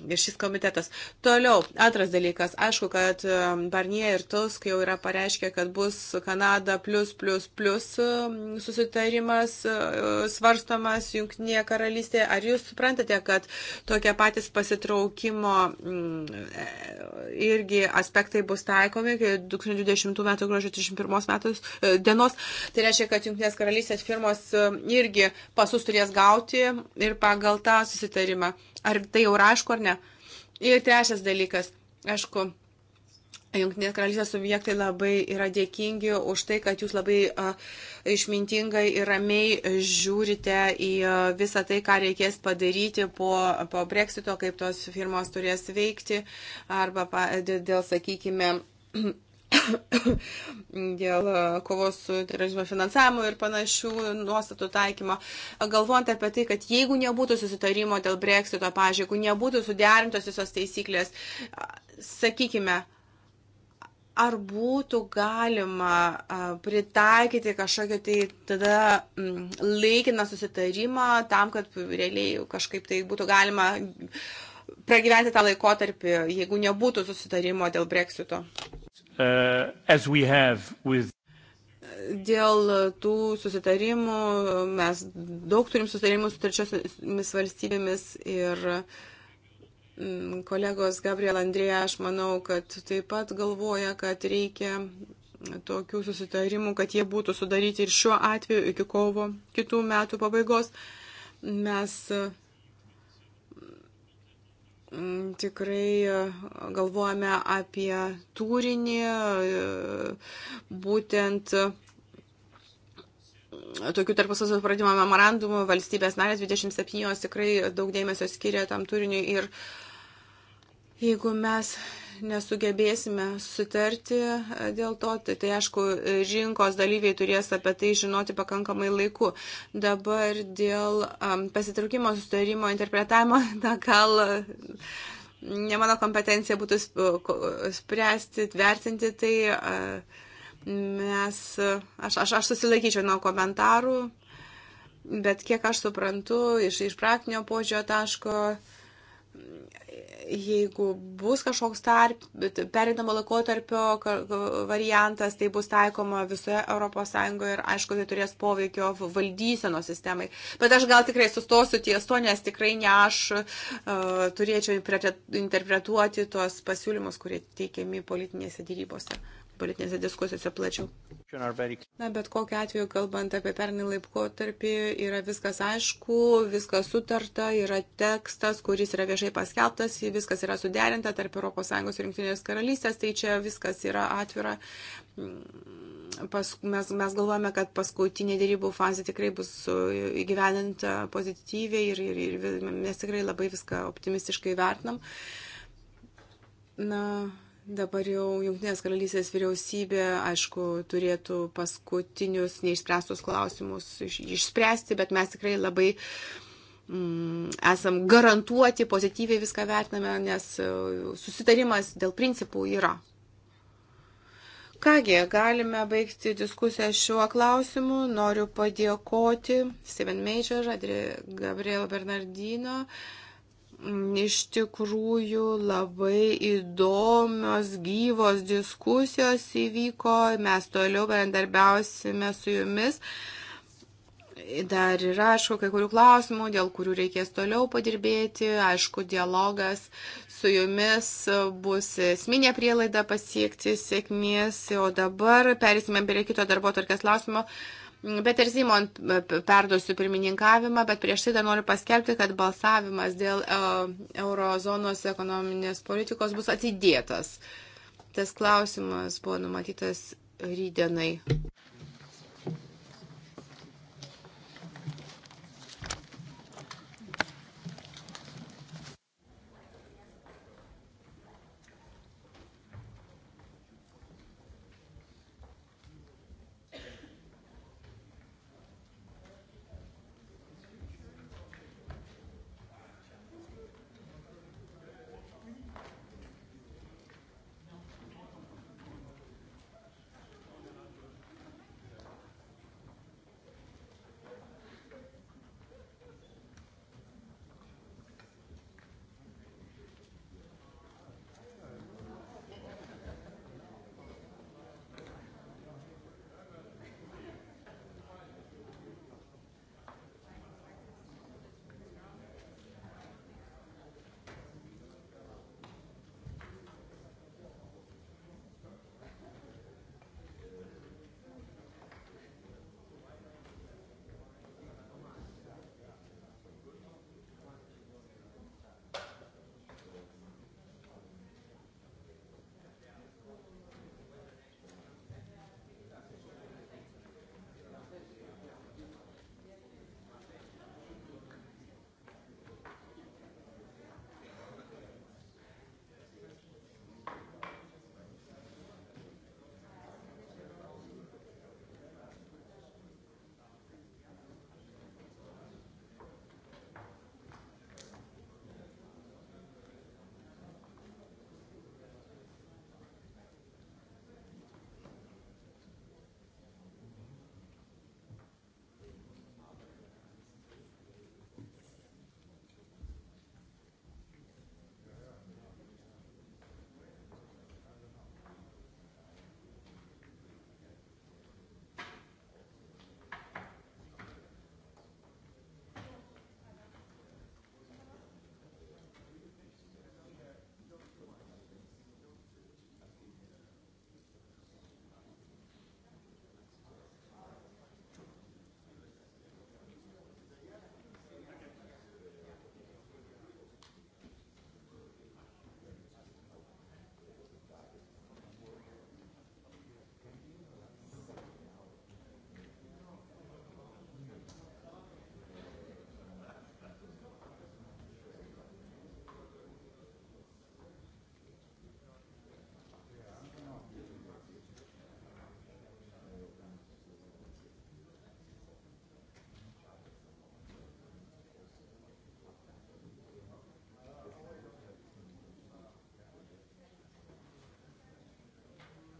ir šis komitetas. Toliau, antras dalykas, aišku, kad um, Barnie ir Tusk jau yra pareiškę, kad bus Kanada plus plus plus um, susitarimas uh, svarstomas Junktinėje karalystėje. Ar jūs suprantate, kad tokie patys pasitraukimo mm, irgi aspektai bus taikomi iki 2020 m. gruodžio 31 metus, uh, dienos? Tai reiškia, kad Junktinės karalystės firmos um, irgi pasus turės gauti ir pagal tą susitarimą. Ar tai jau rašku ar ne? Ir trečias dalykas, aišku, Junktinės karalystės subjektai labai yra dėkingi už tai, kad jūs labai a, išmintingai ir ramiai žiūrite į a, visą tai, ką reikės padaryti po, po Brexito, kaip tos firmos turės veikti arba pa, dėl, sakykime, dėl e, kovos su terorizmo finansavimu ir panašių nuostatų taikymo. Galvojant apie tai, kad jeigu nebūtų susitarimo dėl breksito, pažiūrėjau, jeigu nebūtų suderintos visos taisyklės, sakykime, ar būtų galima e, pritaikyti kažkokį tai tada laikiną susitarimą tam, kad realiai kažkaip tai būtų galima pragyventi tą laikotarpį, jeigu nebūtų susitarimo dėl breksito uh, as we have with dėl tų susitarimų, mes daug turim susitarimų su trečiosiomis valstybėmis ir mm, kolegos Gabriel Andrėja, aš manau, kad taip pat galvoja, kad reikia tokių susitarimų, kad jie būtų sudaryti ir šiuo atveju iki kovo kitų metų pabaigos. Mes Mm, tikrai e, galvojame apie turinį, e, būtent e, tokių tarpusavio supratimo memorandumų valstybės narės 27 tikrai daug dėmesio skiria tam turiniui ir jeigu mes nesugebėsime sutarti e, dėl to, tai, tai aišku, rinkos dalyviai turės apie tai žinoti pakankamai laiku. Dabar dėl um, pasitraukimo sustarimo interpretavimo, na gal ne mano kompetencija būtų spręsti, vertinti, tai uh, mes, aš, aš, aš susilaikyčiau nuo komentarų, bet kiek aš suprantu iš, iš praktinio požiūrio taško, uh, jeigu bus kažkoks tarp, perintamo laikotarpio variantas, tai bus taikoma visoje ES ir aišku, tai turės poveikio valdysenos sistemai. Bet aš gal tikrai sustosiu ties to, nes tikrai ne aš uh, turėčiau interpretuoti tuos pasiūlymus, kurie teikiami politinėse dėrybose politinėse diskusijose plačiau. Na, bet kokiu atveju, kalbant apie pernį laikotarpį, yra viskas aišku, viskas sutarta, yra tekstas, kuris yra viešai paskelbtas, viskas yra suderinta tarp ES ir Junktinės karalystės, tai čia viskas yra atvira. Mm, pas, mes, mes galvojame, kad paskutinė dėrybų fazė tikrai bus įgyveninta pozityviai ir, ir, ir mes tikrai labai viską optimistiškai vertinam. Na, Dabar jau Junktinės karalystės vyriausybė, aišku, turėtų paskutinius neišspręstus klausimus išspręsti, bet mes tikrai labai mm, esam garantuoti, pozityviai viską vertiname, nes e, susitarimas dėl principų yra. Kągi, galime baigti diskusiją šiuo klausimu. Noriu padėkoti Steven Major, Gabriel Bernardino. Uh, Mm, iš tikrųjų labai įdomios, gyvos diskusijos įvyko, mes toliau bendarbiausime su jumis. Dar yra, aišku, kai kurių klausimų, dėl kurių reikės toliau padirbėti, aišku, dialogas su jumis bus esminė prielaida pasiekti sėkmės, o dabar perėsime prie kito darbo tarkės klausimo. Bet ir Zimon perduosiu pirmininkavimą, bet prieš tai dar noriu paskelbti, kad balsavimas dėl e, eurozonos ekonominės politikos bus atidėtas. Tas klausimas buvo numatytas rydienai.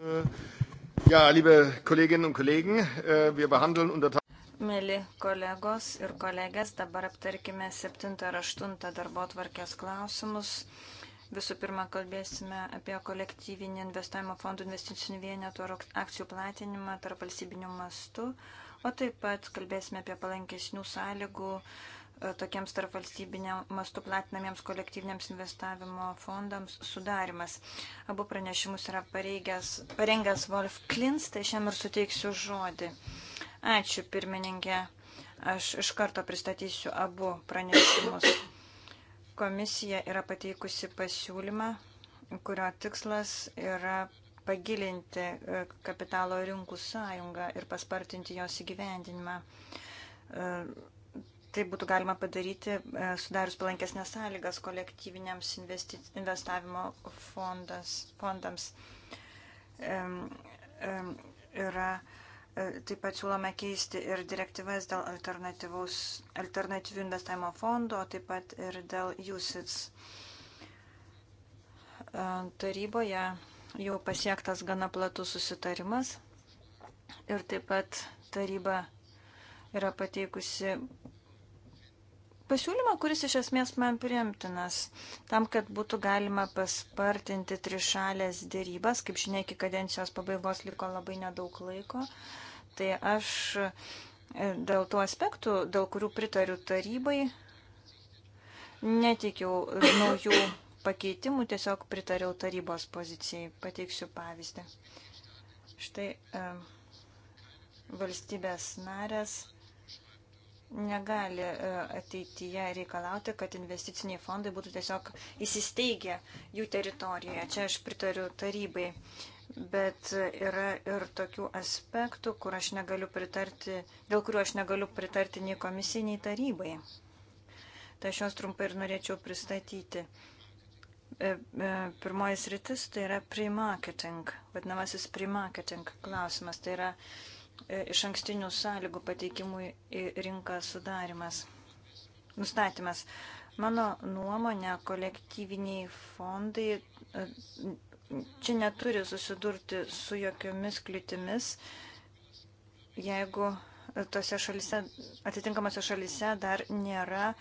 Äh, Jā, liebe kolēģin un kolēģin, äh, wir behandeln unter Mėly kolegos ir kolegės, dabar aptarkime 7 ir 8 darbo tvarkės klausimus. Visų pirma, kalbėsime apie kolektyvinį investavimo fondų investicinių vienetų ar akcijų platinimą tarp valstybinių mastų, o taip pat kalbėsime apie palankesnių sąlygų uh, E, tokiems tarpvalstybiniam mastu platinamiems kolektyviniams investavimo fondams sudarimas. Abu pranešimus yra pareigęs, parengęs Wolf Klins, tai šiam ir suteiksiu žodį. Ačiū, pirmininkė. Aš iš karto pristatysiu abu pranešimus. Komisija yra pateikusi pasiūlymą, kurio tikslas yra pagilinti e, kapitalo rinkų sąjungą ir paspartinti jos įgyvendinimą e, Tai būtų galima padaryti e, sudarius palankesnės sąlygas kolektyviniams investavimo fondas, fondams. Yra e, taip pat siūlome keisti ir direktyvas dėl alternatyvių investavimo fondo, taip pat ir dėl USITS e, taryboje jau pasiektas gana platus susitarimas ir taip pat taryba yra pateikusi pasiūlymą, kuris iš esmės man priimtinas, tam, kad būtų galima paspartinti trišalės dėrybas, kaip žinia, iki kadencijos pabaigos liko labai nedaug laiko. Tai aš e, dėl tų aspektų, dėl kurių pritariu tarybai, netikiu naujų pakeitimų, tiesiog pritariau tarybos pozicijai. Pateiksiu pavyzdį. Štai e, valstybės narės negali e, ateityje reikalauti, kad investiciniai fondai būtų tiesiog įsisteigę jų teritorijoje. Čia aš pritariu tarybai, bet yra ir tokių aspektų, kur aš negaliu pritarti, dėl kurių aš negaliu pritarti nei komisijai, nei tarybai. Tai aš juos trumpai ir norėčiau pristatyti. E, e, pirmoji sritis tai yra pre-marketing, vadinamasis pre-marketing klausimas. Tai yra uh, E, iš ankstinių sąlygų pateikimui į rinką sudarimas, nustatymas. Mano nuomonė, kolektyviniai fondai e, čia neturi susidurti su jokiomis kliūtimis, jeigu tose šalise, atitinkamose šalise dar nėra e,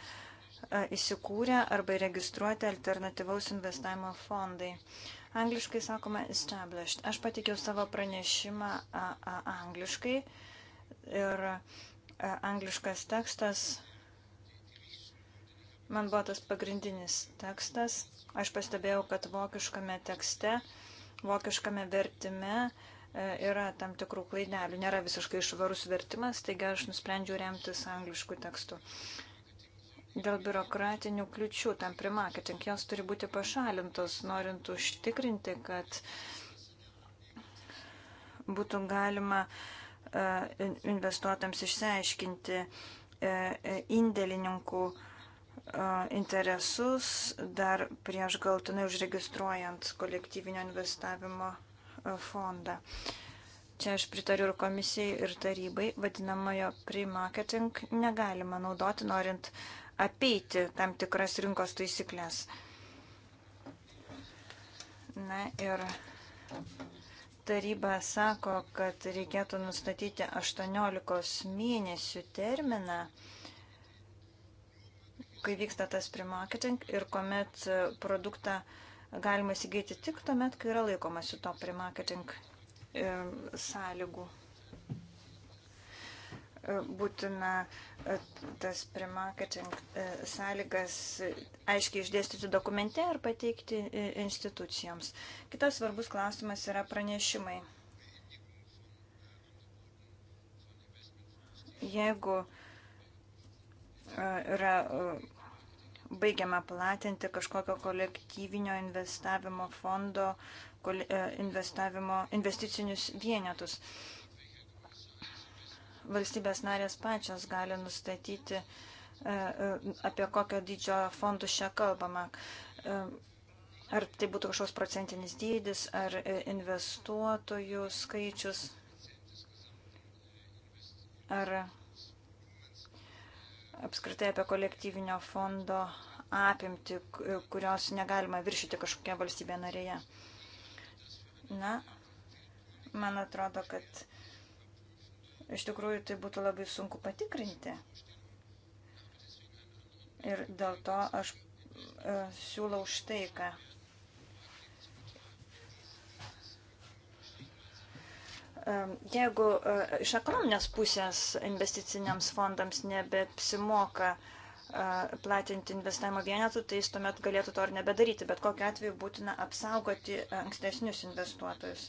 įsikūrę arba registruoti alternatyvaus investavimo fondai. Uh, Angliškai sakome established. Aš pateikiau savo pranešimą a, a, angliškai ir a, angliškas tekstas man buvo tas pagrindinis tekstas. Aš pastebėjau, kad vokiškame tekste, vokiškame vertime e, yra tam tikrų klaidelių. Nėra visiškai švarus vertimas, taigi aš nusprendžiau remtis angliškų tekstų dėl biurokratinių kliučių tam primarketing. Jos turi būti pašalintos, norint užtikrinti, kad būtų galima e, investuotams išsiaiškinti e, e, indėlininkų interesus dar prieš galtinai užregistruojant kolektyvinio investavimo fondą. Čia aš pritariu ir komisijai, ir tarybai, vadinamojo pre-marketing negalima naudoti, norint uh, apeiti tam tikras rinkos taisyklės. Na ir taryba sako, kad reikėtų nustatyti 18 mėnesių terminą, kai vyksta tas primarketing ir kuomet produktą galima įsigyti tik tuomet, kai yra laikomasi to primarketing e, sąlygų būtina e, tas primarketing e, sąlygas aiškiai išdėstyti dokumente ir pateikti e, institucijoms. Kitas svarbus klausimas yra pranešimai. Jeigu yra baigiama platinti kažkokio kolektyvinio investavimo fondo, investavimo, investicinius vienetus valstybės narės pačios gali nustatyti, e, e, apie kokio dydžio fondus čia kalbama. E, ar tai būtų kažkoks procentinis dydis, ar investuotojų skaičius, ar apskritai apie kolektyvinio fondo apimti, kurios negalima viršyti kažkokia valstybė narėje. Na, man atrodo, kad Iš tikrųjų, tai būtų labai sunku patikrinti. Ir dėl to aš e, siūlau štai ką. E, jeigu e, iš ekonominės pusės investiciniams fondams nebepsimoka e, platinti investavimo vienetų, tai jis tuomet galėtų to ir nebedaryti, bet kokiu atveju būtina apsaugoti ankstesnius investuotojus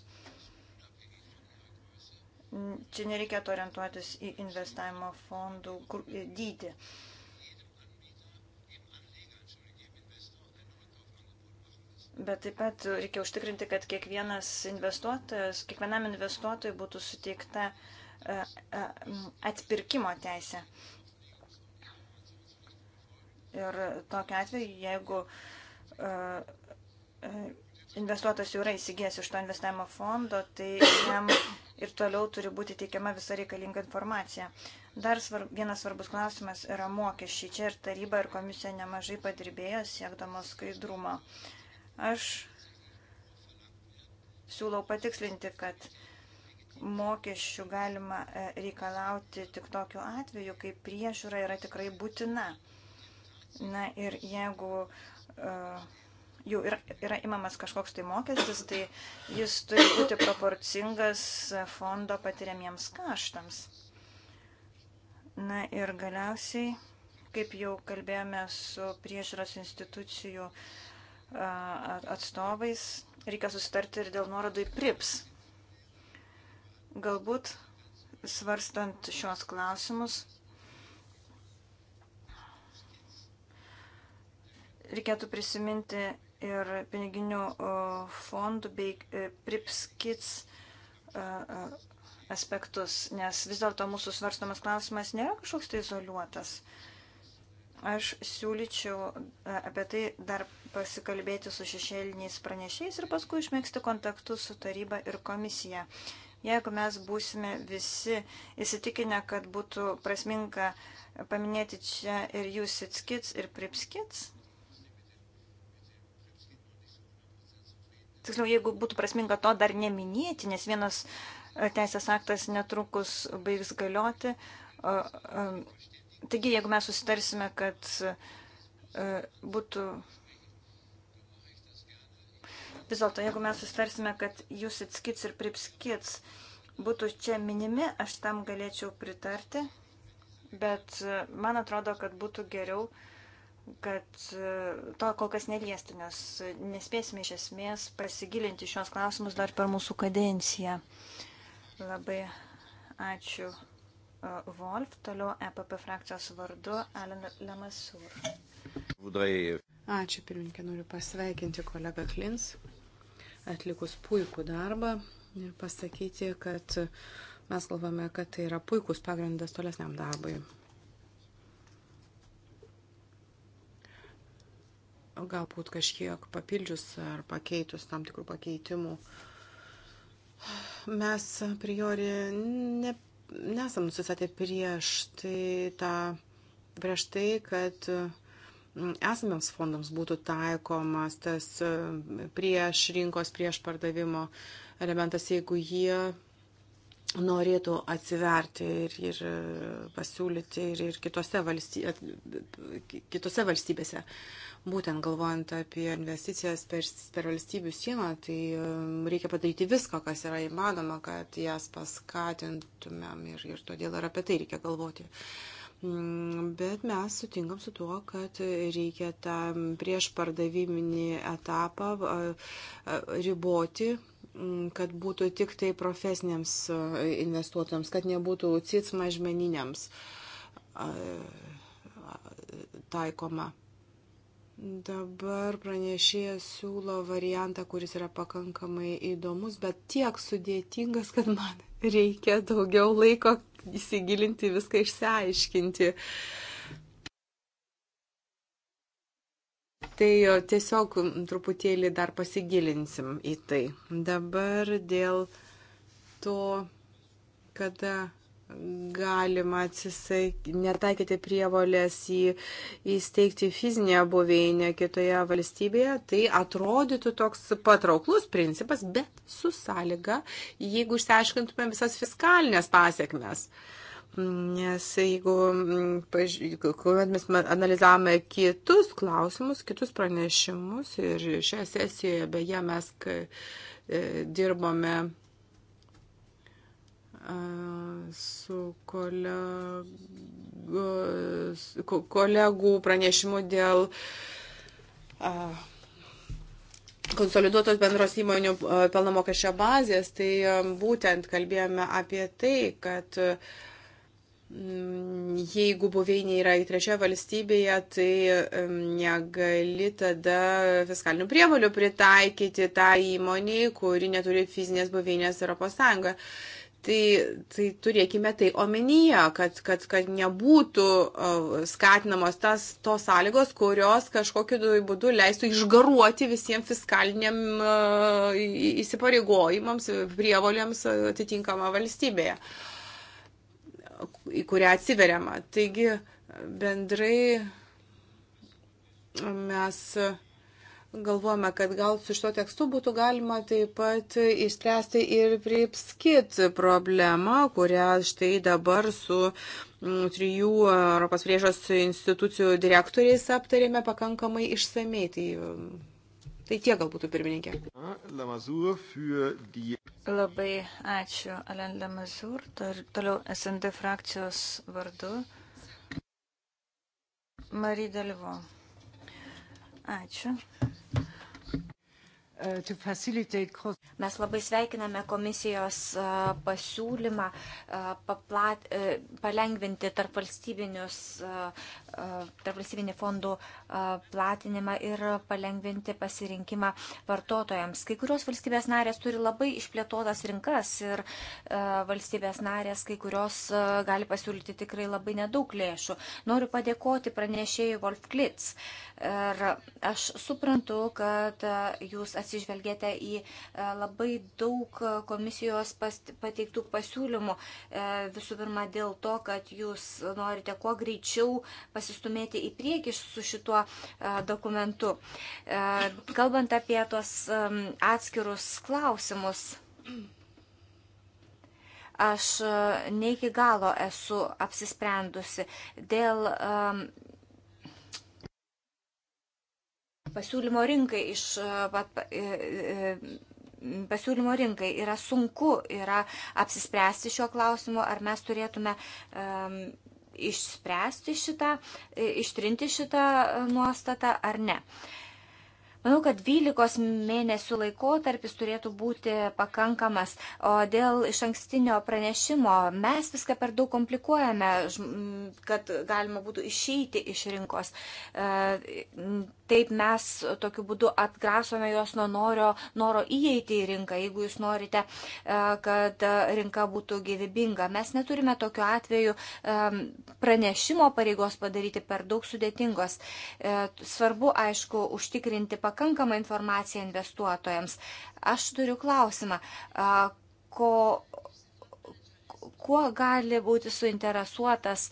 čia nereikėtų orientuotis į investavimo fondų dydį. Bet taip pat reikia užtikrinti, kad kiekvienas investuotojas, kiekvienam investuotojui būtų suteikta e, e, atpirkimo teisė. Ir tokia atveju, jeigu e, investuotas jau yra įsigijęs iš to investavimo fondo, tai jam ir toliau turi būti teikiama visa reikalinga informacija. Dar svarb, vienas svarbus klausimas yra mokesčiai. Čia ir taryba, ir komisija nemažai padirbėjo siekdamos skaidrumo. Aš siūlau patikslinti, kad mokesčių galima e, reikalauti tik tokiu atveju, kai priežiūra yra tikrai būtina. Na ir jeigu uh, jau yra, yra imamas kažkoks tai mokestis, tai jis turi būti proporcingas fondo patiriamiems kaštams. Na ir galiausiai, kaip jau kalbėjome su priežiūros institucijų atstovais, reikia susitarti ir dėl nuorodų į PRIPS. Galbūt svarstant šios klausimus, reikėtų prisiminti ir piniginių fondų bei e, pripskits e, e, aspektus, nes vis dėlto mūsų svarstomas klausimas nėra kažkoks tai izoliuotas. Aš siūlyčiau apie tai dar pasikalbėti su šešėliniais pranešėjais ir paskui išmėgsti kontaktus su taryba ir komisija. Jeigu mes būsime visi įsitikinę, kad būtų prasminga paminėti čia ir jūs itskits ir pripskits, tiksliau, jeigu būtų prasminga to dar neminėti, nes vienas e, teisės aktas netrukus baigs galioti. E, taigi, jeigu mes susitarsime, kad e, būtų. Vis dėlto, jeigu mes susitarsime, kad jūs atskits ir pripskits būtų čia minimi, aš tam galėčiau pritarti, bet man atrodo, kad būtų geriau uh, kad e, to kol kas neliestų, nes nespėsime iš esmės pasigilinti šios klausimus dar per mūsų kadenciją. Labai ačiū e, Wolf, toliau EPP frakcijos vardu Alan Lemasur. Ačiū pirmininkė, noriu pasveikinti kolegą Klins, atlikus puikų darbą ir pasakyti, kad mes galvame, kad tai yra puikus pagrindas tolesniam darbui. galbūt kažkiek papildžius ar pakeitus tam tikrų pakeitimų, mes priori ne, nesam nusisatę prieš tai, tą, prieš tai, kad esamiems fondams būtų taikomas tas prieš rinkos, prieš pardavimo elementas, jeigu jie norėtų atsiverti ir, ir e, pasiūlyti ir, ir kitose, valstybė, kitose valstybėse. Būtent galvojant apie investicijas per, per valstybių sieną, tai e, reikia padaryti viską, kas yra įmanoma, kad jas paskatintumėm ir, ir todėl ir apie tai reikia galvoti. Mm, bet mes sutinkam su tuo, kad reikia tą prieš pardaviminį etapą e, riboti kad būtų tik tai profesiniams e, investuotojams, kad nebūtų CITS mažmeniniams taikoma. Dabar pranešėjas siūlo variantą, kuris yra pakankamai įdomus, bet tiek sudėtingas, kad man reikia daugiau laiko įsigilinti, viską išsiaiškinti. Uh, Tai tiesiog truputėlį dar pasigilinsim į tai. Dabar dėl to, kada galima atsisakyti, netaikyti prievolės į, įsteigti fizinę buveinę kitoje valstybėje, tai atrodytų toks patrauklus principas, bet su sąlyga, jeigu išsiaiškintume visas fiskalinės pasiekmes. Uh, Nes mm, jeigu, kuomet mes analizavome kitus klausimus, kitus pranešimus ir šią sesijoje beje mes e, dirbome su kolegos, kolegų pranešimu dėl konsoliduotos bendros įmonių pelno mokesčio bazės, tai būtent kalbėjome apie tai, kad uh, jeigu buveinė yra į trečią valstybėje, tai negali tada fiskalinių prievalių pritaikyti tą įmonį, kuri neturi fizinės buveinės ES. Tai, tai turėkime tai omenyje, kad, kad, kad nebūtų skatinamos tas, tos sąlygos, kurios kažkokiu būdu leistų išgaruoti visiems fiskaliniam e, įsipareigojimams, prievoliams e, atitinkamą valstybėje. Uh, į kurią atsiveriama. Taigi bendrai mes galvojame, kad gal su šito tekstu būtų galima taip pat išspręsti ir pripskit problemą, kurią štai dabar su mm, trijų Europos priežos institucijų direktoriais aptarėme pakankamai išsamei. Tai Tai tie gal būtų pirmininkė. Labai ačiū, Alen Lamazur. Toliau SND frakcijos vardu. Marija Dalvo. Ačiū. Uh, Mes labai sveikiname komisijos uh, pasiūlymą uh, paplat, palengvinti tarpvalstybinį fondų platinimą ir palengvinti pasirinkimą vartotojams. Kai kurios valstybės narės turi labai išplėtotas rinkas ir valstybės narės kai kurios gali pasiūlyti tikrai labai nedaug lėšų. Noriu padėkoti pranešėjui Wolf Klitz. Ir aš suprantu, kad jūs atsiprašote atsižvelgėte į e, labai daug e, komisijos pateiktų pasiūlymų. E, visų pirma, dėl to, kad jūs norite kuo greičiau pasistumėti į priekį su šituo dokumentu. Kalbant apie tuos atskirus klausimus aš ne iki galo esu apsisprendusi dėl um, pasiūlymo rinkai iš e, pat, e, e, pasiūlymo rinkai yra sunku yra apsispręsti šiuo klausimu, ar mes turėtume um, išspręsti šitą, ištrinti šitą nuostatą ar ne. Uh, Manau, kad 12 mėnesių laikotarpis turėtų būti pakankamas, o dėl iš ankstinio pranešimo mes viską per daug komplikuojame, kad galima būtų išeiti iš rinkos. E, taip mes tokiu būdu atgrasome juos nuo noro, noro įeiti į rinką, jeigu jūs norite, e, kad rinka būtų gyvybinga. Mes neturime tokiu atveju e, pranešimo pareigos padaryti per daug sudėtingos. Svarbu, aišku, užtikrinti pakankamą nepakankama informacija investuotojams. Aš turiu klausimą, ko, kuo gali būti suinteresuotas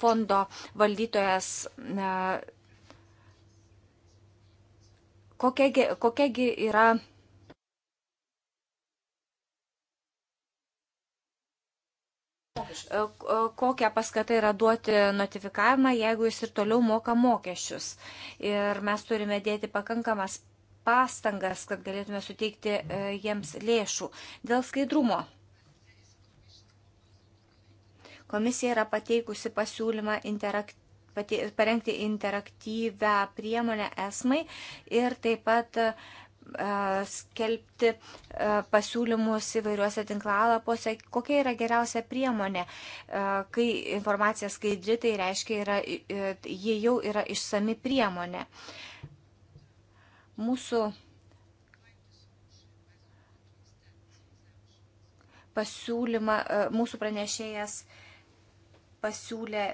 fondo valdytojas kokiagi, kokiagi yra E, kokia paskata yra duoti notifikavimą, jeigu jis ir toliau moka mokesčius. Ir mes turime dėti pakankamas pastangas, kad galėtume suteikti e, jiems lėšų dėl skaidrumo. Komisija yra pateikusi pasiūlymą interaktyvų parengti interaktyvę priemonę esmai ir taip pat skelbti pasiūlymus įvairiuose tinklalapuose, kokia yra geriausia priemonė. Kai informacija skaidri, tai reiškia, yra, jie jau yra išsami priemonė. Mūsų pasiūlymą, mūsų pranešėjas pasiūlė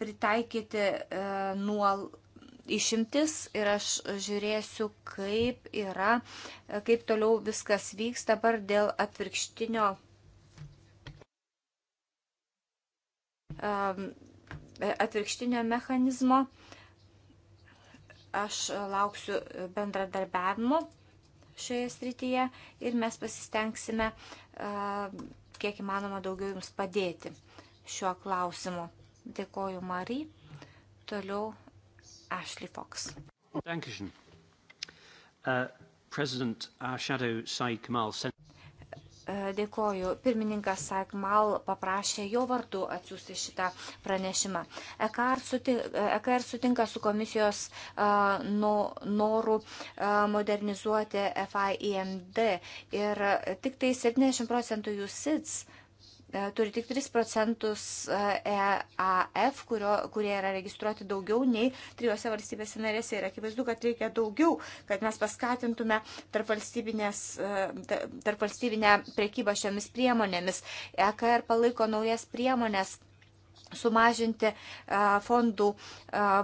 pritaikyti nuol išimtis ir aš žiūrėsiu, kaip yra, kaip toliau viskas vyks dabar dėl atvirkštinio atvirkštinio mechanizmo. Aš lauksiu bendradarbiavimo šioje srityje ir mes pasistengsime kiek įmanoma daugiau jums padėti šiuo klausimu. Dėkoju Marijai. Toliau Ashley Fox. Dankeschön. Uh, President, our shadow Said Kamal sent uh, dėkoju. Pirmininkas Saikmal paprašė jo vardu atsiųsti šitą pranešimą. EKR sutinka, sutinka su komisijos uh, noru uh, modernizuoti FIMD e ir uh, tik tai 70 procentų jų SIDS uh, E, turi tik 3 procentus EAF, e kurio, kurie yra registruoti daugiau nei trijose valstybėse narėse. Ir akivaizdu, kad reikia daugiau, kad mes paskatintume tarp, e, tarp valstybinę prekybą šiomis priemonėmis. EKR palaiko naujas priemonės sumažinti fondų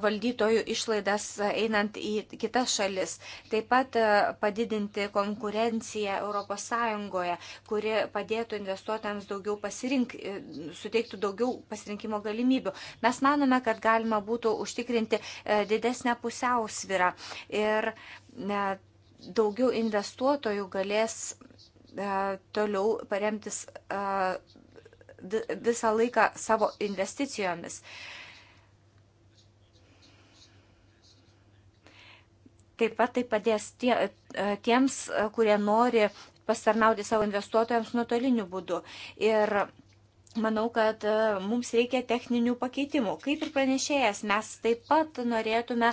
valdytojų išlaidas einant į kitas šalis, taip pat padidinti konkurenciją ES, kuri padėtų investuotams daugiau pasirink, e, suteiktų daugiau pasirinkimo galimybių. Mes manome, kad galima būtų užtikrinti e, didesnę pusiausvyrą ir e, daugiau investuotojų galės toliau paremtis visą laiką savo investicijomis. Taip pat tai padės tie, e, tiems, e, kurie nori pastarnauti savo investuotojams nuotoliniu būdu. Ir Manau, kad e, mums reikia techninių pakeitimų. Kaip ir pranešėjas, mes taip pat norėtume,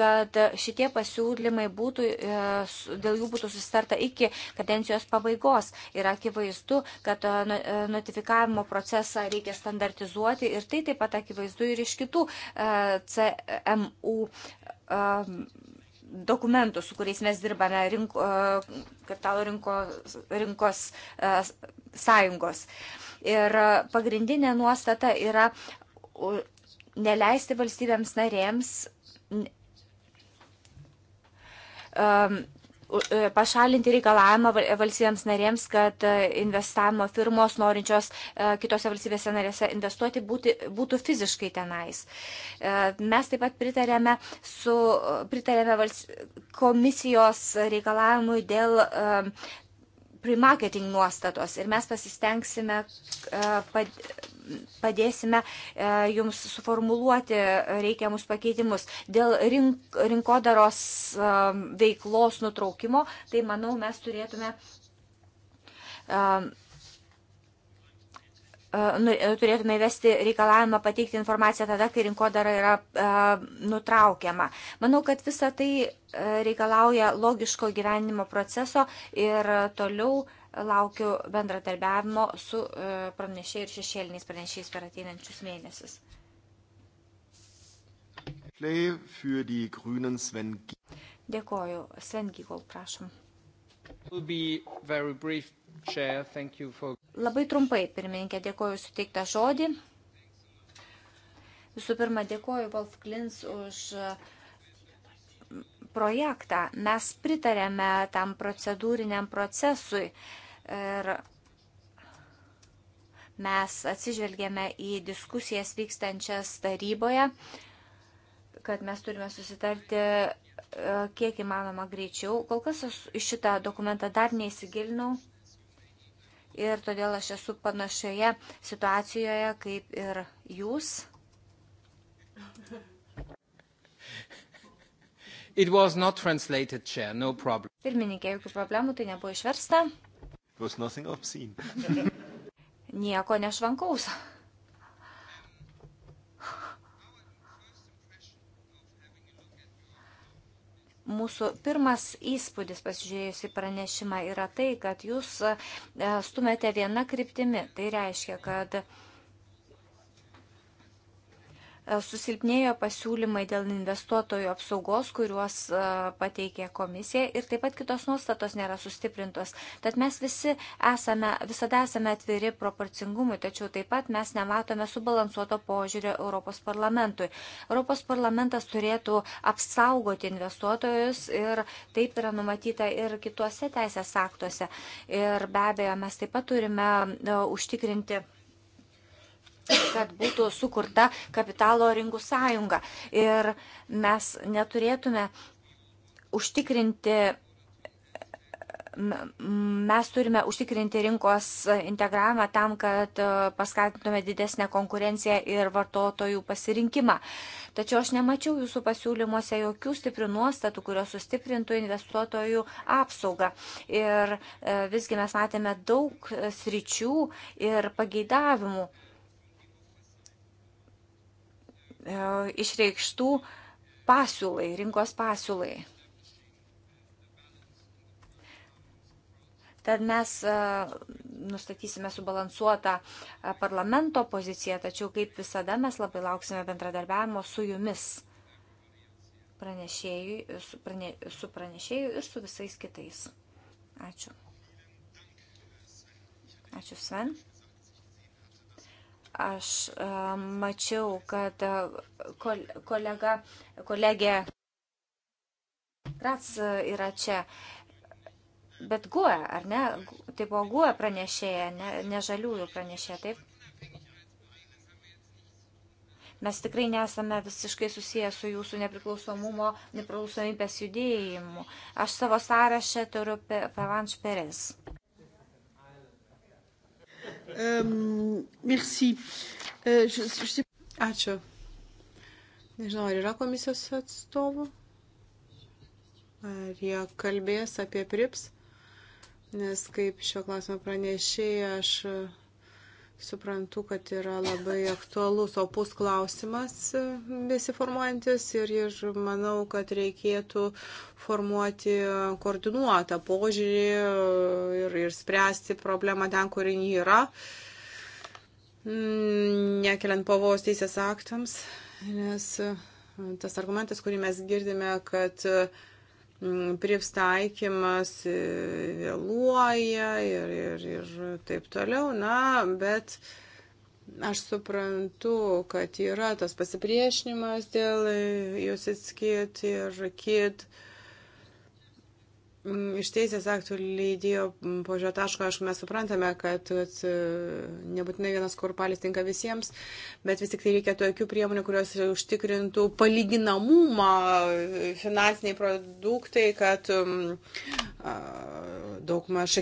kad šitie pasiūlymai būtų, e, dėl jų būtų susitarta iki kadencijos pabaigos. Ir akivaizdu, kad e, notifikavimo procesą reikia standartizuoti ir tai taip pat akivaizdu ir iš kitų CMU dokumentų, su kuriais mes dirbame rinko, kapitalo rinko, rinkos sąjungos. Ir e, pagrindinė nuostata yra neleisti valstybėms narėms e, pašalinti reikalavimą valstybėms narėms, kad e, investavimo firmos norinčios kitose valstybėse narėse investuoti būti, būtų fiziškai tenais. Mes taip pat pritarėme, su, pritarėme vals, komisijos reikalavimui dėl pre-marketing nuostatos ir mes pasistengsime, e, padėsime e, jums suformuluoti reikiamus pakeitimus. Dėl rink, rinkodaros e, veiklos nutraukimo, tai manau mes turėtume E, nu, e, turėtume įvesti reikalavimą pateikti informaciją tada, kai rinkodara yra e, nutraukiama. Manau, kad visa tai reikalauja logiško gyvenimo proceso ir toliau laukiu bendradarbiavimo su pranešėjai ir šešėliniais pranešėjais per ateinančius mėnesius. Dėkoju. Sven Gygol, prašom. Will be very brief Chair, for... Labai trumpai, pirmininkė, dėkoju suteiktą žodį. Visų pirma, dėkoju Wolf Klins už uh, projektą. Mes pritarėme tam procedūriniam procesui ir mes atsižvelgėme į diskusijas vykstančias taryboje, kad mes turime susitarti uh, kiek įmanoma greičiau. Kol kas aš šitą dokumentą dar neįsigilinau ir todėl aš esu panašioje situacijoje kaip ir jūs. Chair, no Pirmininkė, jokių problemų, tai nebuvo išversta. Nieko nešvankaus. Mūsų pirmas įspūdis pasižiūrėjus į pranešimą yra tai, kad jūs e, stumėte vieną kryptimį. Tai reiškia, kad E, susilpnėjo pasiūlymai dėl investuotojų apsaugos, kuriuos e, pateikė komisija ir taip pat kitos nuostatos nėra sustiprintos. Tad mes visi esame, visada esame atviri proporcingumui, tačiau taip pat mes nematome subalansuoto požiūrio Europos parlamentui. Europos parlamentas turėtų apsaugoti investuotojus ir taip yra numatyta ir kituose teisės aktuose. Ir be abejo, mes taip pat turime e, užtikrinti kad būtų sukurta kapitalo rinkų sąjunga. Ir mes neturėtume užtikrinti mes turime užtikrinti rinkos integravimą tam, kad e, paskatintume didesnę konkurenciją ir vartotojų pasirinkimą. Tačiau aš nemačiau jūsų pasiūlymuose jokių stiprių nuostatų, kurios sustiprintų investuotojų apsaugą. Ir e, visgi mes matėme daug e, sričių ir pageidavimų Eh, išreikštų pasiūlai, rinkos pasiūlai. Tad mes eh, nustatysime subalansuotą eh, parlamento poziciją, tačiau kaip visada mes labai lauksime bendradarbiavimo su jumis, pranešėjų, su, prane, su pranešėjų ir su visais kitais. Ačiū. Ačiū Sven. Aš mačiau, kad kolega, kolegė Krats yra čia. Bet guo, ar ne? Tai buvo guo pranešėja, ne, ne žaliųjų pranešėja, taip? Mes tikrai nesame visiškai susiję su jūsų nepriklausomumo, nepriklausomybės judėjimu. Aš savo sąrašę turiu Pavanš Peres. Um, merci. Uh, je, je... Ačiū. Nežinau, ar yra komisijos atstovų? Ar jie kalbės apie prips? Nes kaip šio klausimo pranešėjai aš. Uh, Suprantu, kad yra labai aktualus opus klausimas e, besiformuojantis ir, ir manau, kad reikėtų formuoti koordinuotą požiūrį e, ir, ir spręsti problemą ten, kur ji yra, mm, nekeliant pavojus teisės aktams, nes e, tas argumentas, kurį mes girdime, kad uh, Mm, privstaikymas e, vėluoja ir, ir, ir taip toliau. Na, bet aš suprantu, kad yra tas pasipriešinimas dėl e, jūs atskit ir kit. Uh, Mm, iš teisės aktų leidėjo mm, požiūrio taško, aišku, mes suprantame, kad uh, nebūtinai vienas korpalis tinka visiems, bet vis tik tai reikia tokių priemonių, kurios užtikrintų palyginamumą uh, finansiniai produktai, kad um, daug maž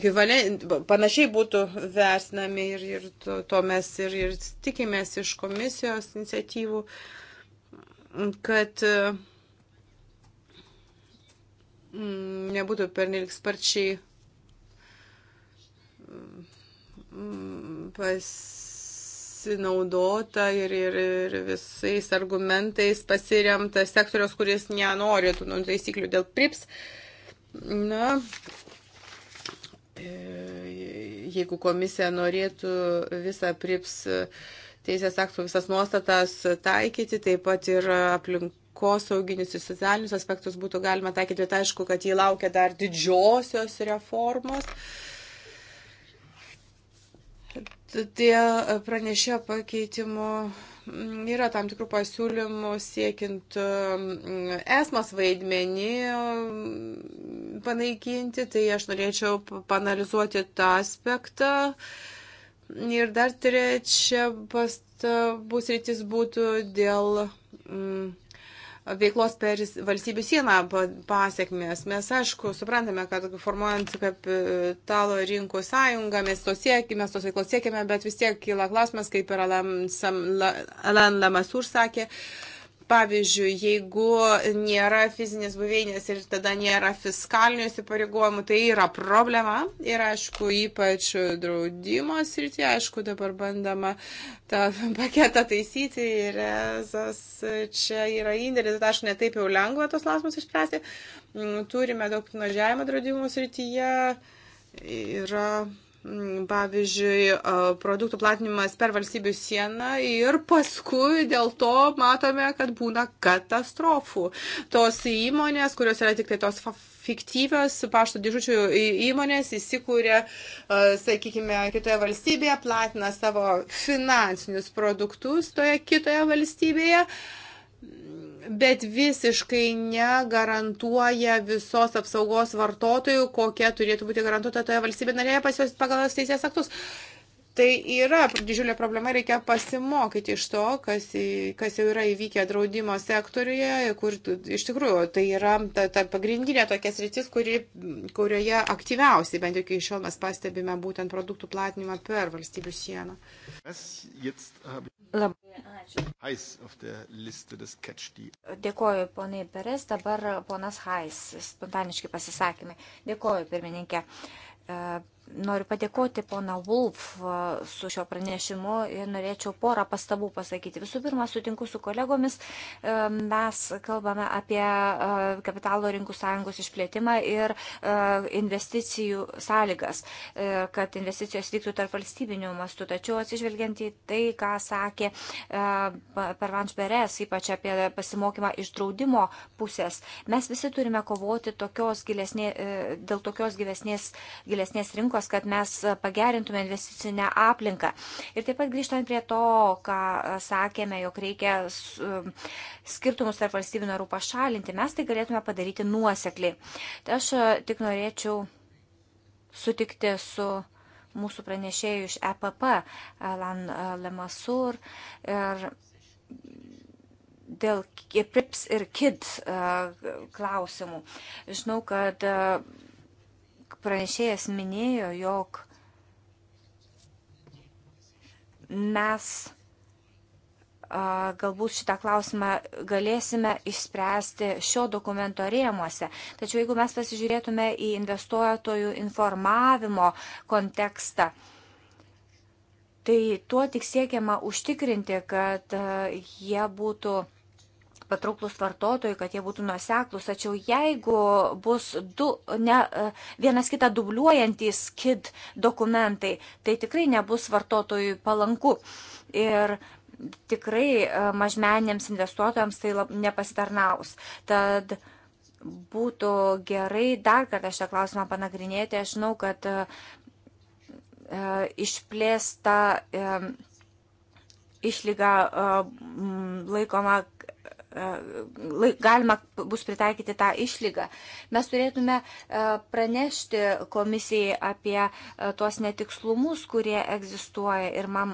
panašiai būtų vertinami ir, ir to, to mes ir, ir tikimės iš komisijos iniciatyvų, kad uh, nebūtų pernelik sparčiai pasinaudota ir, ir, ir visais argumentais pasiremta sektoriaus, kuris nenori tų nu, taisyklių dėl prips. Na, jeigu komisija norėtų visą prips teisės aktų visas nuostatas taikyti, taip pat ir aplink aplinkosauginius ir socialinius aspektus būtų galima taikyti, bet aišku, kad jį laukia dar didžiosios reformos. Tie pranešė pakeitimo mm, yra tam tikrų pasiūlymų siekiant mm, esmas vaidmenį mm, panaikinti, tai aš norėčiau panalizuoti tą aspektą. Ir dar trečia pastabus rytis būtų dėl. Mm, veiklos per valstybių sieną pasiekmės. Mes, aišku, suprantame, kad formuojant kapitalo e, rinkų sąjungą mes to siekime, tos veiklos siekime, bet vis tiek kyla klausimas, kaip ir Alan Lamasur sakė, Pavyzdžiui, jeigu nėra fizinės buveinės ir tada nėra fiskalinių įsipareigojimų, tai yra problema. Ir aišku, ypač draudimo srityje, aišku, dabar bandama tą paketą taisyti ir esas čia yra indėlis, bet aišku, netaip jau lengva tos lasmus išspręsti. Mm, turime daug nuožiavimo draudimo srityje. Yra. Ir Mm, pavyzdžiui, produktų platinimas per valstybių sieną ir paskui dėl to matome, kad būna katastrofų. Tos įmonės, kurios yra tik tai tos fiktyvios pašto dėžučių įmonės, įsikūrė, sakykime, kitoje valstybėje, platina savo finansinius produktus toje kitoje valstybėje bet visiškai negarantuoja visos apsaugos vartotojų, kokia turėtų būti garantuota toje valstybė narėje pas jos pagal teisės aktus. Tai yra didžiulė problema, reikia pasimokyti iš to, kas, kas jau yra įvykę draudimo sektoriuje, kur iš tikrųjų tai yra ta, ta pagrindinė tokia sritis, kuri, kurioje aktyviausiai, bent jau iki šiol mes pastebime būtent produktų platinimą per valstybių sieną. Labai ačiū. Dėkoju ponai Peres, dabar ponas Hais, spontaniški pasisakymai. Dėkoju pirmininkė e, Noriu padėkoti pona Wolf su šio pranešimu ir norėčiau porą pastabų pasakyti. Visų pirma, sutinku su kolegomis, mes kalbame apie kapitalo rinkų sąjungos išplėtimą ir investicijų sąlygas, kad investicijos vyktų tarp valstybinių mastų. Tačiau atsižvelgiant į tai, ką sakė Pervanš Beres, ypač apie pasimokymą iš draudimo pusės, mes visi turime kovoti tokios gilesnė, e, dėl tokios gilesnės, gilesnės rinkos rinkos, kad mes pagerintume investicinę aplinką. Ir taip pat grįžtant prie to, ką sakėme, jog reikia um, skirtumus tarp valstybių narų pašalinti, mes tai galėtume padaryti nuosekliai. Tai aš uh, tik norėčiau sutikti su mūsų pranešėjų iš EPP, Alan uh, Lemasur ir dėl PRIPS ir KID uh, klausimų. Žinau, kad pranešėjas minėjo, jog mes galbūt šitą klausimą galėsime išspręsti šio dokumento rėmuose. Tačiau jeigu mes pasižiūrėtume į investuotojų informavimo kontekstą, tai tuo tik siekiama užtikrinti, kad jie būtų patrauklus vartotojui, kad jie būtų nuseklus, tačiau jeigu bus du, ne, e, vienas kitą dubliuojantis KID dokumentai, tai tikrai nebus vartotojui palanku. Ir tikrai e, mažmenėms investuotojams tai lab, nepasitarnaus. Tad būtų gerai dar kartą šitą klausimą panagrinėti. Aš žinau, kad e, e išplėsta. E, išlyga laikoma E, galima bus pritaikyti tą išlygą. Mes turėtume e, pranešti komisijai apie e, tuos netikslumus, kurie egzistuoja ir, man,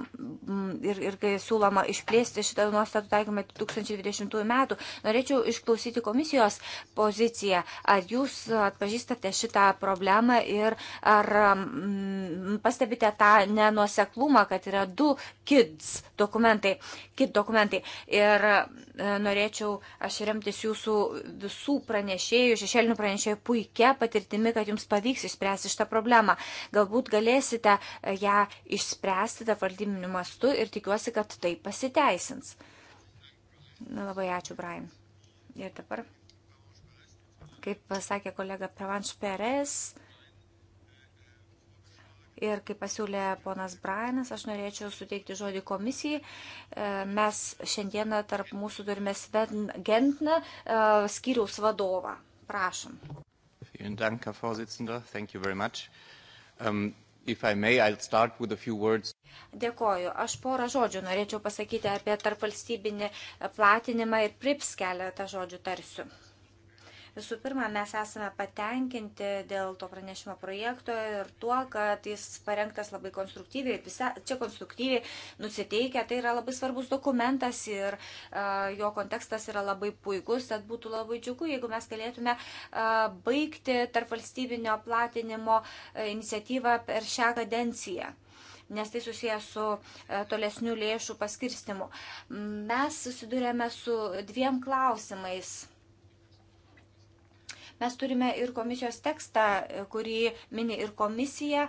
ir, ir kai siūloma išplėsti šitą nuostatų taikymą 2020 metų. Norėčiau išklausyti komisijos poziciją. Ar jūs atpažįstate šitą problemą ir ar mm, pastebite tą nenuoseklumą, kad yra du kids dokumentai, kid dokumentai. Ir norėčiau norėčiau aš remtis jūsų visų pranešėjų, šešėlinių pranešėjų puikia patirtimi, kad jums pavyks išspręsti šitą problemą. Galbūt galėsite e, ją išspręsti tą valdyminių mastų ir tikiuosi, kad tai pasiteisins. Labai ačiū, Brian. Ir dabar, kaip pasakė kolega Prevanš Peres, Ir kaip pasiūlė ponas Brainas, aš norėčiau suteikti žodį komisijai. E, mes šiandieną tarp mūsų turime Sven Gentną, e, skyriaus vadovą. Prašom. Um, may, Dėkoju. Aš porą žodžių norėčiau pasakyti apie tarpvalstybinį platinimą ir prips keletą žodžių tarsiu. Visų pirma, mes esame patenkinti dėl to pranešimo projekto ir tuo, kad jis parengtas labai konstruktyviai, visa, čia konstruktyviai nusiteikia, tai yra labai svarbus dokumentas ir uh, jo kontekstas yra labai puikus, tad būtų labai džiugu, jeigu mes galėtume uh, baigti tarp valstybinio platinimo uh, iniciatyvą per šią kadenciją nes tai susijęs su tolesniu lėšų paskirstimu. Mes susidurėme su dviem klausimais Mes turime ir komisijos tekstą, kurį mini ir komisija.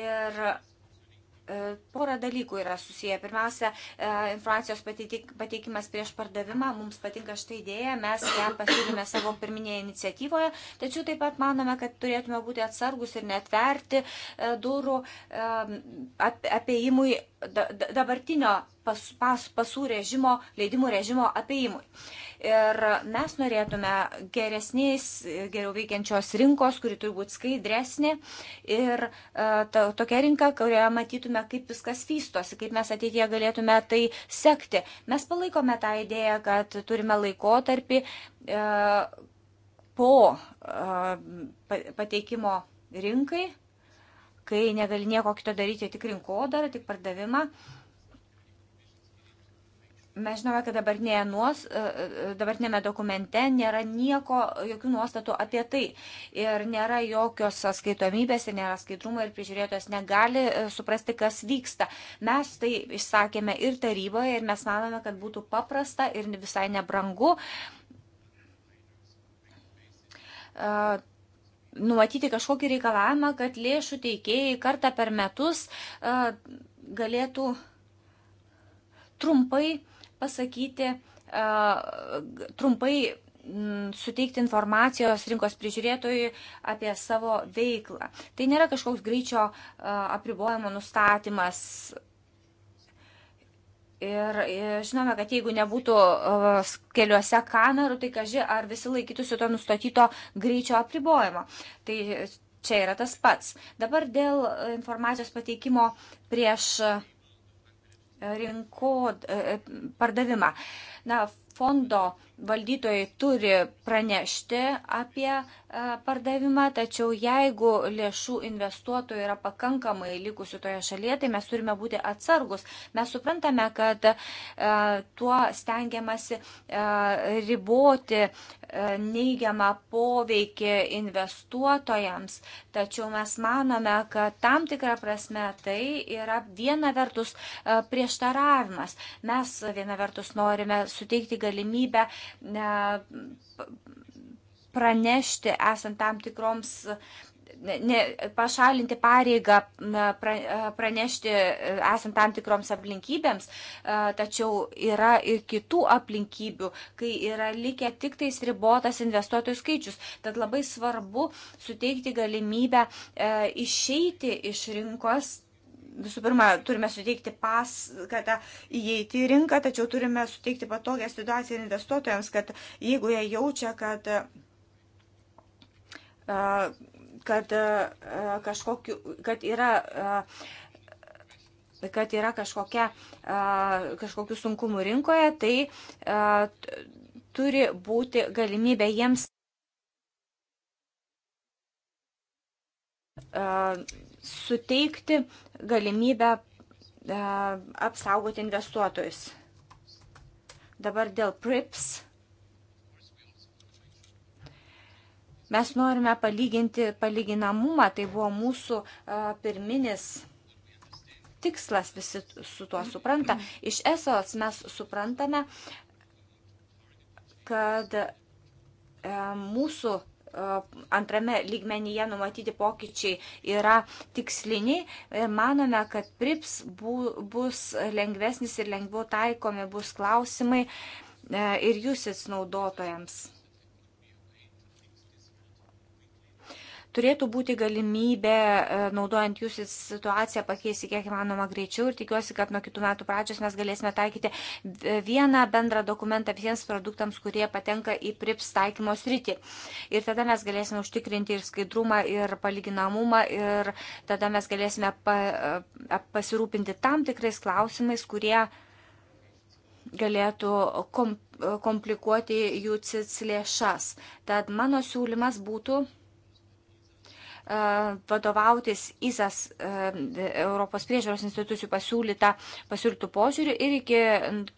Ir e, Porą dalykų yra susiję. Pirmiausia, e, informacijos pateikimas prieš pardavimą. Mums patinka šitą idėją, mes ją pasiūlėme savo pirminėje iniciatyvoje, tačiau taip pat manome, kad turėtume būti atsargus ir netverti e, durų apieimui da, dabartinio pas, pas, pasų režimo, leidimų režimo apeimui. Ir mes norėtume geresnės, geriau veikiančios rinkos, kuri turi būti skaidresnė ir e, ta, tokia rinka, kurioje matytume, kaip viskas vystosi, kaip mes ateityje galėtume tai sekti. Mes palaikome tą idėją, kad turime laikotarpį e, po e, pateikimo rinkai kai negali nieko kito daryti, tik rinkodarą, tik pardavimą. Mes žinome, kad dabartinėje nuos, e, e, dabartinėme dokumente nėra nieko, jokių nuostatų apie tai. Ir nėra jokios skaitomybės, ir nėra skaidrumo, ir prižiūrėtojas negali e, suprasti, kas vyksta. Mes tai išsakėme ir taryboje, ir mes manome, kad būtų paprasta ir visai nebrangu numatyti kažkokį reikalavimą, kad lėšų teikėjai kartą per metus e, galėtų trumpai pasakyti, e, trumpai mm, suteikti informacijos rinkos prižiūrėtojui apie savo veiklą. Tai nėra kažkoks greičio e, apribojimo nustatymas Ir žinome, kad jeigu nebūtų uh, keliuose kamerų, tai kaži, ar visi laikytųsi to nustatyto greičio apribojimo. Tai čia yra tas pats. Dabar dėl informacijos pateikimo prieš uh, rinkų uh, pardavimą. Na, fondo valdytojai turi pranešti apie e, pardavimą, tačiau jeigu lėšų investuotojų yra pakankamai likusių toje šalyje, tai mes turime būti atsargus. Mes suprantame, kad e, tuo stengiamasi e, riboti neigiamą poveikį investuotojams, tačiau mes manome, kad tam tikrą prasme tai yra viena vertus prieštaravimas. Mes viena vertus norime suteikti galimybę galimybę e, pranešti esant tam tikroms ne, pašalinti pareigą e, pranešti e, esant tam tikroms aplinkybėms, tačiau yra ir kitų aplinkybių, kai yra likę tik tais ribotas investuotojų skaičius. Tad labai svarbu suteikti galimybę išeiti iš rinkos visų pirma, turime suteikti paskatą įeiti į rinką, tačiau turime suteikti patogią situaciją investuotojams, kad jeigu jie jaučia, kad, kad, kažkokiu, kad yra kad yra kažkokia, kažkokių sunkumų rinkoje, tai turi būti galimybė jiems suteikti galimybę e, apsaugoti investuotojus. Dabar dėl PRIPS. Mes norime palyginti palyginamumą, tai buvo mūsų e, pirminis tikslas, visi su tuo supranta. Iš esos mes suprantame, kad e, mūsų antrame lygmenyje numatyti pokyčiai yra tiksliniai ir manome, kad PRIPS bus lengvesnis ir lengviau taikomi bus klausimai e, ir jūs naudotojams. Turėtų būti galimybė, e, naudojant jūsų situaciją, pakeisti kiek įmanoma greičiau ir tikiuosi, kad nuo kitų metų pradžios mes galėsime taikyti e, vieną bendrą dokumentą visiems produktams, kurie patenka į PRIPS taikymo sritį. Ir tada mes galėsime užtikrinti ir skaidrumą, ir palyginamumą, ir tada mes galėsime pa, e, pasirūpinti tam tikrais klausimais, kurie galėtų komplikuoti jų cits lėšas. Tad mano siūlymas būtų vadovautis ISAS e, Europos priežiūros institucijų pasiūlytą pasiūlytų požiūrių ir iki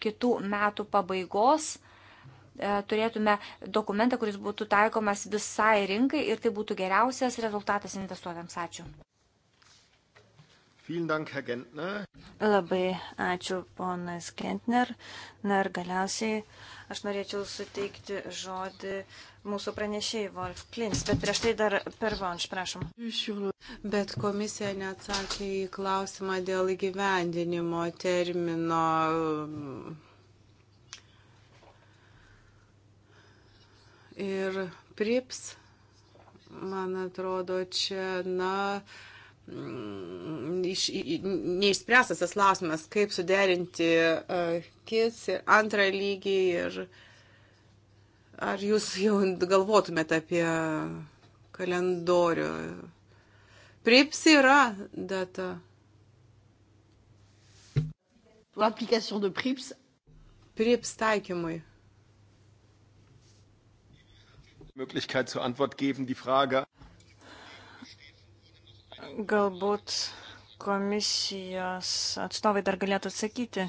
kitų metų pabaigos e, turėtume dokumentą, kuris būtų taikomas visai rinkai ir tai būtų geriausias rezultatas investuotams. Ačiū. Dank, Labai ačiū, ponas Kentner. Na ir galiausiai aš norėčiau suteikti žodį mūsų pranešėjai Wolf Klins, bet prieš tai dar per Vonš, prašom. Bet komisija neatsakė į klausimą dėl įgyvendinimo termino. Ir prips, man atrodo, čia, na, uh, iš, neišspręstas tas klausimas, kaip suderinti uh, kis ir antrą lygį ir ar jūs jau galvotumėte apie kalendorių. Prips yra data. L'application de PRIPS. PRIPS taikymui. Möglichkeit zur Antwort geben, die Frage. Galbūt komisijos atstovai dar galėtų atsakyti.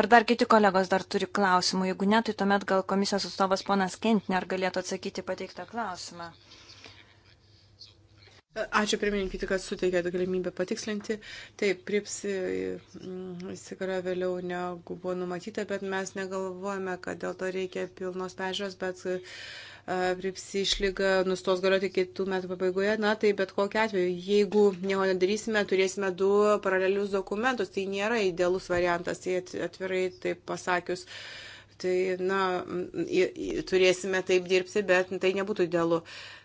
Ar dar kiti kolegos dar turi klausimų? Jeigu ne, tai tuomet gal komisijos atstovas ponas Kentner galėtų atsakyti pateiktą klausimą. Ačiū pirmininkyti, kad suteikėte galimybę patikslinti. Taip, prips mm, įsikara vėliau negu buvo numatyta, bet mes negalvojame, kad dėl to reikia pilnos pežiūros, bet e, prips išlyga nustos galioti kitų metų pabaigoje. Na, tai bet kokia atveju, jeigu nieko nedarysime, turėsime du paralelius dokumentus. Tai nėra idealus variantas, tai atvirai taip pasakius. Tai, na, mm, turėsime taip dirbti, bet tai nebūtų idealu. Uh,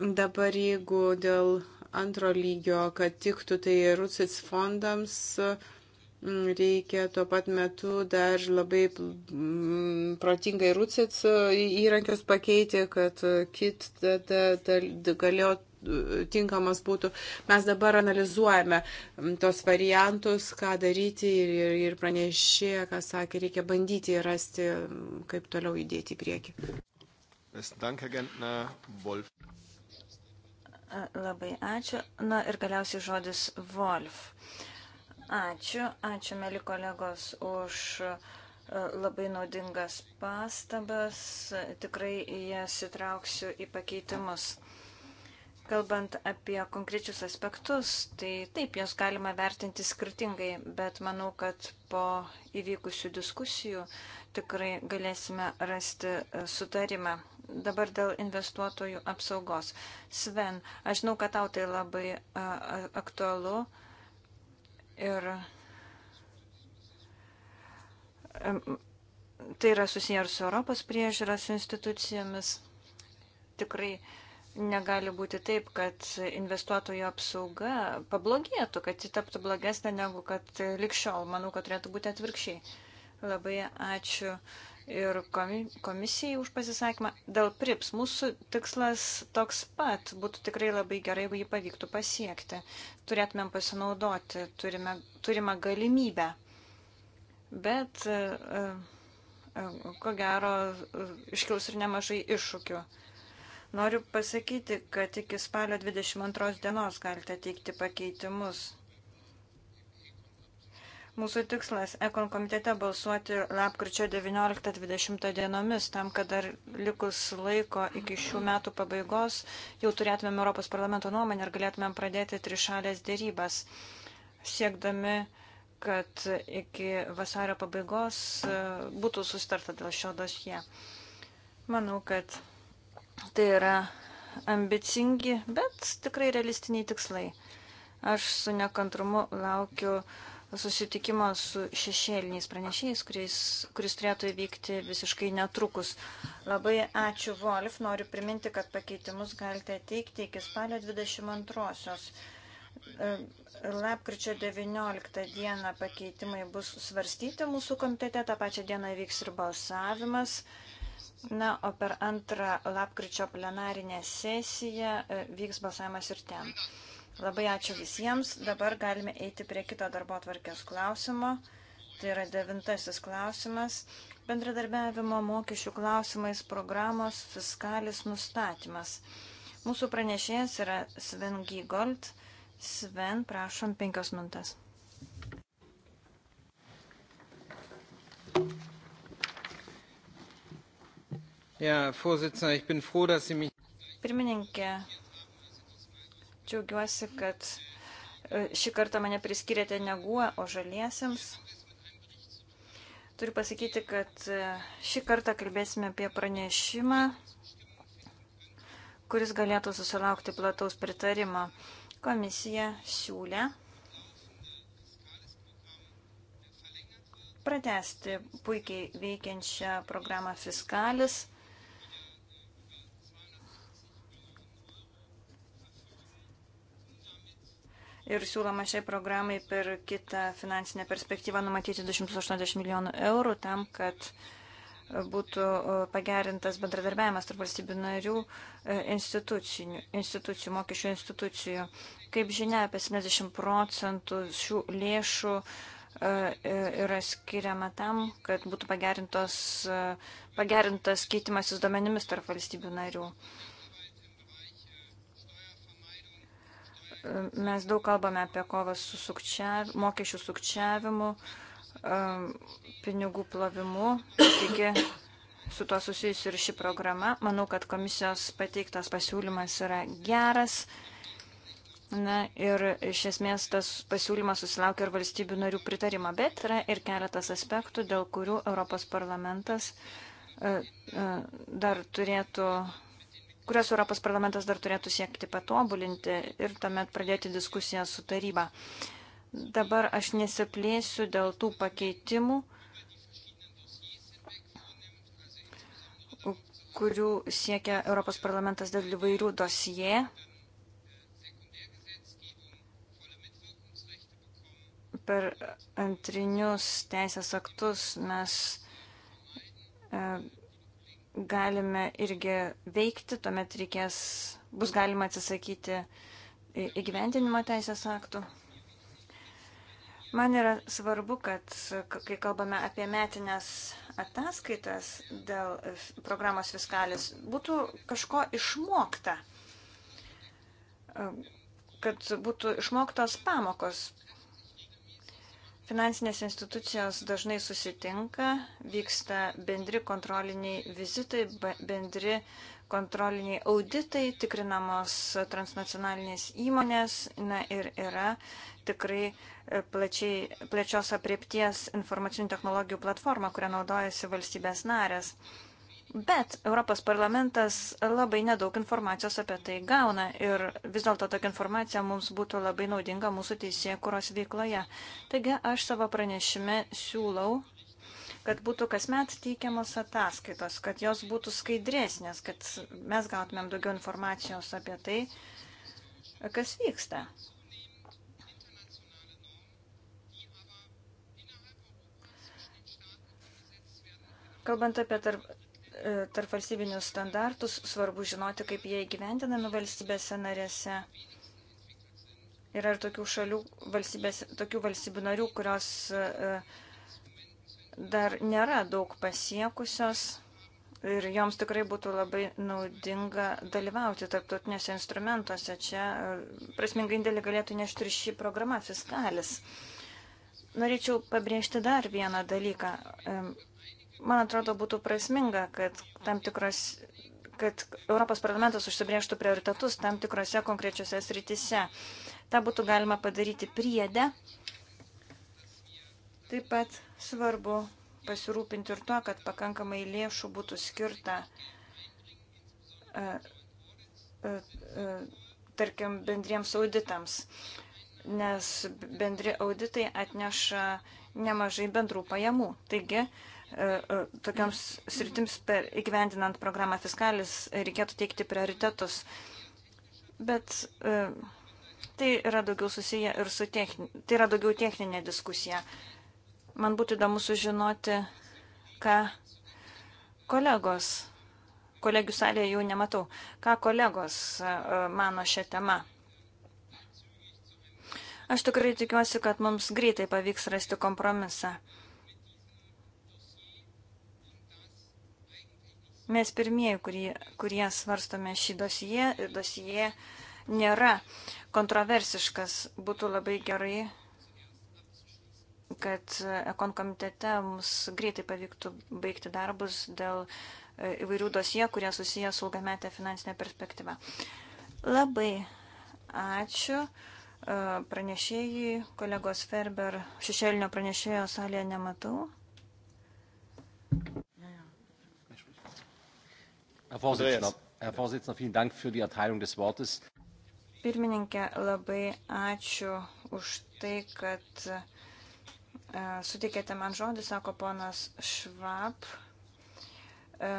Dabar jeigu dėl antro lygio, kad tiktų tai Rusijos fondams, mm, reikia tuo pat metu dar labai mm, protingai rucic e, įrankius pakeiti, kad kit tada, tada galėjo e, tinkamas būtų. Mes dabar analizuojame mm, tos variantus, ką daryti ir, ir, ir pranešė, ką sakė, reikia bandyti rasti, kaip toliau judėti į priekį. Labai ačiū. Na ir galiausiai žodis Wolf. Ačiū, ačiū, mėly kolegos, už e, labai naudingas pastabas. Tikrai jas įtrauksiu į pakeitimus. Kalbant apie konkrečius aspektus, tai taip, jos galima vertinti skirtingai, bet manau, kad po įvykusių diskusijų tikrai galėsime rasti e, sutarimą. Dabar dėl investuotojų apsaugos. Sven, aš žinau, kad tau tai labai a, aktualu ir a, tai yra susiję ir su Europos priežiūros institucijomis. Tikrai negali būti taip, kad investuotojų apsauga pablogėtų, kad ji taptų blogesnė negu kad e, likščiol. Manau, kad turėtų būti atvirkščiai. Labai ačiū ir komisijai už pasisakymą. Dėl PRIPS mūsų tikslas toks pat, būtų tikrai labai gerai, jeigu jį pavyktų pasiekti. Turėtumėm pasinaudoti turime, turimą galimybę. Bet, e, e, ko gero, iškils ir nemažai iššūkių. Noriu pasakyti, kad iki spalio 22 dienos galite teikti pakeitimus. Mūsų tikslas Ekon komitete balsuoti lapkričio 19-20 dienomis, tam, kad dar likus laiko iki šių metų pabaigos jau turėtumėm Europos parlamento nuomonę ir galėtumėm pradėti trišalės dėrybas, siekdami, kad iki vasario pabaigos e, būtų sustarta dėl šio dosie. Manau, kad tai yra ambicingi, bet tikrai realistiniai tikslai. Aš su nekantrumu laukiu uh, susitikimo su šešėliniais pranešėjais, kuris, kuris turėtų įvykti visiškai netrukus. Labai ačiū, Volif. Noriu priminti, kad pakeitimus galite teikti iki spalio 22-osios. E, lapkričio 19 dieną pakeitimai bus svarstyti mūsų komitete, tą pačią dieną vyks ir balsavimas. Na, o per antrą lapkričio plenarinę sesiją e, vyks balsavimas ir ten. Labai ačiū visiems. Dabar galime eiti prie kito darbo atvarkės klausimo. Tai yra devintasis klausimas. Bendradarbiavimo mokesčių klausimais programos fiskalis nustatymas. Mūsų pranešėjas yra Sven Gygold. Sven, prašom, penkios minutės. Ja, Vorsitzender, ich bin froh, dass Sie mich. Pirmininkė, Džiaugiuosi, kad e, šį kartą mane priskirėte neguo, o žaliesiams. Turiu pasakyti, kad e, šį kartą kalbėsime apie pranešimą, kuris galėtų susilaukti plataus pritarimo. Komisija siūlė pratesti puikiai veikiančią programą Fiskalis ir siūloma šiai programai per kitą finansinę perspektyvą numatyti 280 milijonų eurų tam, kad būtų e, pagerintas bendradarbiavimas tarp valstybių narių e, institucijų, institucijų, mokesčių institucijų. Kaip žinia, apie 70 procentų šių lėšų e, yra skiriama tam, kad būtų pagerintas keitimasis duomenimis tarp valstybių narių. Mes daug kalbame apie kovą su sukčiav, mokesčių sukčiavimu, um, pinigų plovimu. Taigi, su tuo susijusi ir ši programa. Manau, kad komisijos pateiktas pasiūlymas yra geras. Na ir iš esmės tas pasiūlymas susilaukia ir valstybių narių pritarimą, bet yra ir keletas aspektų, dėl kurių Europos parlamentas e, e, dar turėtų kurias Europos parlamentas dar turėtų siekti patobulinti ir tuomet pradėti diskusiją su taryba. Dabar aš nesiplėsiu dėl tų pakeitimų, kurių siekia Europos parlamentas dėl įvairių dosijė. Per antrinius teisės aktus mes e, galime irgi veikti, tuomet reikės, bus galima atsisakyti įgyvendinimo teisės aktų. Man yra svarbu, kad kai kalbame apie metinės ataskaitas dėl programos fiskalis, būtų kažko išmokta, kad būtų išmoktos pamokos, Finansinės institucijos dažnai susitinka, vyksta bendri kontroliniai vizitai, bendri kontroliniai auditai, tikrinamos transnacionalinės įmonės na, ir yra tikrai e, plačiai, plečios apriepties informacinių technologijų platforma, kurią naudojasi valstybės narės. Bet Europos parlamentas labai nedaug informacijos apie tai gauna ir vis dėlto tokia informacija mums būtų labai naudinga mūsų teisėje kuros veikloje. Taigi aš savo pranešime siūlau kad būtų kasmet teikiamos ataskaitos, kad jos būtų skaidresnės, kad mes gautumėm daugiau informacijos apie tai, kas vyksta. Kalbant apie tarp tarp valstybinius standartus, svarbu žinoti, kaip jie įgyvendinami valstybėse narėse. Yra ir tokių šalių, valstybės, tokių valstybių narių, kurios e, dar nėra daug pasiekusios ir joms tikrai būtų labai naudinga dalyvauti tarptautinėse instrumentuose. Čia e, prasmingai indėlį galėtų nešti ir šį programą Fiskalis. Norėčiau pabrėžti dar vieną dalyką. Man atrodo, būtų prasminga, kad tam tikros kad Europos parlamentas užsibrėžtų prioritetus tam tikrose konkrečiose sritise. Ta būtų galima padaryti priedę. Taip pat svarbu pasirūpinti ir tuo, kad pakankamai lėšų būtų skirta, e, e, e, tarkim, bendriems auditams, nes bendri auditai atneša nemažai bendrų pajamų. Taigi, E, e, tokiams sritims per įgyvendinant programą fiskalis reikėtų teikti prioritetus. Bet e, tai yra daugiau susiję ir su techni... tai yra daugiau techninė diskusija. Man būtų įdomu sužinoti, ką kolegos, kolegių salėje jau nematau, ką kolegos mano šią temą. Aš tikrai tikiuosi, kad mums greitai pavyks rasti kompromisą. Mes pirmieji, kurie, kurie svarstome šį dosiją ir dosiją nėra kontroversiškas. Būtų labai gerai, kad ekon komitete mums greitai pavyktų baigti darbus dėl e, įvairių dosiją, kurie susiję su ilgametė finansinė perspektyva. Labai ačiū e, pranešėjai, kolegos Ferber, šešėlinio pranešėjo salėje nematau. Herr Vorsitzender, Herr Vorsitzender, vielen Dank für die Erteilung des Wortes. Pirmininkė, labai ačiū už tai, kad e, suteikėte man žodį, sako ponas Švab. E,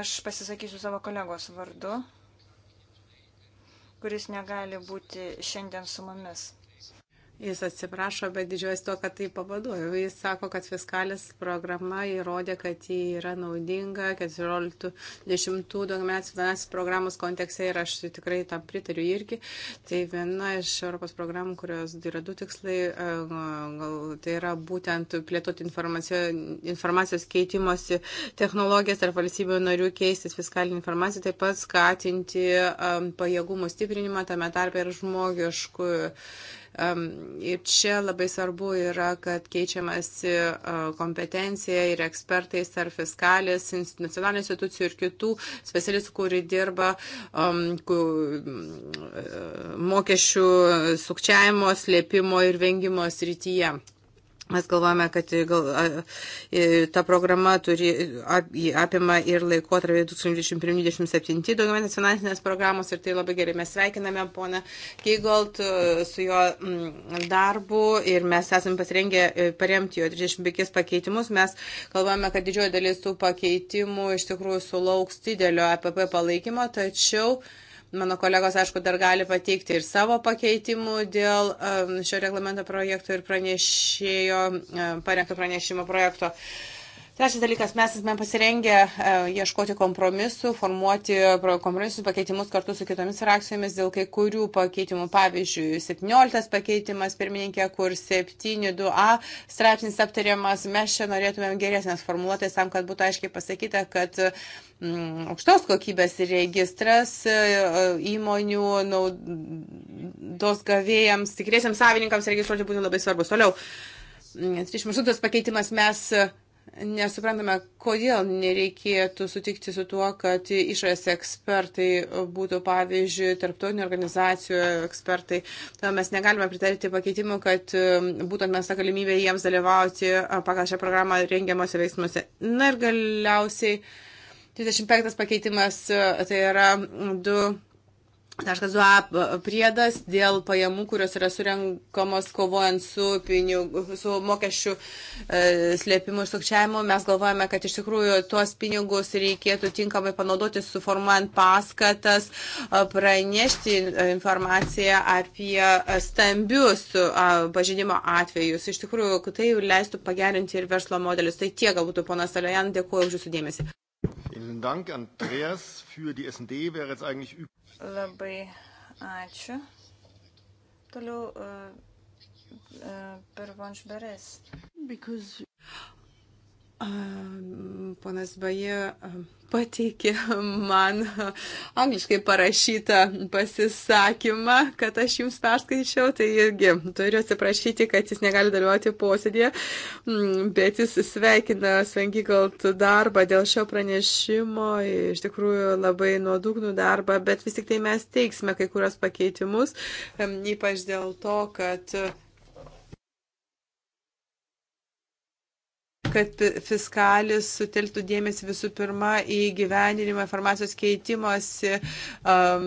aš pasisakysiu savo kolegos vardu, kuris negali būti šiandien su mumis. Jis atsiprašo, bet didžiuojasi tuo, kad tai pavaduoju. Jis sako, kad fiskalės programa įrodė, kad ji yra naudinga 14-10 daugmets finansinės programos kontekste ir aš tikrai tam pritariu irgi. Tai viena iš Europos programų, kurios yra du tikslai, e, tai yra būtent plėtoti informacijos keitimosi technologijas tarp valstybių narių, keistis fiskalinį informaciją, taip pat skatinti e, pajėgumų stiprinimą, tame tarpe ir žmogiškų Ir čia labai svarbu yra, kad keičiamasi kompetencija ir ekspertais ar fiskalės, nacionalinių institucijų ir kitų specialistų, kuri dirba mokesčių sukčiavimo, slėpimo ir vengimo srityje. Mes galvojame, kad e, gal, e, ta programa turi, ap, apima ir laikotarpį 2021-2027 daugiametės finansinės programos ir tai labai gerai. Mes sveikiname poną Keigolt e, su jo mm, darbu ir mes esame pasirengę paremti jo 35 pakeitimus. Mes kalbame, kad didžioji dalis tų pakeitimų iš tikrųjų sulauks didelio APP palaikymo, tačiau uh, Mano kolegos, aišku, dar gali pateikti ir savo pakeitimų dėl um, šio reglamento projekto ir pranešėjo, um, parengto pranešimo projekto. Uh, Trečias dalykas, mes esame pasirengę e, ieškoti kompromisų, formuoti kompromisų pakeitimus kartu su kitomis frakcijomis dėl kai kurių pakeitimų. Pavyzdžiui, 17 pakeitimas pirmininkė, kur 7.2a straipsnis aptariamas. Mes čia norėtumėm geresnės formuluotės tam, kad būtų aiškiai pasakyta, kad mm, aukštos kokybės registras e, e, įmonių naudos gavėjams, tikriesiams savininkams registruoti būtų labai svarbus. Toliau, 38 mm, pakeitimas mes nesuprantame, kodėl nereikėtų sutikti su tuo, kad išorės ekspertai būtų, pavyzdžiui, tarptautinių organizacijų ekspertai. Tuo mes negalime pritarti pakeitimų, kad um, būtų atmesta galimybė jiems dalyvauti uh, pagal šią programą rengiamuose veiksmuose. Na ir galiausiai 25 pakeitimas uh, tai yra du Taškas A priedas dėl pajamų, kurios yra surenkamos kovojant su, pinigų, su mokesčių e, slėpimu ir sukčiavimu. Mes galvojame, kad iš tikrųjų tuos pinigus reikėtų tinkamai panaudoti, suformuojant paskatas, e, pranešti informaciją apie stambius e, pažinimo atvejus. Iš tikrųjų, tai leistų pagerinti ir verslo modelius. Tai tiek galbūt, ponas Alėjan, dėkuoju už jūsų dėmesį. Dank, Andreas, für die SD wäre jetzt eigentlich Labai ačiū. Toliau uh, uh, per Vonšberes. Because... Ponas Baje pateikė man angliškai parašytą pasisakymą, kad aš jums perskaičiau, tai irgi turiu atsiprašyti, kad jis negali dalyvauti posėdėje, mm, bet jis sveikina Svengikalt darbą dėl šio pranešimo, iš tikrųjų labai nuodugnų darbą, bet vis tik tai mes teiksime kai kurios pakeitimus, ypač dėl to, kad kad fiskalis sutelktų dėmesį visų pirma į gyveninimą informacijos keitimosi um,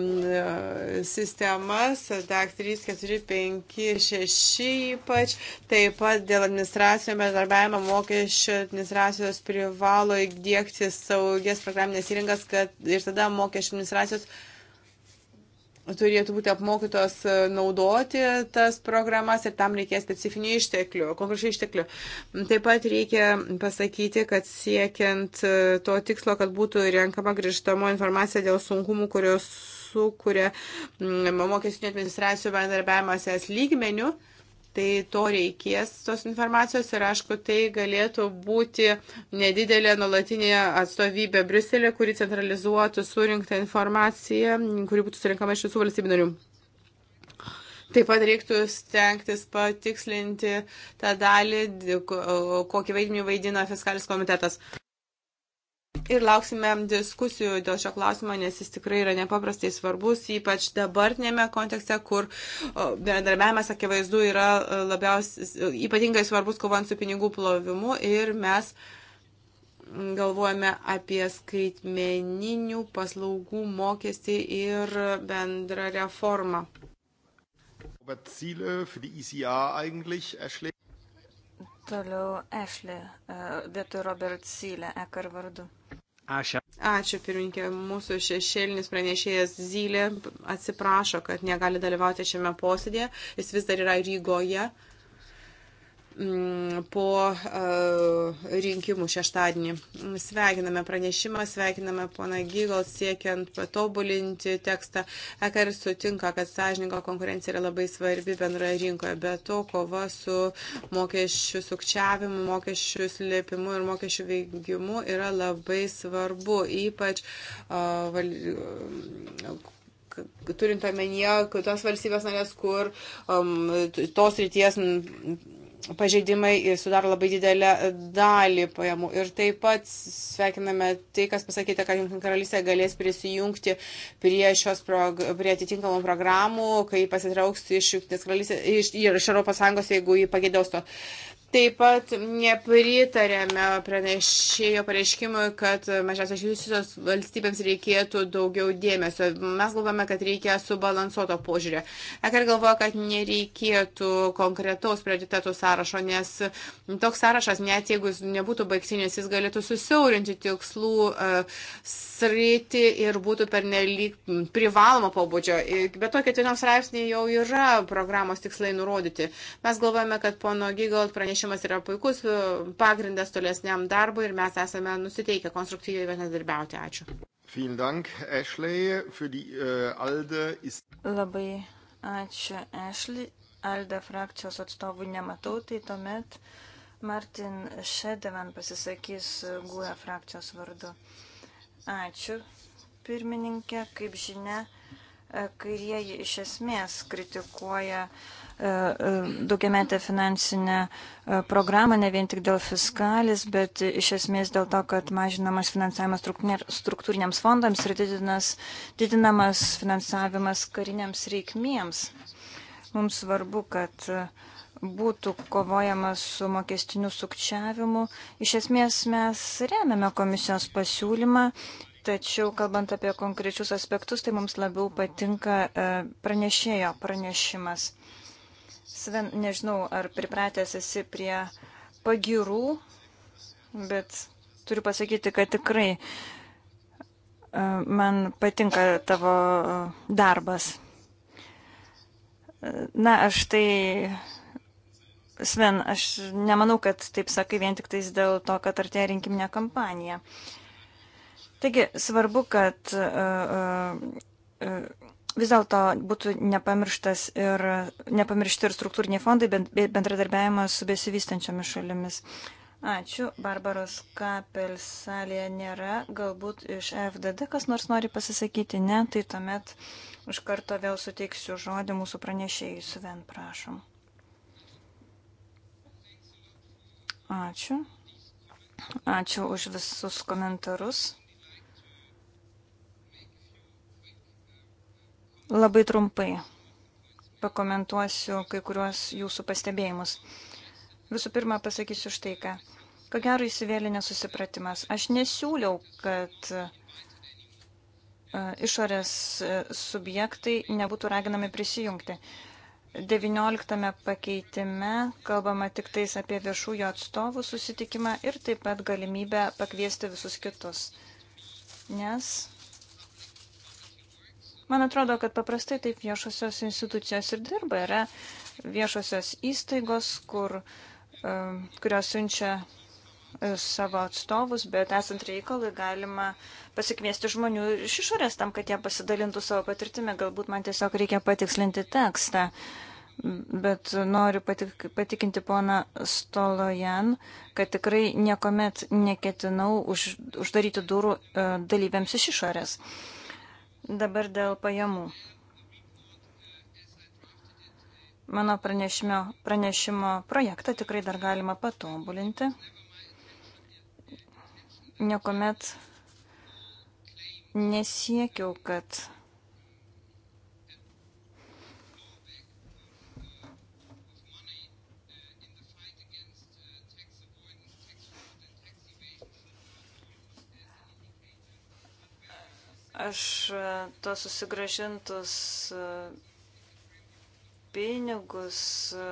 sistemas, DAC 3, 4, 5, 6 ypač, taip pat dėl administracijų bendarbiavimo mokesčio administracijos privalo įdėkti saugias programinės įrangas, kad ir tada mokesčio administracijos turėtų būti apmokytos e, naudoti tas programas ir tam reikės specifinių išteklių, konkrečiai išteklių. Taip pat reikia pasakyti, kad siekiant e, to tikslo, kad būtų renkama grįžtamo informacija dėl sunkumų, kurios sukuria mokesinių administracijų bendarbiavimas es lygmenių, uh, tai to reikės tos informacijos ir aišku, tai galėtų būti nedidelė nuolatinė atstovybė Briuselė, kuri centralizuotų surinktą informaciją, kuri būtų surinkama iš visų valstybių narių. Taip pat reiktų stengtis patikslinti tą dalį, kokį vaidmenį vaidina fiskalis komitetas. Ir lauksime diskusijų dėl šio klausimo, nes jis tikrai yra nepaprastai svarbus, ypač dabartinėme kontekste, kur bendradarbiavimas akivaizdu yra e, labiausiai ypatingai svarbus kovant su pinigų plovimu ir mes galvojame apie skaitmeninių paslaugų mokestį ir bendrą reformą. Toliau Ešlė, e, vietoj Robert Sylė, ekar vardu. Ačiū. Ačiū, pirmininkė. Mūsų šešėlinis pranešėjas Zylė atsiprašo, kad negali dalyvauti šiame posėdėje. Jis vis dar yra Rygoje po rinkimų šeštadienį. Sveikiname pranešimą, sveikiname poną Gygal siekiant patobulinti tekstą. EKR sutinka, kad sąžininko konkurencija yra labai svarbi bendroje rinkoje, bet to kova su mokesčių sukčiavimu, mokesčių slėpimu ir mokesčių veigimu yra labai svarbu, ypač uh, val, uh, turint omenyje, kad tos valstybės narės, kur um, tos ryties pažeidimai sudaro labai didelę dalį pajamų. Ir taip pat sveikiname tai, kas pasakyta, kad Junkinė karalystė galės prisijungti prie, šios, prie atitinkamų programų, kai pasitrauks iš Junkinės karalystės, iš, iš Europos Sąjungos, jeigu jį pagėdaus to. Taip pat nepritarėme pranešėjo pareiškimui, kad mažiausiai išvystysios valstybėms reikėtų daugiau dėmesio. Mes galvome, kad reikia subalansuoto požiūrio. Ekar galvoja, kad nereikėtų konkretaus prioritetų sąrašo, nes toks sąrašas, net jeigu jis nebūtų baigtinis, jis galėtų susiaurinti tikslų uh, sritį ir būtų pernelyg privaloma pobūdžio. Bet to ketvirtam straipsnį jau yra programos tikslai nurodyti. Mes galvojame, kad pono Gigal pranešimas yra puikus pagrindas tolesniam darbui ir mes esame nusiteikę konstruktyviai vienadarbiauti. Ačiū. Vielen Dank, Ashley, für die äh, ALDE ist. Labai ačiū, Ashley. ALDE frakcijos atstovų nematau, tai tuomet Martin Šedevan pasisakys GUE frakcijos vardu. Uh, Ačiū, pirmininkė. Kaip žinia, e, kairieji iš esmės kritikuoja e, e, daugiametę finansinę programą, ne vien tik dėl fiskalis, bet iš esmės dėl to, kad mažinamas finansavimas struktūriniams fondams ir didinas, didinamas finansavimas kariniams reikmėms. Mums svarbu, kad uh, būtų kovojama su mokestiniu sukčiavimu. Iš esmės mes remiame komisijos pasiūlymą, tačiau kalbant apie konkrečius aspektus, tai mums labiau patinka e, pranešėjo pranešimas. Sven, nežinau, ar pripratęs esi prie pagirų, bet turiu pasakyti, kad tikrai e, man patinka tavo e, darbas. Na, aš tai Sven, aš nemanau, kad taip sakai vien tik tais dėl to, kad artėja rinkiminė kampanija. Taigi, svarbu, kad uh, uh, vis dėlto būtų nepamirštas ir, nepamiršti ir struktūriniai fondai, bendradarbiavimas su besivystančiomis šalimis. Ačiū. Barbaros Kapel salėje nėra. Galbūt iš FDD kas nors nori pasisakyti? Ne, tai tuomet iš karto vėl suteiksiu žodį mūsų pranešėjai. Suven, prašom. Ačiū. Ačiū už visus komentarus. Labai trumpai pakomentuosiu kai kuriuos jūsų pastebėjimus. Visų pirma, pasakysiu štai ką. Ko gero įsivėlė nesusipratimas. Aš nesiūliau, kad e, išorės e, subjektai nebūtų raginami prisijungti. 19 pakeitime kalbama tik tais apie viešųjų atstovų susitikimą ir taip pat galimybę pakviesti visus kitus. Nes man atrodo, kad paprastai taip viešosios institucijos ir dirba. Yra viešosios įstaigos, kur, um, kurios siunčia savo atstovus, bet esant reikalui galima pasikviesti žmonių iš išorės tam, kad jie pasidalintų savo patirtimi. Galbūt man tiesiog reikia patikslinti tekstą. Bet noriu patik, patikinti poną Stolojan, kad tikrai niekuomet neketinau už, uždaryti durų e, dalyviams iš išorės. Dabar dėl pajamų. Mano pranešimo projektą tikrai dar galima patobulinti niekuomet nesiekiau, kad aš e, tos susigražintus e, pinigus e,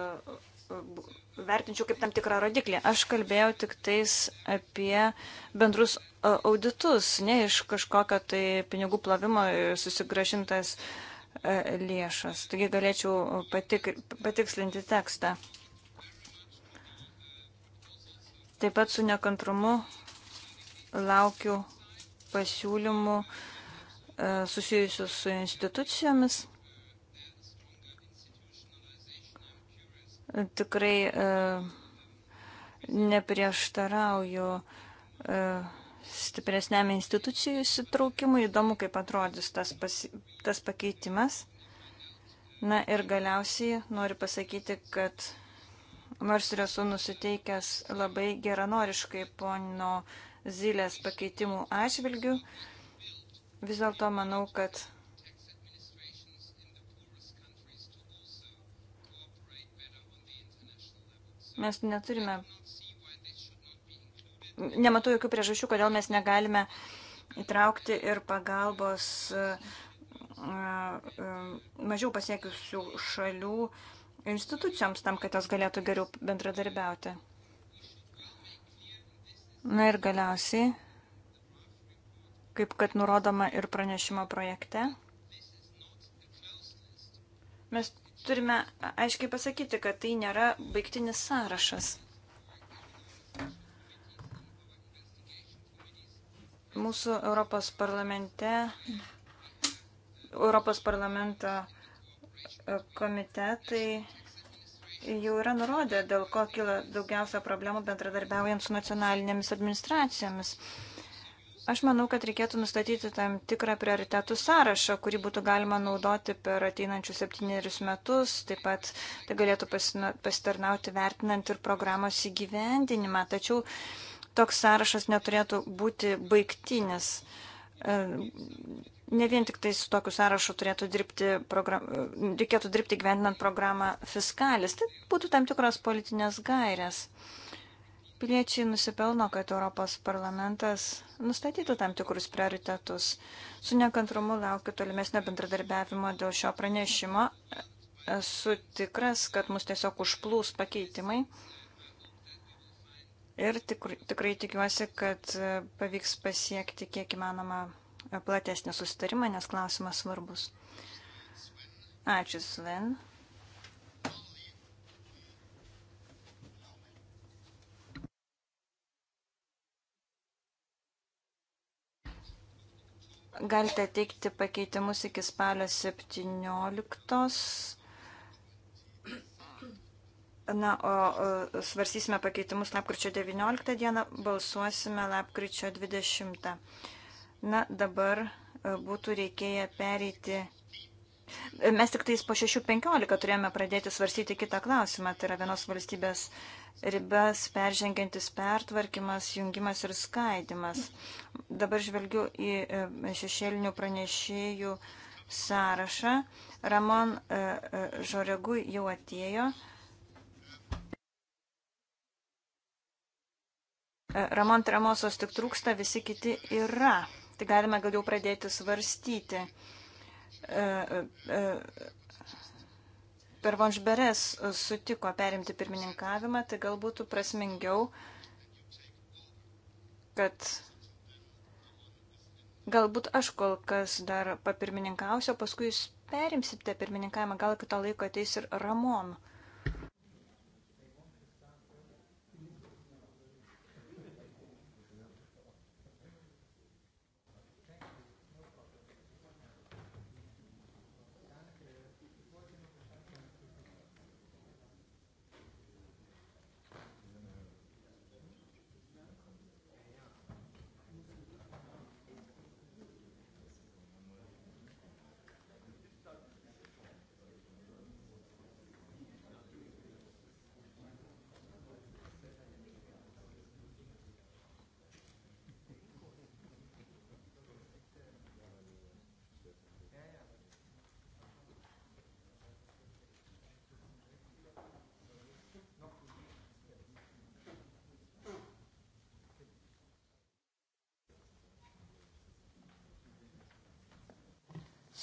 vertinčiau kaip tam tikrą rodiklį. Aš kalbėjau tik tais apie bendrus auditus, ne iš kažkokio tai pinigų plovimo susigražintas lėšas. Taigi galėčiau patik, patikslinti tekstą. Taip pat su nekantrumu laukiu pasiūlymų susijusių su institucijomis. tikrai e, neprieštarauju e, stipresniam institucijų įsitraukimui. Įdomu, kaip atrodys tas, pasi, tas pakeitimas. Na ir galiausiai noriu pasakyti, kad nors ir esu nusiteikęs labai geranoriškai pono Zylės pakeitimų atžvilgių, vis dėlto manau, kad Mes neturime. Nematau jokių priežasčių, kodėl mes negalime įtraukti ir pagalbos e, e, mažiau pasiekiusių šalių institucijoms tam, kad jos galėtų geriau bendradarbiauti. Na ir galiausiai, kaip kad nurodoma ir pranešimo projekte, mes Turime aiškiai pasakyti, kad tai nėra baigtinis sąrašas. Mūsų Europos parlamente, Europos parlamento e, komitetai jau yra nurodę, dėl ko kilo daugiausia problemų bendradarbiaujant su nacionalinėmis administracijomis. Aš manau, kad reikėtų nustatyti tam tikrą prioritetų sąrašą, kurį būtų galima naudoti per ateinančius septynerius metus. Taip pat tai galėtų pasitarnauti vertinant ir programos įgyvendinimą. Tačiau toks sąrašas neturėtų būti baigtinis. E, ne vien tik tai su tokiu sąrašu turėtų dirbti program... reikėtų dirbti gyvendinant programą fiskalis. Tai būtų tam tikros politinės gairės. Piliečiai nusipelno, kad Europos parlamentas nustatytų tam tikrus prioritetus. Su nekantrumu laukiu tolimesnio bendradarbiavimo dėl šio pranešimo. Esu tikras, kad mus tiesiog užplūs pakeitimai. Ir tikr tikrai tikiuosi, kad pavyks pasiekti kiek įmanoma platesnį sustarimą, nes klausimas svarbus. Ačiū, Sven. Galite teikti pakeitimus iki spalio 17. Na, o svarsysime pakeitimus lapkričio 19 dieną, balsuosime lapkričio 20. Na, dabar e, būtų reikėję pereiti. Mes tik tais po 6.15 turėjome pradėti svarstyti kitą klausimą, tai yra vienos valstybės ribas peržengiantis pertvarkymas, jungimas ir skaidimas. Dabar žvelgiu į e, šešėlinių pranešėjų sąrašą. Ramon e, e, Žoregui jau atėjo. Ramon Tremosos tik trūksta, visi kiti yra. Tai galime gal jau pradėti svarstyti Pervonš Beres e, sutiko perimti pirmininkavimą, tai gal būtų prasmingiau, kad galbūt aš kol kas dar papirmininkausiu, paskui jūs perimsite pirmininkavimą, gal kito laiko ateis ir Ramon. Uh,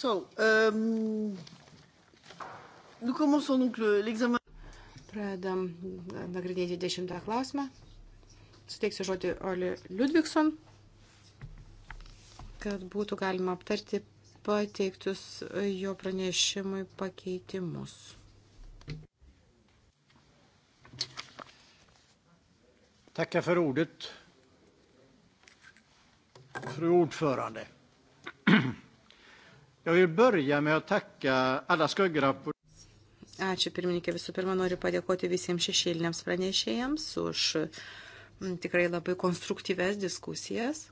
So, um, nu commençons donc l'examen. Pradam nagrinėti dešimtą klausimą. Suteiksiu žodį Oli Ludvigson, kad būtų galima aptarti pateiktus jo pranešimui pakeitimus. Tackar för ordet, fru ordförande. Jag vill börja med att tacka alla skuggrapportörer. Ačiū pirmininkė, visų pirma noriu padėkoti visiems šešėliniams pranešėjams už mm, tikrai labai konstruktyves diskusijas.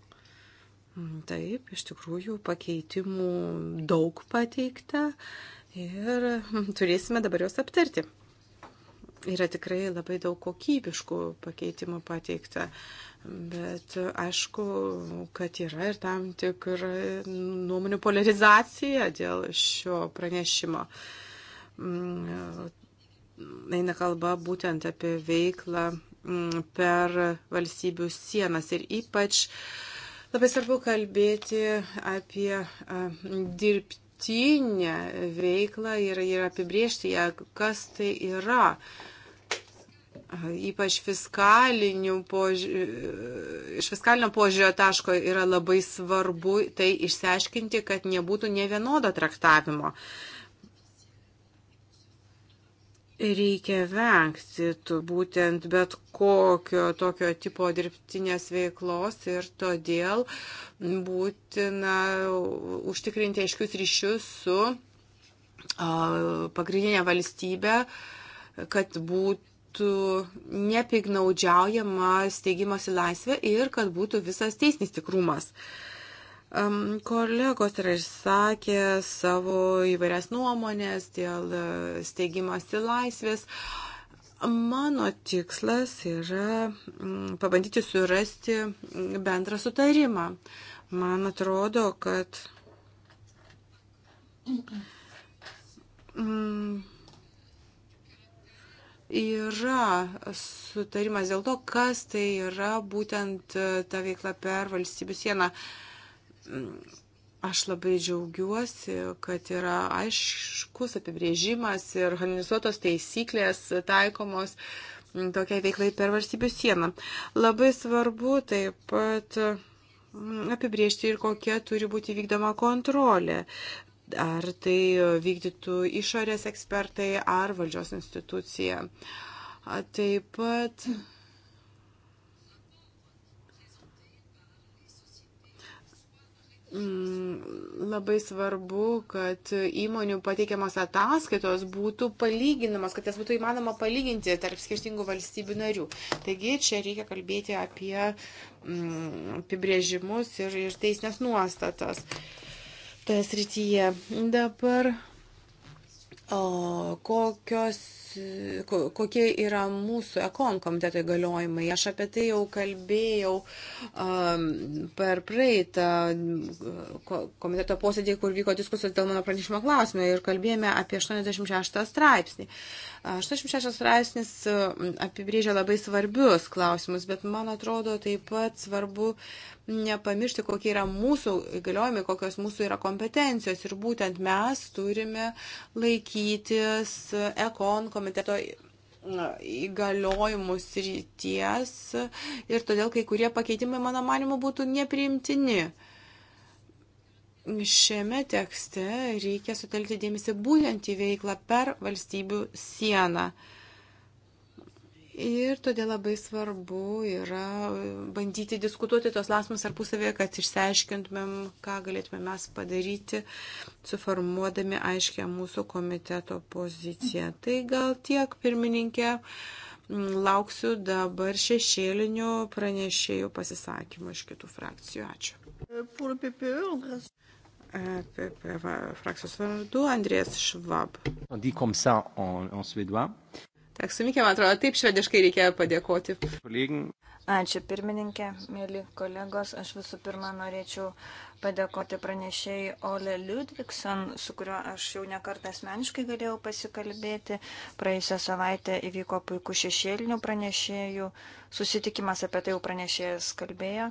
Mm, taip, iš tikrųjų pakeitimų daug pateikta ir mm, turėsime dabar juos aptarti yra tikrai labai daug kokybiškų pakeitimų pateikta, bet aišku, kad yra ir tam tikra nuomonių polarizacija dėl šio pranešimo. Mm, eina kalba būtent apie veiklą mm, per valstybių sienas ir ypač labai svarbu kalbėti apie dirbtinę veiklą ir, ir apibriežti ją, kas tai yra. Uh, ypač pož... iš fiskalinio požiūrio taško yra labai svarbu tai išsiaiškinti, kad nebūtų ne vienodo traktavimo. Reikia vengti būtent bet kokio tokio tipo dirbtinės veiklos ir todėl būtina užtikrinti aiškius ryšius su pagrindinė valstybė, kad būtų būtų nepignaudžiaujama steigimosi laisvė ir kad būtų visas teisnis tikrumas. Um, kolegos yra išsakę savo įvairias nuomonės dėl e, steigimosi laisvės. Mano tikslas yra pabandyti surasti bendrą sutarimą. Man atrodo, kad. Mm yra sutarimas dėl to, kas tai yra būtent e, ta veikla per valstybių sieną. Aš labai džiaugiuosi, kad yra aiškus apibrėžimas ir organizuotos taisyklės taikomos tokiai veiklai per valstybių sieną. Labai svarbu taip pat mm, apibriežti ir kokia turi būti vykdoma kontrolė ar tai vykdytų išorės ekspertai ar valdžios institucija. Taip pat mm, labai svarbu, kad įmonių pateikiamos ataskaitos būtų palyginamos, kad jas būtų įmanoma palyginti tarp skirtingų valstybių narių. Taigi čia reikia kalbėti apie mm, apibrėžimus ir, ir teisinės nuostatas. Uh, toje srityje. Dabar o, kokios, ko, kokie yra mūsų ekon komiteto įgaliojimai. Aš apie tai jau kalbėjau um, per praeitą uh, komiteto posėdį, kur vyko diskusijos dėl mano pranešimo klausimą ir kalbėjome apie 86 straipsnį. Uh, 86 straipsnis apibrėžia labai svarbius klausimus, bet man atrodo taip pat svarbu nepamiršti, kokie yra mūsų įgaliojimai, kokios mūsų yra kompetencijos ir būtent mes turime laikytis ekon komiteto įgaliojimų srities ir todėl kai kurie pakeitimai, mano manimu, būtų nepriimtini. Uh, šiame tekste reikia sutelkti dėmesį būtent į veiklą per valstybių sieną. Ir todėl labai svarbu yra bandyti diskutuoti tos lasmus tarpusavėje, kad išsiaiškintumėm, ką galėtumėm mes padaryti, suformuodami aiškę mūsų komiteto poziciją. Tai gal tiek, pirmininkė, lauksiu dabar šešėlinių pranešėjų pasisakymų iš kitų frakcijų. Ačiū. Fraktions vardu Andrijas Švab. Tack så mycket, man atrodo, taip švediškai reikėjo padėkoti. Ačiū pirmininkė, mėly kolegos. Aš visų pirma norėčiau padėkoti pranešėjai Ole Ludvigson, su kuriuo aš jau nekartą asmeniškai galėjau pasikalbėti. Praėjusią savaitę įvyko puikus šešėlinių pranešėjų susitikimas, apie tai jau pranešėjas kalbėjo.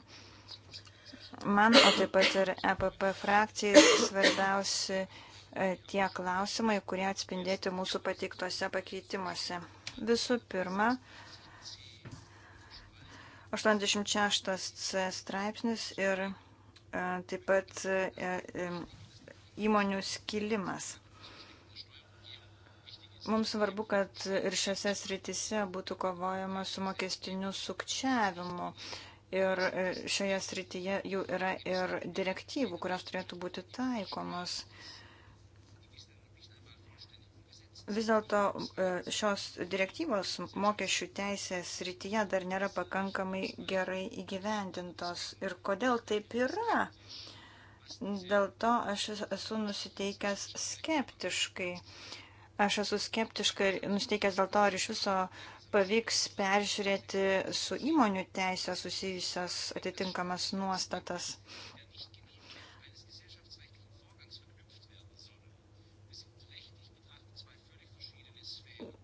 Man, o taip pat ir EPP frakcijai svarbiausi e, tie klausimai, kurie atspindėti mūsų pateiktose pakeitimuose. Visų pirma, 86 straipsnis ir e, taip pat e, įmonių skilimas. Mums svarbu, kad ir šiose sritise būtų kovojama su mokestiniu sukčiavimu. Ir e, šioje srityje jau yra ir direktyvų, kurios turėtų būti taikomos. Vis dėlto e, šios direktyvos mokesčių teisės srityje dar nėra pakankamai gerai įgyvendintos. Ir kodėl taip yra? Dėl to aš esu nusiteikęs skeptiškai. Aš esu skeptiškai nusiteikęs dėl to, ar iš viso pavyks peržiūrėti su įmonių teisė susijusias atitinkamas nuostatas.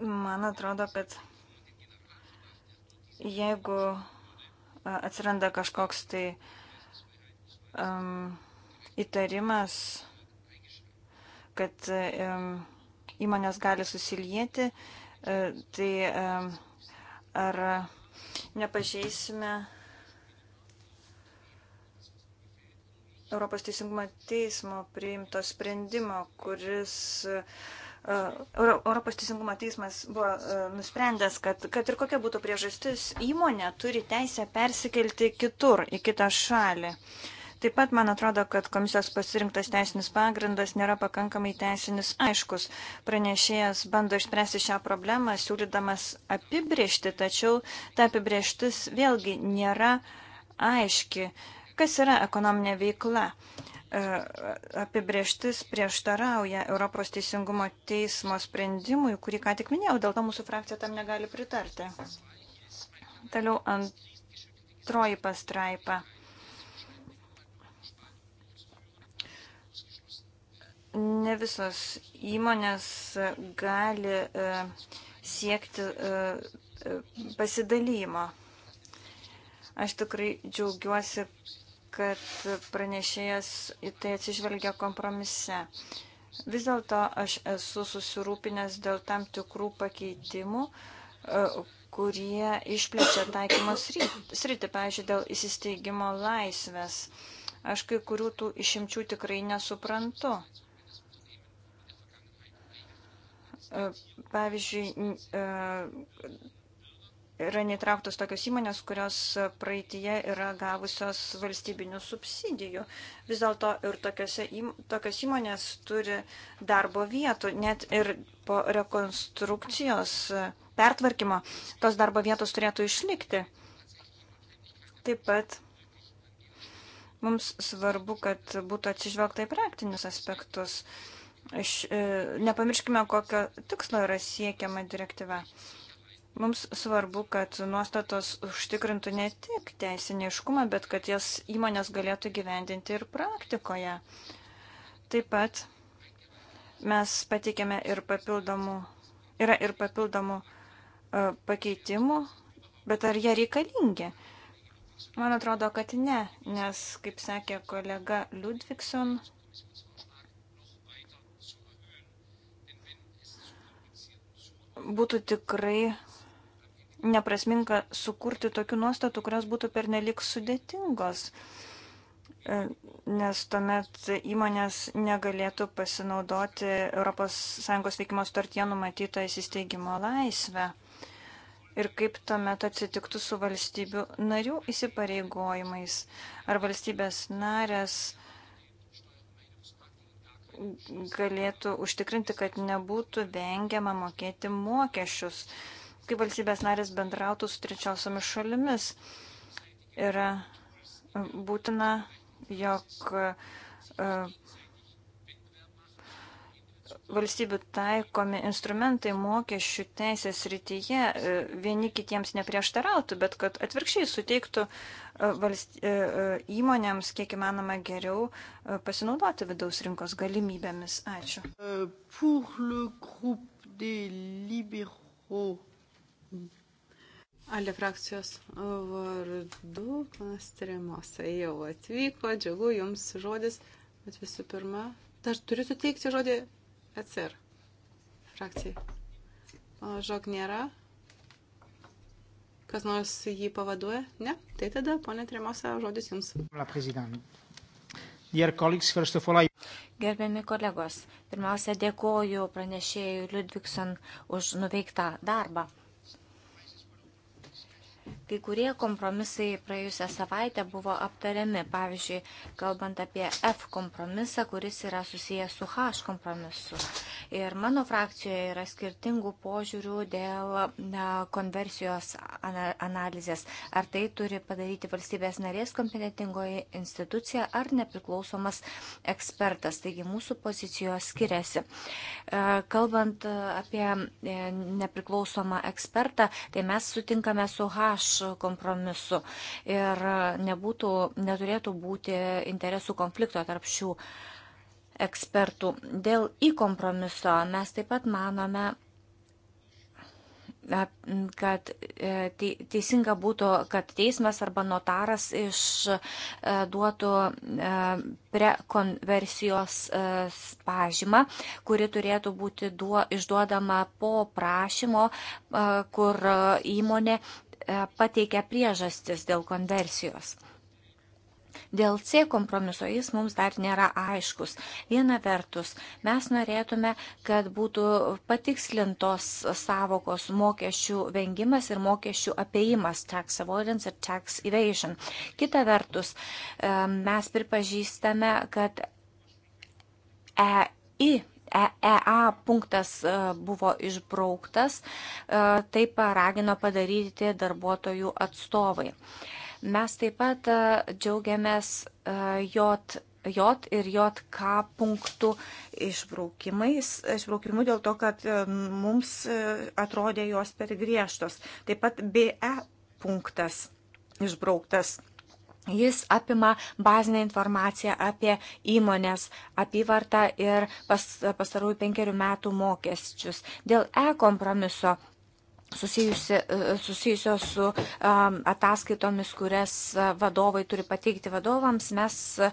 Man atrodo, kad jeigu atsiranda kažkoks tai um, įtarimas, kad um, įmonės gali susilieti, uh, tai um, ar uh, nepažeisime Europos teisingumo teismo priimto sprendimo, kuris uh, uh, Europos teisingumo teismas buvo nusprendęs, kad, kad ir kokia būtų priežastis, įmonė turi teisę persikelti kitur, į kitą šalį. Uh, Taip pat man atrodo, kad komisijos pasirinktas teisinis pagrindas nėra pakankamai teisinis aiškus. Pranešėjas bando išspręsti šią problemą, siūlydamas apibriežti, tačiau ta apibriežtis vėlgi nėra aiški. Kas yra ekonominė veikla? E, apibrieštis prieštarauja Europos teisingumo teismo sprendimui, kurį ką tik minėjau, dėl to mūsų frakcija tam negali pritarti. Toliau antroji pastraipa. ne visos įmonės gali e, siekti e, e, pasidalymo. Aš tikrai džiaugiuosi, kad pranešėjas į tai atsižvelgia kompromise. Vis dėlto aš esu susirūpinęs dėl tam tikrų pakeitimų, kurie išplečia taikymo sritį, pavyzdžiui, dėl įsisteigimo laisvės. Aš kai kurių tų išimčių tikrai nesuprantu. Pavyzdžiui, yra netrauktos tokios įmonės, kurios praeitie yra gavusios valstybinių subsidijų. Vis dėlto ir tokiose, tokios įmonės turi darbo vietų, net ir po rekonstrukcijos pertvarkymo tos darbo vietos turėtų išlikti. Taip pat mums svarbu, kad būtų atsižvelgta į praktinius aspektus. Uh, Aš, e, nepamirškime, kokio tikslo yra siekiama direktyva. Mums svarbu, kad nuostatos užtikrintų ne tik teisinį iškumą, bet kad jas įmonės galėtų gyvendinti ir praktikoje. Taip pat mes pateikėme ir papildomų, yra ir papildomų e, pakeitimų, bet ar jie reikalingi? Man atrodo, kad ne, nes, kaip sakė kolega Ludvikson, būtų tikrai neprasminga sukurti tokių nuostatų, kurios būtų pernelik sudėtingos, e, nes tuomet įmonės negalėtų pasinaudoti ES veikimo startie numatytą įsisteigimo laisvę. Ir kaip tuomet atsitiktų su valstybių narių įsipareigojimais? Ar valstybės narės galėtų užtikrinti, kad nebūtų vengiama mokėti mokesčius, kaip valstybės narės bendrautų su trečiosiomis šalimis. Yra būtina, jog e, valstybių taikomi instrumentai mokesčių teisės rytyje e, vieni kitiems neprieštarautų, bet kad atvirkščiai suteiktų e, valst... E, įmonėms kiek įmanoma geriau pasinaudoti vidaus rinkos galimybėmis. Ačiū. Ale frakcijos vardu, panas Tremosai jau atvyko, džiugu, jums žodis, bet visų pirma, dar turiu suteikti žodį ECR frakcijai. Pana Žog nėra. Kas nors jį pavaduoja? Ne? Tai tada, ponė Tremosa, žodis jums. Gerbiami kolegos, pirmiausia, dėkoju pranešėjui Ludvigson už nuveiktą darbą. Kai kurie kompromisai praėjusią savaitę buvo aptariami, pavyzdžiui, kalbant apie F kompromisą, kuris yra susijęs su H kompromisu. Ir mano frakcijoje yra skirtingų požiūrių dėl konversijos analizės. Ar tai turi padaryti valstybės narės kompetentingoji institucija ar nepriklausomas ekspertas. Taigi mūsų pozicijos skiriasi. E, kalbant apie e, nepriklausomą ekspertą, tai mes sutinkame su H kompromisu ir e, nebūtų, neturėtų būti interesų konflikto tarp šių ekspertų. Dėl į kompromiso mes taip pat manome, e, kad e, teisinga būtų, kad teismas arba notaras išduotų prekonversijos pažymą, kuri turėtų būti duo, išduodama po prašymo, kur įmonė E, pateikia priežastis dėl konversijos. Dėl C kompromiso jis mums dar nėra aiškus. Viena vertus, mes norėtume, kad būtų patikslintos savokos mokesčių vengimas ir mokesčių apėjimas - tax avoidance ir tax evasion. Kita vertus, e, mes pripažįstame, kad EI EEA punktas e, buvo išbrauktas, e, taip ragino padaryti darbuotojų atstovai. Mes taip pat e, džiaugiamės JOT. J ir JK punktų išbraukimu dėl to, kad mums atrodė jos per griežtos. Taip pat BE punktas išbrauktas Jis apima bazinę informaciją apie įmonės apyvartą ir pas, pastarųjų penkerių metų mokesčius. Dėl e-kompromiso susijusi, e, susijusios su um, ataskaitomis, kurias vadovai turi pateikti vadovams. Mes uh,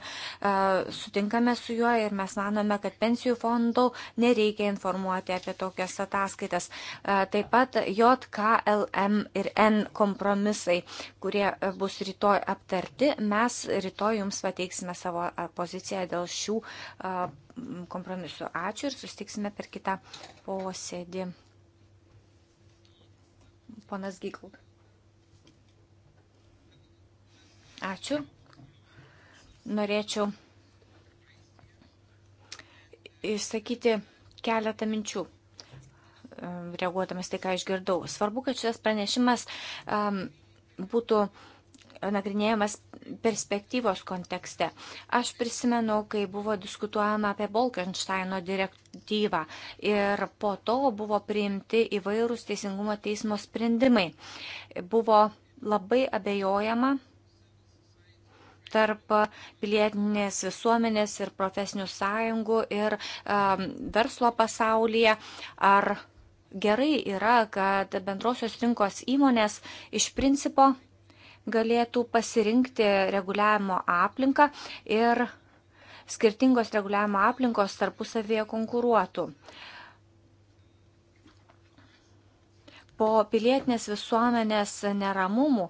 sutinkame su juo ir mes manome, kad pensijų fondų nereikia informuoti apie tokias ataskaitas. Uh, taip pat JKLM ir N kompromisai, kurie e, bus rytoj aptarti, mes rytoj jums pateiksime savo poziciją dėl šių uh, kompromisų. Ačiū ir sustiksime per kitą posėdį. Ponas Gygl. Ačiū. Norėčiau išsakyti keletą minčių, reaguodamas tai, ką išgirdau. Svarbu, kad šitas pranešimas um, būtų uh, nagrinėjamas perspektyvos kontekste. Aš prisimenu, kai buvo diskutuojama apie Bolkensteino direktyvą ir po to buvo priimti įvairūs teisingumo teismo sprendimai. Buvo labai abejojama tarp pilietinės visuomenės ir profesinių sąjungų ir um, verslo pasaulyje, ar gerai yra, kad bendrosios rinkos įmonės iš principo galėtų pasirinkti reguliavimo aplinką ir skirtingos reguliavimo aplinkos tarpusavėje konkuruotų. Po pilietinės visuomenės neramumų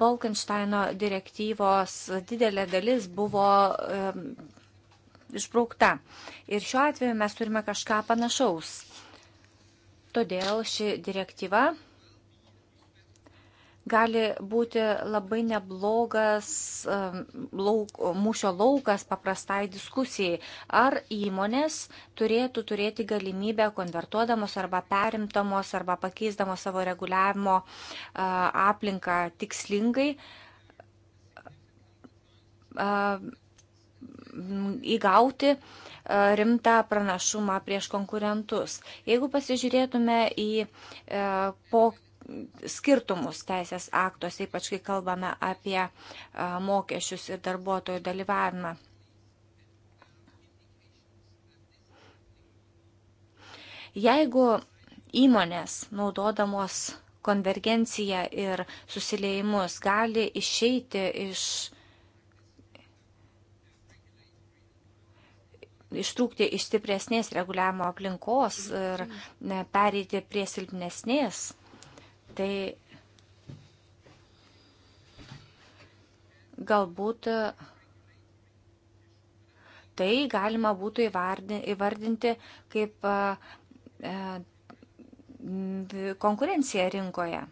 Balkansteino direktyvos didelė dalis buvo e, išbraukta. Ir šiuo atveju mes turime kažką panašaus. Todėl ši direktyva gali būti labai neblogas lauk, mūšio laukas paprastai diskusijai, ar įmonės turėtų turėti galimybę konvertuodamos arba perimtamos arba pakeisdamos savo reguliavimo aplinką tikslingai įgauti rimtą pranašumą prieš konkurentus. Jeigu pasižiūrėtume į e, po skirtumus teisės aktuose, ypač kai kalbame apie mokesčius ir darbuotojų dalyvavimą. Jeigu įmonės naudodamos konvergenciją ir susiliejimus gali išeiti iš ištrūkti iš stipresnės reguliavimo aplinkos ir pereiti prie silpnesnės. Tai galbūt e, tai galima būtų įvardinti kaip e, e, konkurencija rinkoje.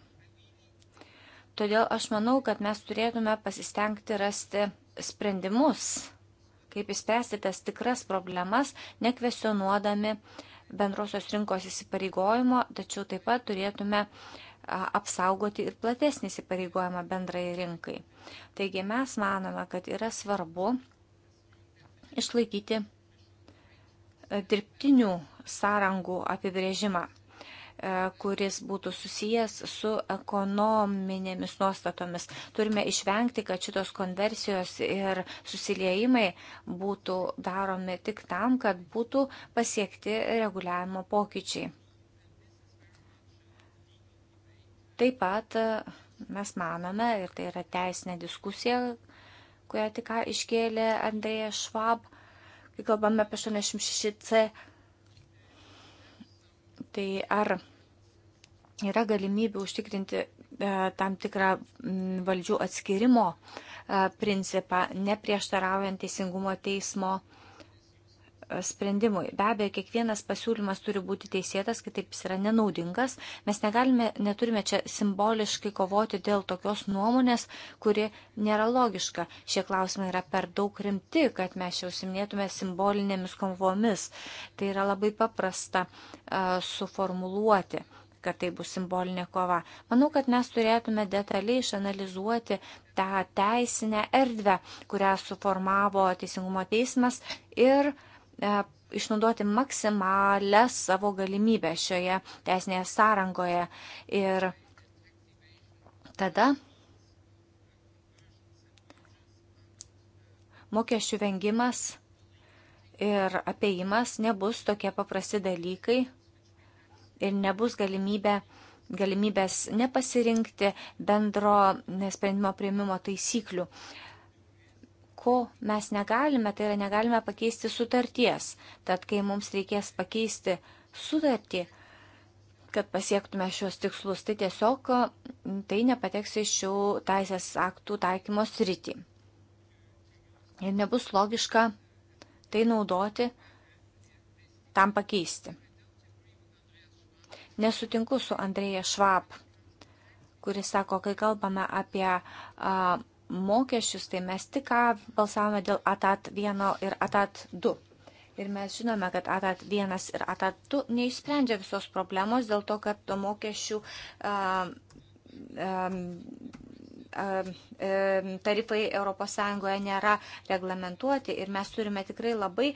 Todėl aš manau, kad mes turėtume pasistengti rasti sprendimus, kaip įspręsti tas tikras problemas, nekvesionuodami bendrosios rinkos įsipareigojimo, tačiau taip pat turėtume uh, apsaugoti ir platesnį įsipareigojimą bendrai rinkai. Taigi mes manome, kad yra svarbu išlaikyti e, dirbtinių sąrangų apibrėžimą e, kuris būtų susijęs su ekonominėmis nuostatomis. Turime išvengti, kad šitos konversijos ir susiliejimai būtų daromi tik tam, kad būtų pasiekti reguliavimo pokyčiai. Taip pat e, mes manome, ir tai yra teisinė diskusija, kurią tik ką iškėlė Andrėja Švab, kai kalbame apie 86C, tai ar yra galimybė užtikrinti e, tam tikrą valdžių atskirimo e, principą, neprieštaraujant teisingumo teismo sprendimui. Be abejo, kiekvienas pasiūlymas turi būti teisėtas, kitaip jis yra nenaudingas. Mes negalime, neturime čia simboliškai kovoti dėl tokios nuomonės, kuri nėra logiška. Šie klausimai yra per daug rimti, kad mes jau simnėtume simbolinėmis konvomis. Tai yra labai paprasta uh, suformuluoti kad tai bus simbolinė kova. Manau, kad mes turėtume detaliai išanalizuoti tą teisinę erdvę, kurią suformavo Teisingumo teismas ir uh, E, išnaudoti maksimalę savo galimybę šioje teisinėje sąrangoje. Ir tada mokesčių vengimas ir apėjimas nebus tokie paprasti dalykai ir nebus galimybė, galimybės nepasirinkti bendro sprendimo prieimimo taisyklių. Uh, ko mes negalime, tai yra negalime pakeisti sutarties. Tad, kai mums reikės pakeisti sutartį, kad pasiektume šios tikslus, tai tiesiog tai nepateks iš šių teisės aktų taikymo sritį. Ir nebus logiška tai naudoti, tam pakeisti. Nesutinku su Andrėja Švab, kuris sako, kai kalbame apie a, mokesčius, tai mes tik ką balsavome dėl ATAT 1 ir ATAT 2. Ir mes žinome, kad ATAT 1 ir ATAT 2 neišsprendžia visos problemos dėl to, kad mokesčių um, um, tarifai ES nėra reglamentuoti ir mes turime tikrai labai e,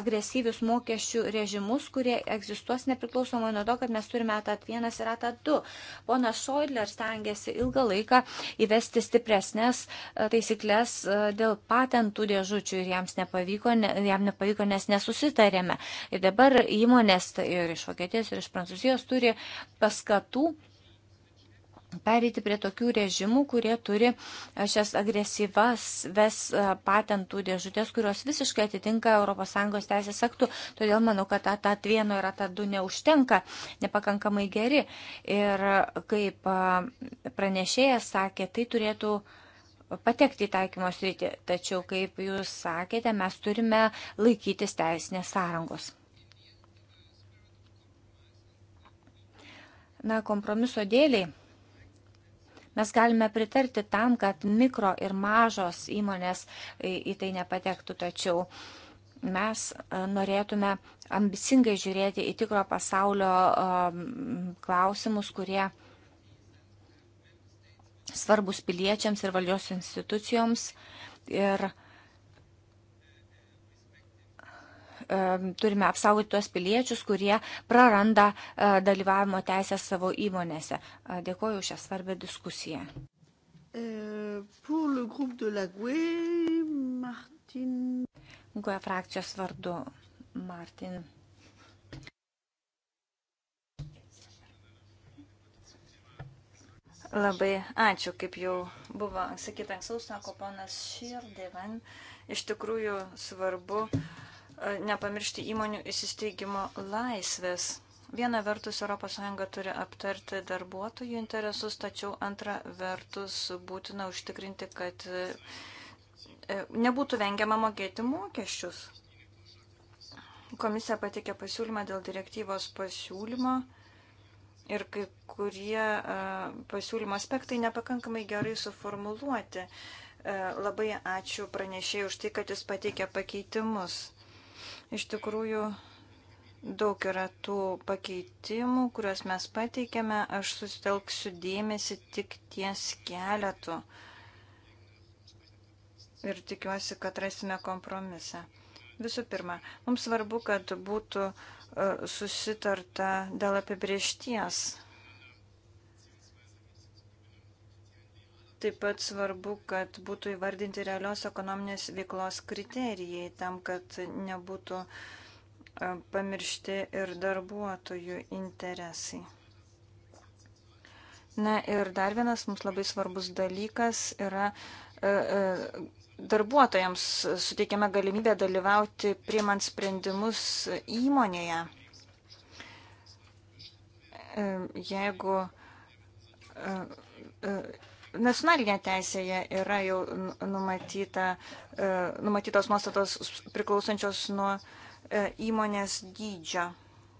agresyvius mokesčių režimus, kurie egzistuos nepriklausomai nuo to, kad mes turime atat 1 ir atat 2. Ponas Šoidler stengiasi ilgą laiką įvesti stipresnės e, taisyklės e, dėl patentų dėžučių ir jam nepavyko, ne, jam nepavyko, nes nesusitarėme. Ir dabar įmonės tai ir iš Vokietijos, ir iš Prancūzijos turi paskatų pereiti prie tokių režimų, kurie turi šias agresyvas ves patentų dėžutės, kurios visiškai atitinka ES teisės aktų. Todėl manau, kad atat vieno ir atat du neužtenka, nepakankamai geri. Ir kaip pranešėjas sakė, tai turėtų patekti į taikymo sritį. Tačiau, kaip jūs sakėte, mes turime laikytis teisinės sąrangos. Na, kompromiso dėliai Mes galime pritarti tam, kad mikro ir mažos įmonės į tai nepatektų, tačiau mes e, norėtume ambicingai žiūrėti į tikro pasaulio e, klausimus, kurie svarbus piliečiams ir valdžios institucijoms. Ir uh, turime apsaugoti tuos piliečius, kurie praranda e, dalyvavimo teisę savo įmonėse. E, dėkoju šią svarbę diskusiją. GUE e, frakcijos vardu Martin. Labai ačiū, kaip jau buvo sakyta anksčiau, sako ponas Širdevan. Iš tikrųjų svarbu uh, E, nepamiršti įmonių įsisteigimo laisvės. Viena vertus ES turi aptarti darbuotojų interesus, tačiau antra vertus būtina užtikrinti, kad e, e, nebūtų vengiama mokėti mokesčius. Komisija patikė pasiūlymą dėl direktyvos pasiūlymo ir kai kurie pasiūlymo aspektai nepakankamai gerai suformuluoti. Labai ačiū pranešėjai už tai, kad jis pateikė pakeitimus. Iš tikrųjų, daug yra tų pakeitimų, kuriuos mes pateikėme, aš susitelksiu dėmesį tik ties keletu. Ir tikiuosi, kad rasime kompromisą. Visų pirma, mums svarbu, kad būtų e, susitarta dėl apibriešties. Taip pat svarbu, kad būtų įvardinti realios ekonominės veiklos kriterijai tam, kad nebūtų e, pamiršti ir darbuotojų interesai. Na ir dar vienas mums labai svarbus dalykas yra e, e, darbuotojams suteikiama galimybė dalyvauti priimant sprendimus įmonėje. Jeigu Nacionalinė teisėje yra jau numatyta, e, numatytos nuostatos priklausančios nuo e, įmonės dydžio.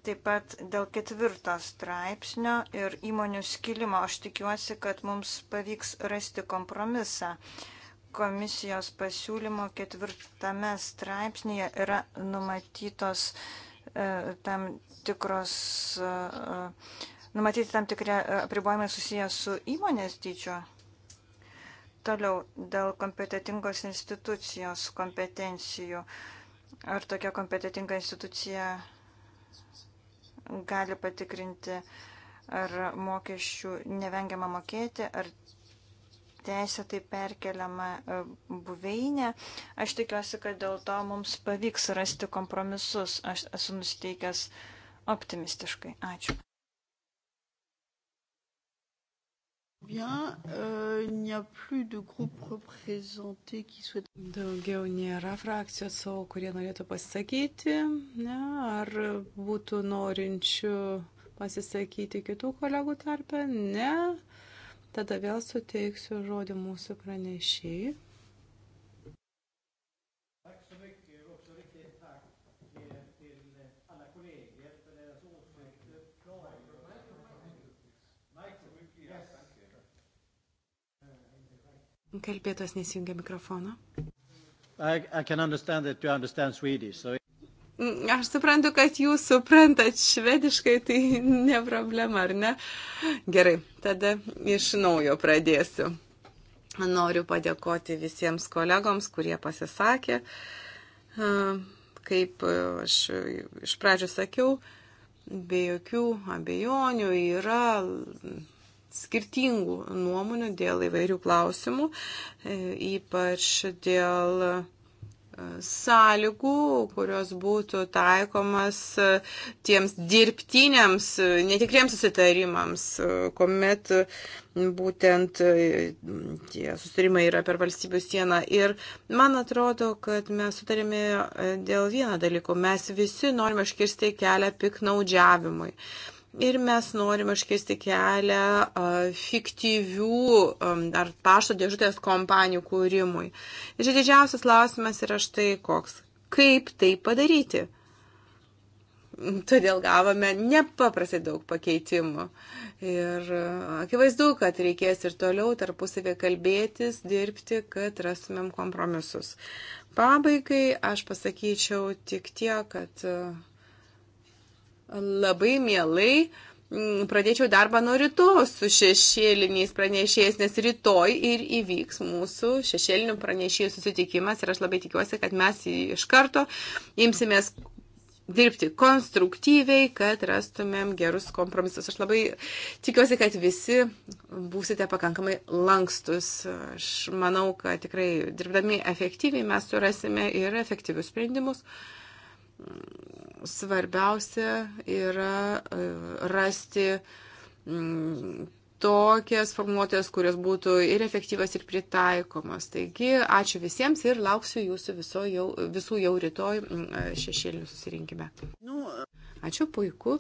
Taip pat dėl ketvirto straipsnio ir įmonių skilimo aš tikiuosi, kad mums pavyks rasti kompromisą. Komisijos pasiūlymo ketvirtame straipsnėje yra numatytos e, tam tikros, numatyti tam tikri apribojimai susijęs su įmonės dydžio Toliau, dėl kompetitingos institucijos kompetencijų. Ar tokia kompetitinga institucija gali patikrinti, ar mokesčių nevengiama mokėti, ar teisėtai perkeliama e, buveinė. Aš tikiuosi, kad dėl to mums pavyks rasti kompromisus. Aš esu nusteikęs optimistiškai. Ačiū. Bien, euh, il n'y a plus de groupes représentés qui souhaitent. Daugiau nėra frakcijos savo, kurie norėtų pasisakyti. Ne, ar būtų norinčių pasisakyti kitų kolegų tarpe? Ne. Tada vėl suteiksiu žodį mūsų pranešėjai. Kalbėtos nesijungia mikrofono. I, I understand Swedish, so... Mm, aš suprantu, kad jūs suprantat švediškai, tai ne problema, ar ne? Gerai, tada iš naujo pradėsiu. Noriu padėkoti visiems kolegoms, kurie pasisakė. Kaip aš iš pradžių sakiau, be jokių abejonių yra skirtingų nuomonių dėl įvairių klausimų, e, ypač dėl e, sąlygų, kurios būtų taikomas e, tiems dirbtiniams, netikriems susitarimams, kuomet būtent tie susitarimai yra per valstybių sieną. Ir man atrodo, kad mes sutarėme dėl vieno dalyko. Mes visi norime iškirsti kelią piknaudžiavimui. Uh, Ir mes norime iškirsti kelią fiktyvių ar pašto dėžutės kompanijų kūrimui. Ir didžiausias klausimas yra štai koks. Kaip tai padaryti? Todėl gavome nepaprastai daug pakeitimų. Ir akivaizdu, kad reikės ir toliau tarpusavė kalbėtis, dirbti, kad rastumėm kompromisus. Pabaigai aš pasakyčiau tik tiek, kad uh, labai mielai mm, pradėčiau darbą nuo rytojus su šešėliniais pranešėjais, nes rytoj ir įvyks mūsų šešėlinių pranešėjų susitikimas ir aš labai tikiuosi, kad mes iš karto imsimės dirbti konstruktyviai, kad rastumėm gerus kompromisus. Aš labai tikiuosi, kad visi būsite pakankamai lankstus. Aš manau, kad tikrai dirbdami efektyviai mes surasime ir efektyvius sprendimus svarbiausia yra e, rasti mm, tokias formuotės, kurios būtų ir efektyvas, ir pritaikomas. Taigi, ačiū visiems ir lauksiu jūsų viso jau, visų jau rytoj mm, e, šešėlių susirinkime. Nu, e- ačiū, puiku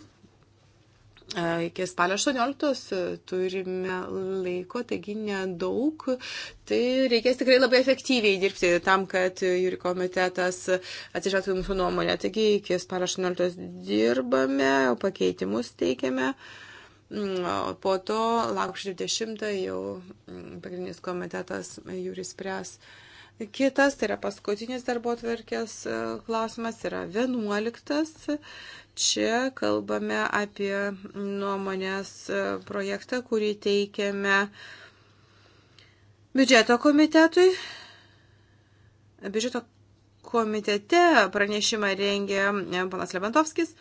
iki spalio 18 e, turime laiko, taigi nedaug. Tai reikės tikrai labai efektyviai dirbti tam, kad jūri komitetas atsižvelgtų mūsų nuomonę. Taigi iki spalio 18 dirbame, pakeitimus teikiame. Mm, po to laukščio 20 jau mm, pagrindinis komitetas jūri spręs. Kitas, tai yra paskutinis darbo tvarkės e, klausimas, yra 11. Čia kalbame apie nuomonės e, projektą, kurį teikiame biudžeto komitetui. Biudžeto komitete pranešimą rengė e, panas Lebentovskis,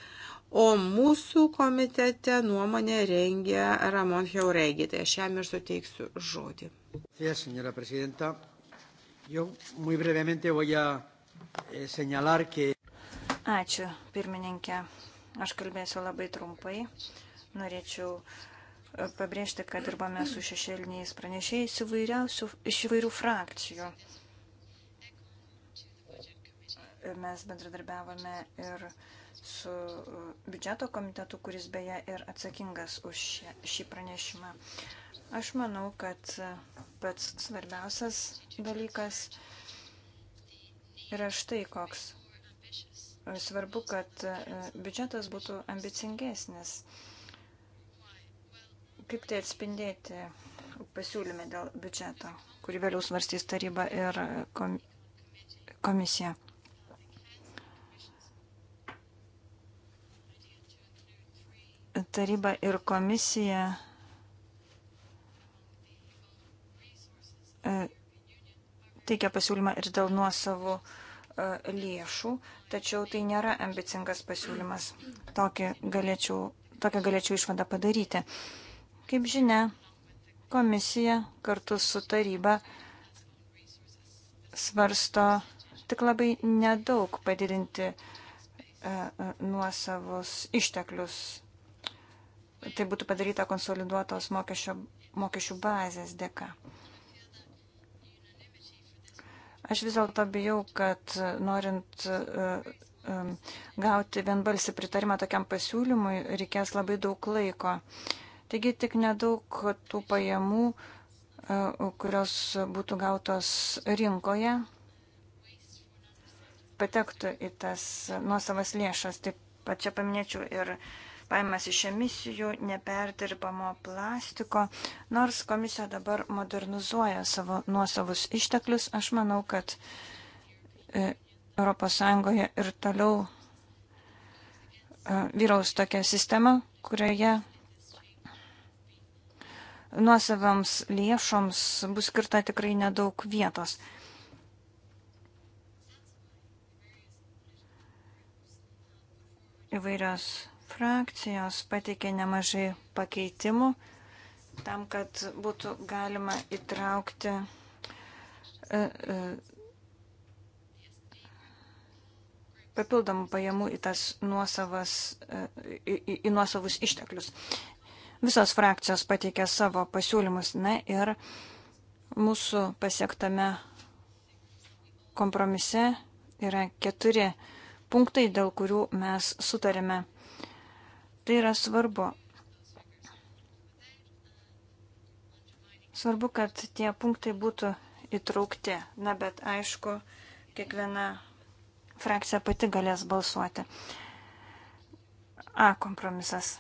o mūsų komitete nuomonę rengė Ramon Heuregi. Tai aš jam ir suteiksiu žodį. Gracias, señora presidenta. Yo muy brevemente voy a eh, señalar que. Ačiū, pirmininkė. Aš kalbėsiu labai trumpai. Norėčiau e, pabrėžti, kad dirbame su šešėliniais pranešėjais iš įvairių frakcijų. E, mes bendradarbiavome ir su e, biudžeto komitetu, kuris beje ir atsakingas už šį pranešimą. Aš manau, kad pats svarbiausias dalykas yra štai koks Svarbu, kad e, biudžetas būtų ambicingesnis. Kaip tai atspindėti pasiūlyme dėl biudžeto, kurį vėliau svarstys taryba ir e, komisija? Taryba ir komisija e, teikia pasiūlymą ir dėl nuosavų uh, E, lėšų, tačiau tai nėra ambicingas pasiūlymas. Tokią galėčiau, tokią galėčiau išvadą padaryti. Kaip žinia, komisija kartu su taryba svarsto tik labai nedaug padidinti e, e, nuosavus išteklius. Tai būtų padaryta konsoliduotos mokesčio, mokesčių bazės dėka. Aš vis dėlto bijau, kad e, norint e, gauti vienbalsį pritarimą tokiam pasiūlymui, reikės labai daug laiko. Taigi tik nedaug tų pajamų, e, kurios būtų gautos rinkoje, patektų į tas nuosavas lėšas. Taip pat čia paminėčiau ir uh, paimas iš emisijų, neperdirbamo plastiko. Nors komisija dabar modernizuoja savo nuosavus išteklius, aš manau, kad ES ir toliau e, vyraus tokia sistema, kurioje nuosavams lėšoms bus skirta tikrai nedaug vietos. Įvairios Frakcijos pateikė nemažai pakeitimų tam, kad būtų galima įtraukti e, e, papildomų pajamų į tas nuosavas, e, į, į, į nuosavus išteklius. Visos frakcijos pateikė savo pasiūlymus, na ir mūsų pasiektame kompromise yra keturi punktai, dėl kurių mes sutarėme. Tai yra svarbu. Svarbu, kad tie punktai būtų įtraukti. Na, bet aišku, kiekviena frakcija pati galės balsuoti. A kompromisas.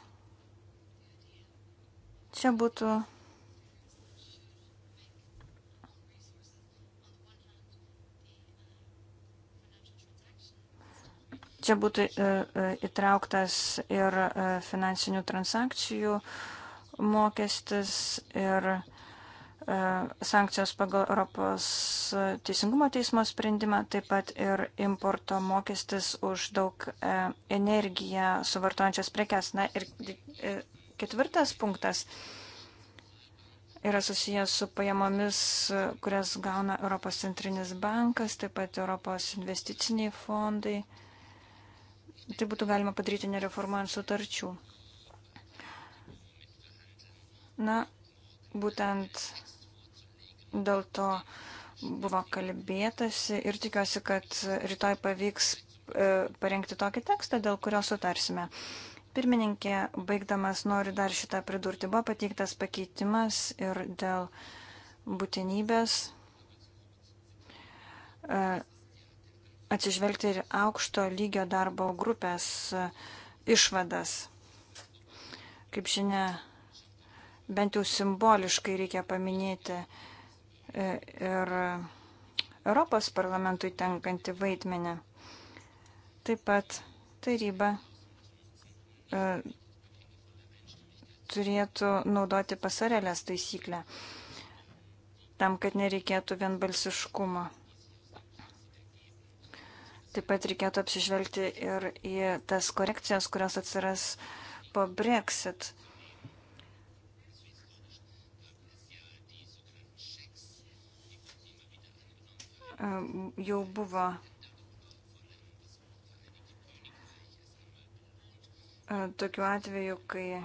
Čia būtų Čia būtų e, e, įtrauktas ir e, finansinių transakcijų mokestis ir sankcijos pagal Europos teisingumo teismo sprendimą, taip pat ir importo mokestis už daug energiją suvartojančias prekes. Na ir ketvirtas punktas yra susijęs su pajamomis, kurias gauna Europos centrinis bankas, taip pat Europos investiciniai fondai. Tai būtų galima padaryti nereformuojant sutarčių. Na, būtent dėl to buvo kalbėtasi ir tikiuosi, kad rytoj pavyks e, parengti tokį tekstą, dėl kurio sutarsime. Pirmininkė, baigdamas, noriu dar šitą pridurti. Buvo pateiktas pakeitimas ir dėl būtinybės e, atsižvelgti ir aukšto lygio darbo grupės e, išvadas. Kaip žinia, bent jau simboliškai reikia paminėti e, ir Europos parlamentui tenkantį vaidmenį. Taip pat taryba e, turėtų naudoti pasarelės taisyklę, tam, kad nereikėtų vienbalsiškumo. Taip pat reikėtų apsižvelgti ir į tas korekcijas, kurios atsiras po Brexit. Jau buvo e, tokiu atveju, kai e,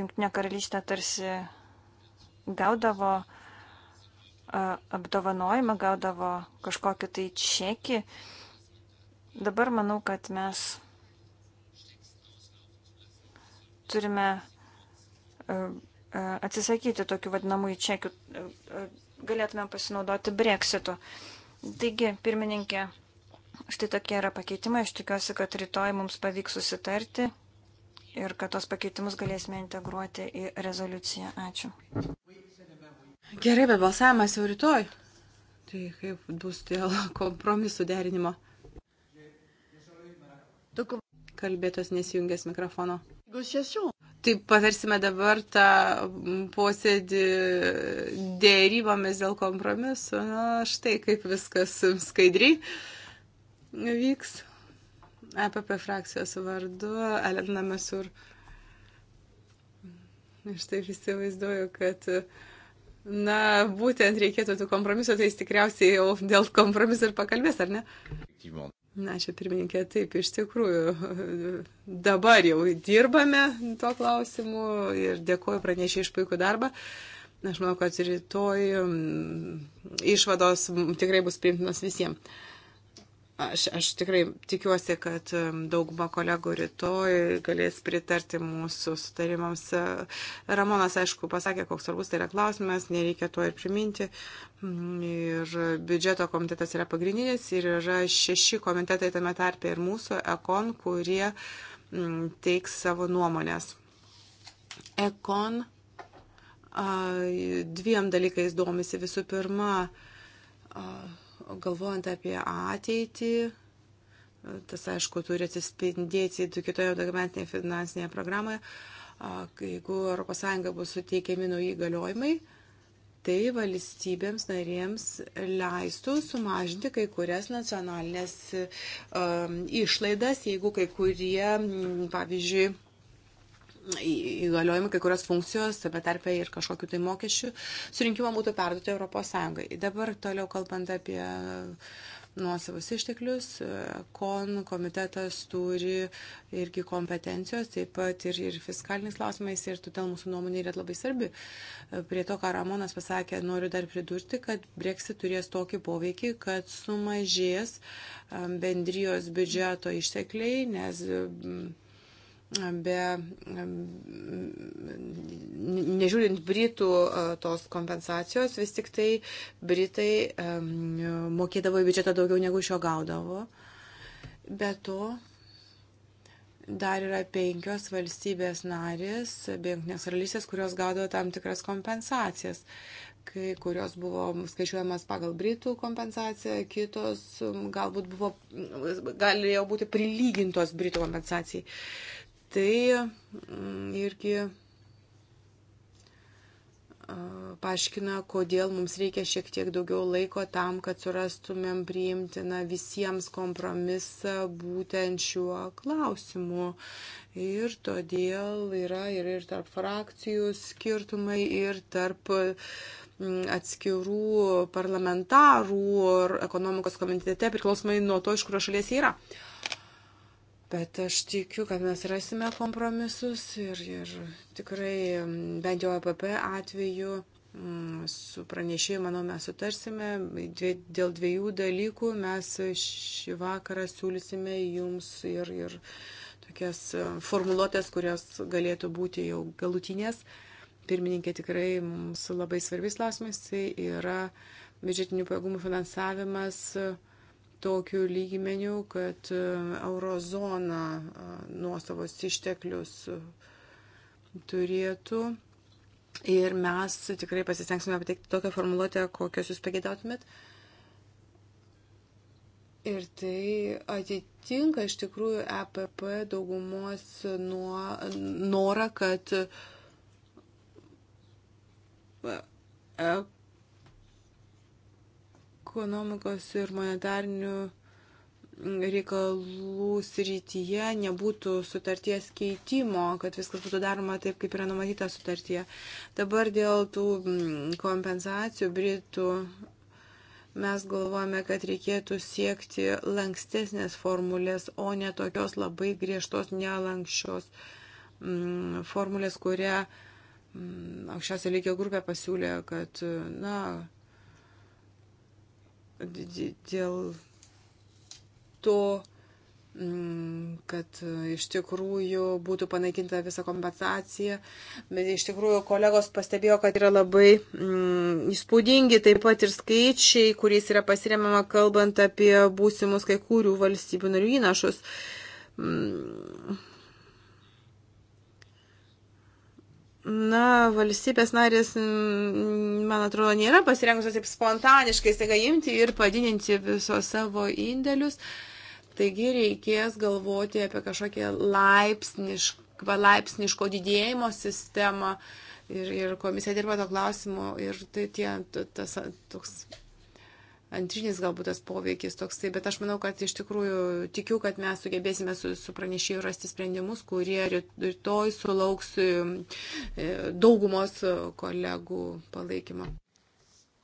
Junktinė karalystė tarsi gaudavo uh, apdovanojimą, gaudavo kažkokį tai čekį. Dabar manau, kad mes turime e, e, atsisakyti tokių vadinamųjų čekių, e, galėtume pasinaudoti breksitu. Taigi, pirmininkė, štai tokie yra pakeitimai. Aš tikiuosi, kad rytoj mums pavyks susitarti ir kad tos pakeitimus galėsime integruoti į rezoliuciją. Ačiū. Gerai, bet balsavimas jau rytoj. Tai kaip bus dėl kompromisų derinimo? Kalbėtos nesijungęs mikrofono. Tai paversime dabar tą posėdį dėrybomis dėl kompromisų. Na, štai kaip viskas skaidriai vyks. EPP frakcijos vardu Elena Mesur. Aš taip įsivaizduoju, kad uh, Na, būtent reikėtų tų kompromisų, tai jis tikriausiai jau dėl kompromisų ir pakalbės, ar ne? Na, čia pirmininkė, taip, iš tikrųjų, dabar jau dirbame tuo klausimu ir dėkuoju pranešė iš puikų darbą. Aš manau, kad rytoj mm, išvados mm, tikrai bus priimtinos visiems. Aš, aš tikrai tikiuosi, kad um, dauguma kolegų rytoj galės pritarti mūsų sutarimams. E, Ramonas, aišku, pasakė, koks svarbus tai yra klausimas, nereikia to ir priminti. Mm, ir biudžeto komitetas yra pagrindinis ir yra šeši komitetai tame tarpe ir mūsų ekon, kurie mm, teiks savo nuomonės. Ekon dviem dalykais domisi visų pirma. Uh, galvojant apie ateitį, tas aišku turi atsispindėti kitoje dokumentinėje finansinėje programoje, jeigu ES bus suteikiami nauji įgaliojimai, tai valstybėms narėms leistų sumažinti kai kurias nacionalinės um, išlaidas, jeigu kai kurie, pavyzdžiui, įgaliojimai, kai kurios funkcijos, bet tarpe ir kažkokiu tai mokesčiu surinkimo būtų perduoti Europos Sąjungai. Dabar toliau kalbant apie nuosavus išteklius, kon komitetas turi irgi kompetencijos, taip pat ir, ir fiskaliniais klausimais, ir todėl mūsų nuomonė yra labai svarbi. Prie to, ką Ramonas pasakė, noriu dar pridurti, kad Brexit turės tokį poveikį, kad sumažės um, bendrijos biudžeto ištekliai, nes um, be, nežiūrint Britų e, tos kompensacijos, vis tik tai Britai mokėdavo į biudžetą daugiau negu iš jo gaudavo. Be to, dar yra penkios valstybės narės, be jungtinės karalystės, kurios gaudavo tam tikras kompensacijas kai kurios buvo skaičiuojamas pagal Britų kompensaciją, kitos galbūt buvo, galėjo būti prilygintos Britų kompensacijai tai mm, irgi paaiškina, kodėl mums reikia šiek tiek daugiau laiko tam, kad surastumėm priimtiną visiems kompromisą būtent šiuo klausimu. Ir todėl yra ir, ir tarp frakcijų skirtumai, ir tarp mm, atskirų parlamentarų ar ekonomikos komitete priklausomai nuo to, iš kurio šalies jie yra. Uh, Bet aš tikiu, kad mes rasime kompromisus ir, ir tikrai bent jau APP atveju su pranešėju, manau, mes sutarsime. Dėl dviejų dalykų mes šį vakarą siūlysime jums ir, ir tokias formuluotės, kurios galėtų būti jau galutinės. Pirmininkė tikrai mums labai svarbis klausimas yra biudžetinių pajėgumų finansavimas. Uh, tokiu lygmeniu, kad e, eurozona e, nuosavos išteklius e, turėtų. Ir mes tikrai pasistengsime pateikti tokią formuluotę, kokios jūs pagėdautumėt. Ir tai atitinka iš tikrųjų EPP daugumos nuo, norą, kad ekonomikos ir monetarnių reikalų srityje nebūtų sutarties keitimo, kad viskas būtų daroma taip, kaip yra numatyta sutartyje. Dabar dėl tų mm, kompensacijų Britų mes galvojame, kad reikėtų siekti lankstesnės formulės, o ne tokios labai griežtos, nelankščios mm, formulės, kurią mm, aukščiausio lygio grupė pasiūlė, kad, na, dėl to, mm, kad iš tikrųjų būtų panaikinta visa kompensacija. Bet iš tikrųjų kolegos pastebėjo, kad yra labai mm, įspūdingi taip pat ir skaičiai, kuriais yra pasiremiama kalbant apie būsimus kai kurių valstybių narių įnašus. Mm Na, valstybės narės, man atrodo, nėra pasirengusios taip spontaniškai staiga imti ir padidinti visos savo indėlius. Taigi reikės galvoti apie kažkokią laipsnišką, laipsniško didėjimo sistemą. Ir, ir komisija dirba to klausimu ir tai tie, tas toks antrinis galbūt tas poveikis toksai, bet aš manau, kad iš tikrųjų tikiu, kad mes sugebėsime su, su pranešėjų rasti sprendimus, kurie rytoj sulauks um, e, daugumos kolegų palaikymo.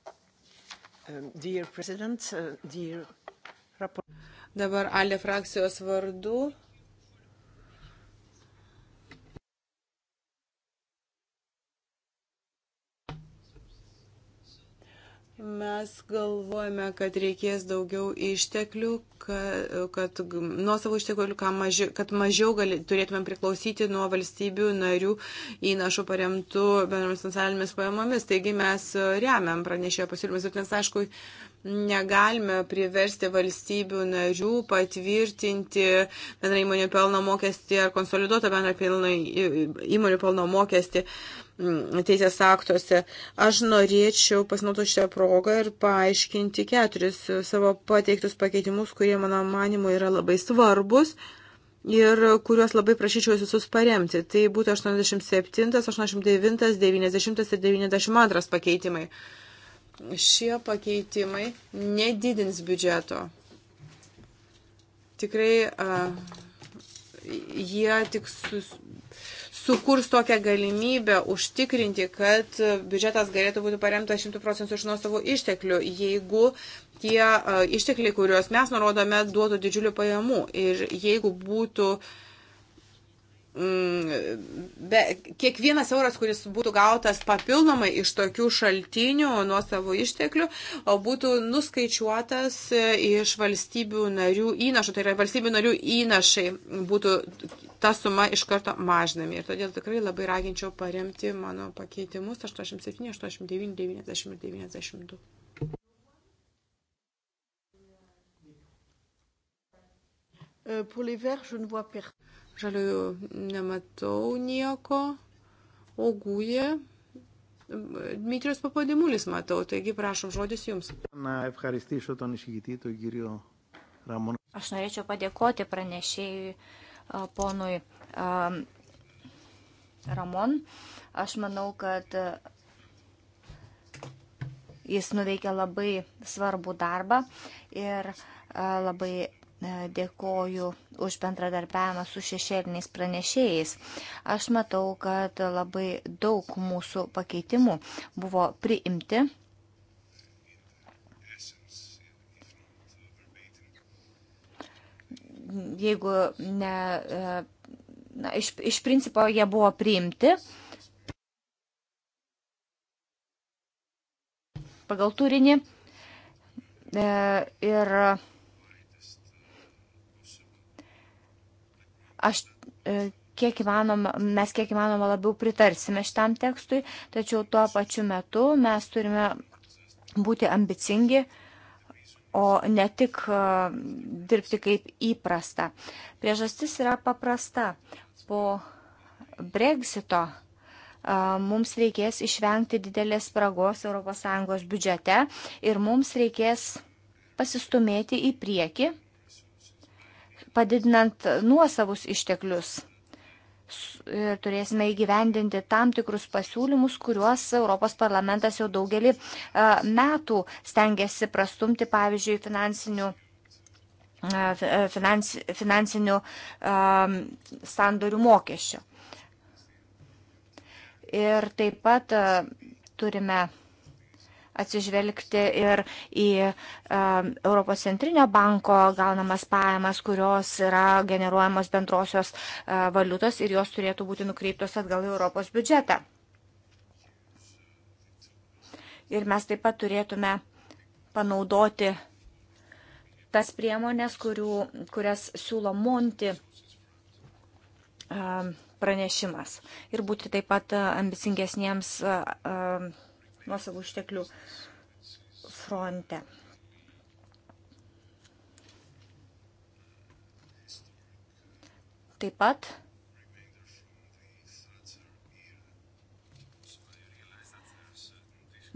Um, dear President, uh, dear... Dabar Ale frakcijos vardu Mes galvojame, kad reikės daugiau išteklių, kad, kad nuo savo išteklių, kad mažiau, kad mažiau gali, turėtumėm priklausyti nuo valstybių narių įnašų paremtų bendromis nacionalinėmis pajamomis. Taigi mes remiam pranešėjo pasiūlymus, bet mes, aišku, negalime priversti valstybių narių patvirtinti bendrą įmonių pelno mokestį ar konsoliduotą bendrą įmonių pelno mokestį. Um, Mm, teisės aktuose. Aš norėčiau pasinaudoti šią progą ir paaiškinti keturis savo pateiktus pakeitimus, kurie mano manimo yra labai svarbus ir kuriuos labai prašyčiau visus paremti. Tai būtų 87, 89, 90 ir 92 pakeitimai. Šie pakeitimai nedidins biudžeto. Tikrai uh, jie tik sus, sukurs tokią galimybę užtikrinti, kad biudžetas galėtų būti paremtas 100 procentų iš nuosavų išteklių, jeigu tie e, ištekliai, kuriuos mes nurodome, duotų didžiulių pajamų ir jeigu būtų uh, Mm, be, kiekvienas euras, kuris būtų gautas papildomai iš tokių šaltinių nuo savo išteklių, būtų nuskaičiuotas e, iš valstybių narių įnašų. Tai yra valstybių narių įnašai būtų ta suma iš karto mažinami. Ir todėl tikrai labai raginčiau paremti mano pakeitimus 87, 89, 90 ir 92. Euh, pour les verts, je ne vois personne. Žaliųjų nematau nieko. Oguje. Dmitrijos Papadimulis matau, taigi prašom žodis jums. Na, evharistyšo ton išgyti, to gyrio Ramon. Aš norėčiau padėkoti pranešėjui ponui Ramon. Aš manau, kad jis nuveikė labai svarbų darbą ir labai E, dėkoju už bendradarbiavimą su šešėliniais pranešėjais. Aš matau, kad labai daug mūsų pakeitimų buvo priimti. Jeigu ne, e, na, iš, iš principo jie buvo priimti pagal turinį e, ir Aš e, kiek įmanoma, mes kiek įmanoma labiau pritarsime šitam tekstui, tačiau tuo pačiu metu mes turime būti ambicingi, o ne tik e, dirbti kaip įprasta. Priežastis yra paprasta. Po Brexito e, mums reikės išvengti didelės spragos ES biudžete ir mums reikės pasistumėti į priekį padidinant nuosavus išteklius. Ir turėsime įgyvendinti tam tikrus pasiūlymus, kuriuos Europos parlamentas jau daugelį metų stengiasi prastumti, pavyzdžiui, finansinių finans, finansinių um, sandorių mokesčio. Ir taip pat uh, turime atsižvelgti ir į um, Europos centrinio banko gaunamas pajamas, kurios yra generuojamos bendrosios uh, valiutos ir jos turėtų būti nukreiptos atgal į Europos biudžetą. Ir mes taip pat turėtume panaudoti tas priemonės, kurių, kurias siūlo Monti um, pranešimas ir būti taip pat uh, ambicingesniems uh, um, nuosavų išteklių fronte. Taip pat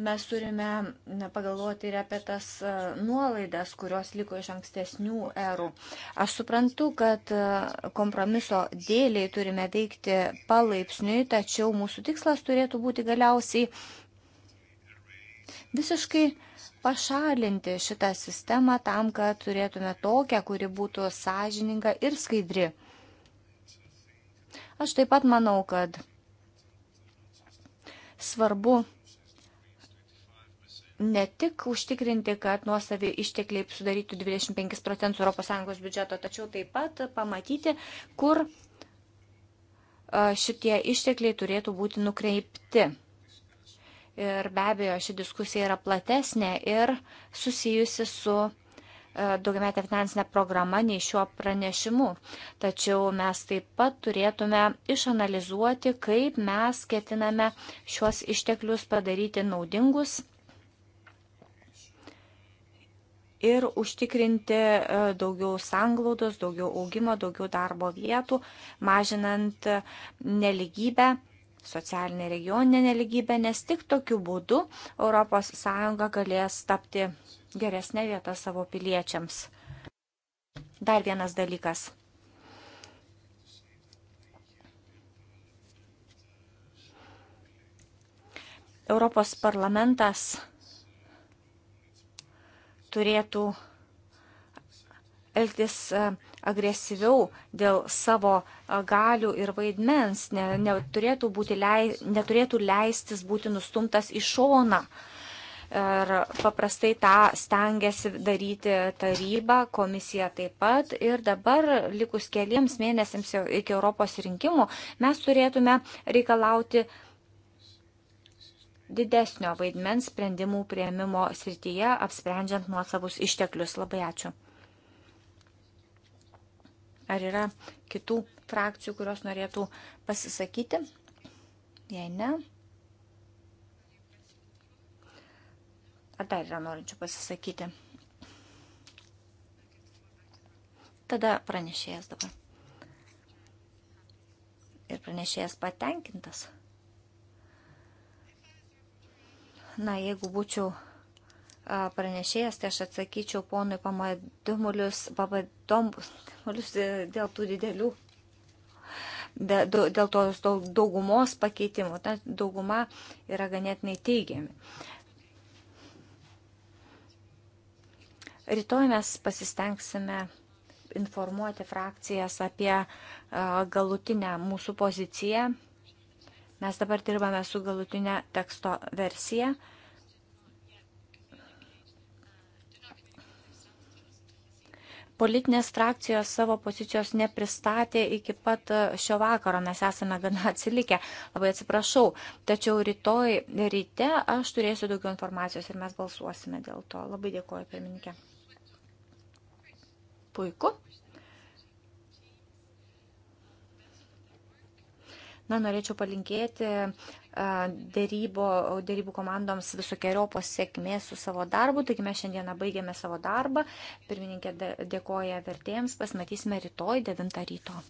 mes turime pagalvoti ir apie tas nuolaidas, kurios liko iš ankstesnių erų. Aš suprantu, kad kompromiso dėliai turime veikti palaipsniui, tačiau mūsų tikslas turėtų būti galiausiai visiškai pašalinti šitą sistemą tam, kad turėtume tokią, kuri būtų sąžininga ir skaidri. Aš taip pat manau, kad svarbu ne tik užtikrinti, kad nuosavi ištekliai sudarytų 25 procentų ES biudžeto, tačiau taip pat pamatyti, kur šitie ištekliai turėtų būti nukreipti. Ir be abejo, ši diskusija yra platesnė ir susijusi su e, daugiametė finansinė programa nei šiuo pranešimu. Tačiau mes taip pat turėtume išanalizuoti, kaip mes ketiname šiuos išteklius padaryti naudingus ir užtikrinti e, daugiau sanglaudos, daugiau augimo, daugiau darbo vietų, mažinant e, neligybę socialinę regioninę neligybę, nes tik tokiu būdu ES galės tapti geresnė vieta savo piliečiams. Dar vienas dalykas. Europos parlamentas turėtų elgtis e, agresyviau dėl savo e, galių ir vaidmens, ne, neturėtų, būti lei, neturėtų leistis būti nustumtas į šoną. Ir paprastai tą stengiasi daryti taryba, komisija taip pat. Ir dabar, likus keliems mėnesiams iki Europos rinkimų, mes turėtume reikalauti didesnio vaidmens sprendimų prieimimo srityje, apsprendžiant nuosavus išteklius. Labai ačiū. Ar yra kitų frakcijų, kurios norėtų pasisakyti? Jei ne. Ar dar yra norinčių pasisakyti? Tada pranešėjas dabar. Ir pranešėjas patenkintas. Na, jeigu būčiau pranešėjas, tai aš atsakyčiau ponui pamadumulius, pamadumulius e, dėl tų didelių, dėl tos daugumos pakeitimų. Ta dauguma yra ganėtinai teigiami. Rytoj mes pasistengsime informuoti frakcijas apie galutinę mūsų poziciją. Mes dabar dirbame su galutinė teksto versija politinės frakcijos savo pozicijos nepristatė iki pat e, šio vakaro, mes esame gana atsilikę, labai atsiprašau, tačiau rytoj ryte aš turėsiu daugiau informacijos ir mes balsuosime dėl to. Labai dėkuoju, pirmininkė. Puiku. Na, norėčiau palinkėti dėrybo, dėrybų komandoms visokiojopos sėkmės su savo darbu. Taigi mes šiandieną baigėme savo darbą. Pirmininkė dėkoja vertėjams. Pasimatysime rytoj 9 ryto.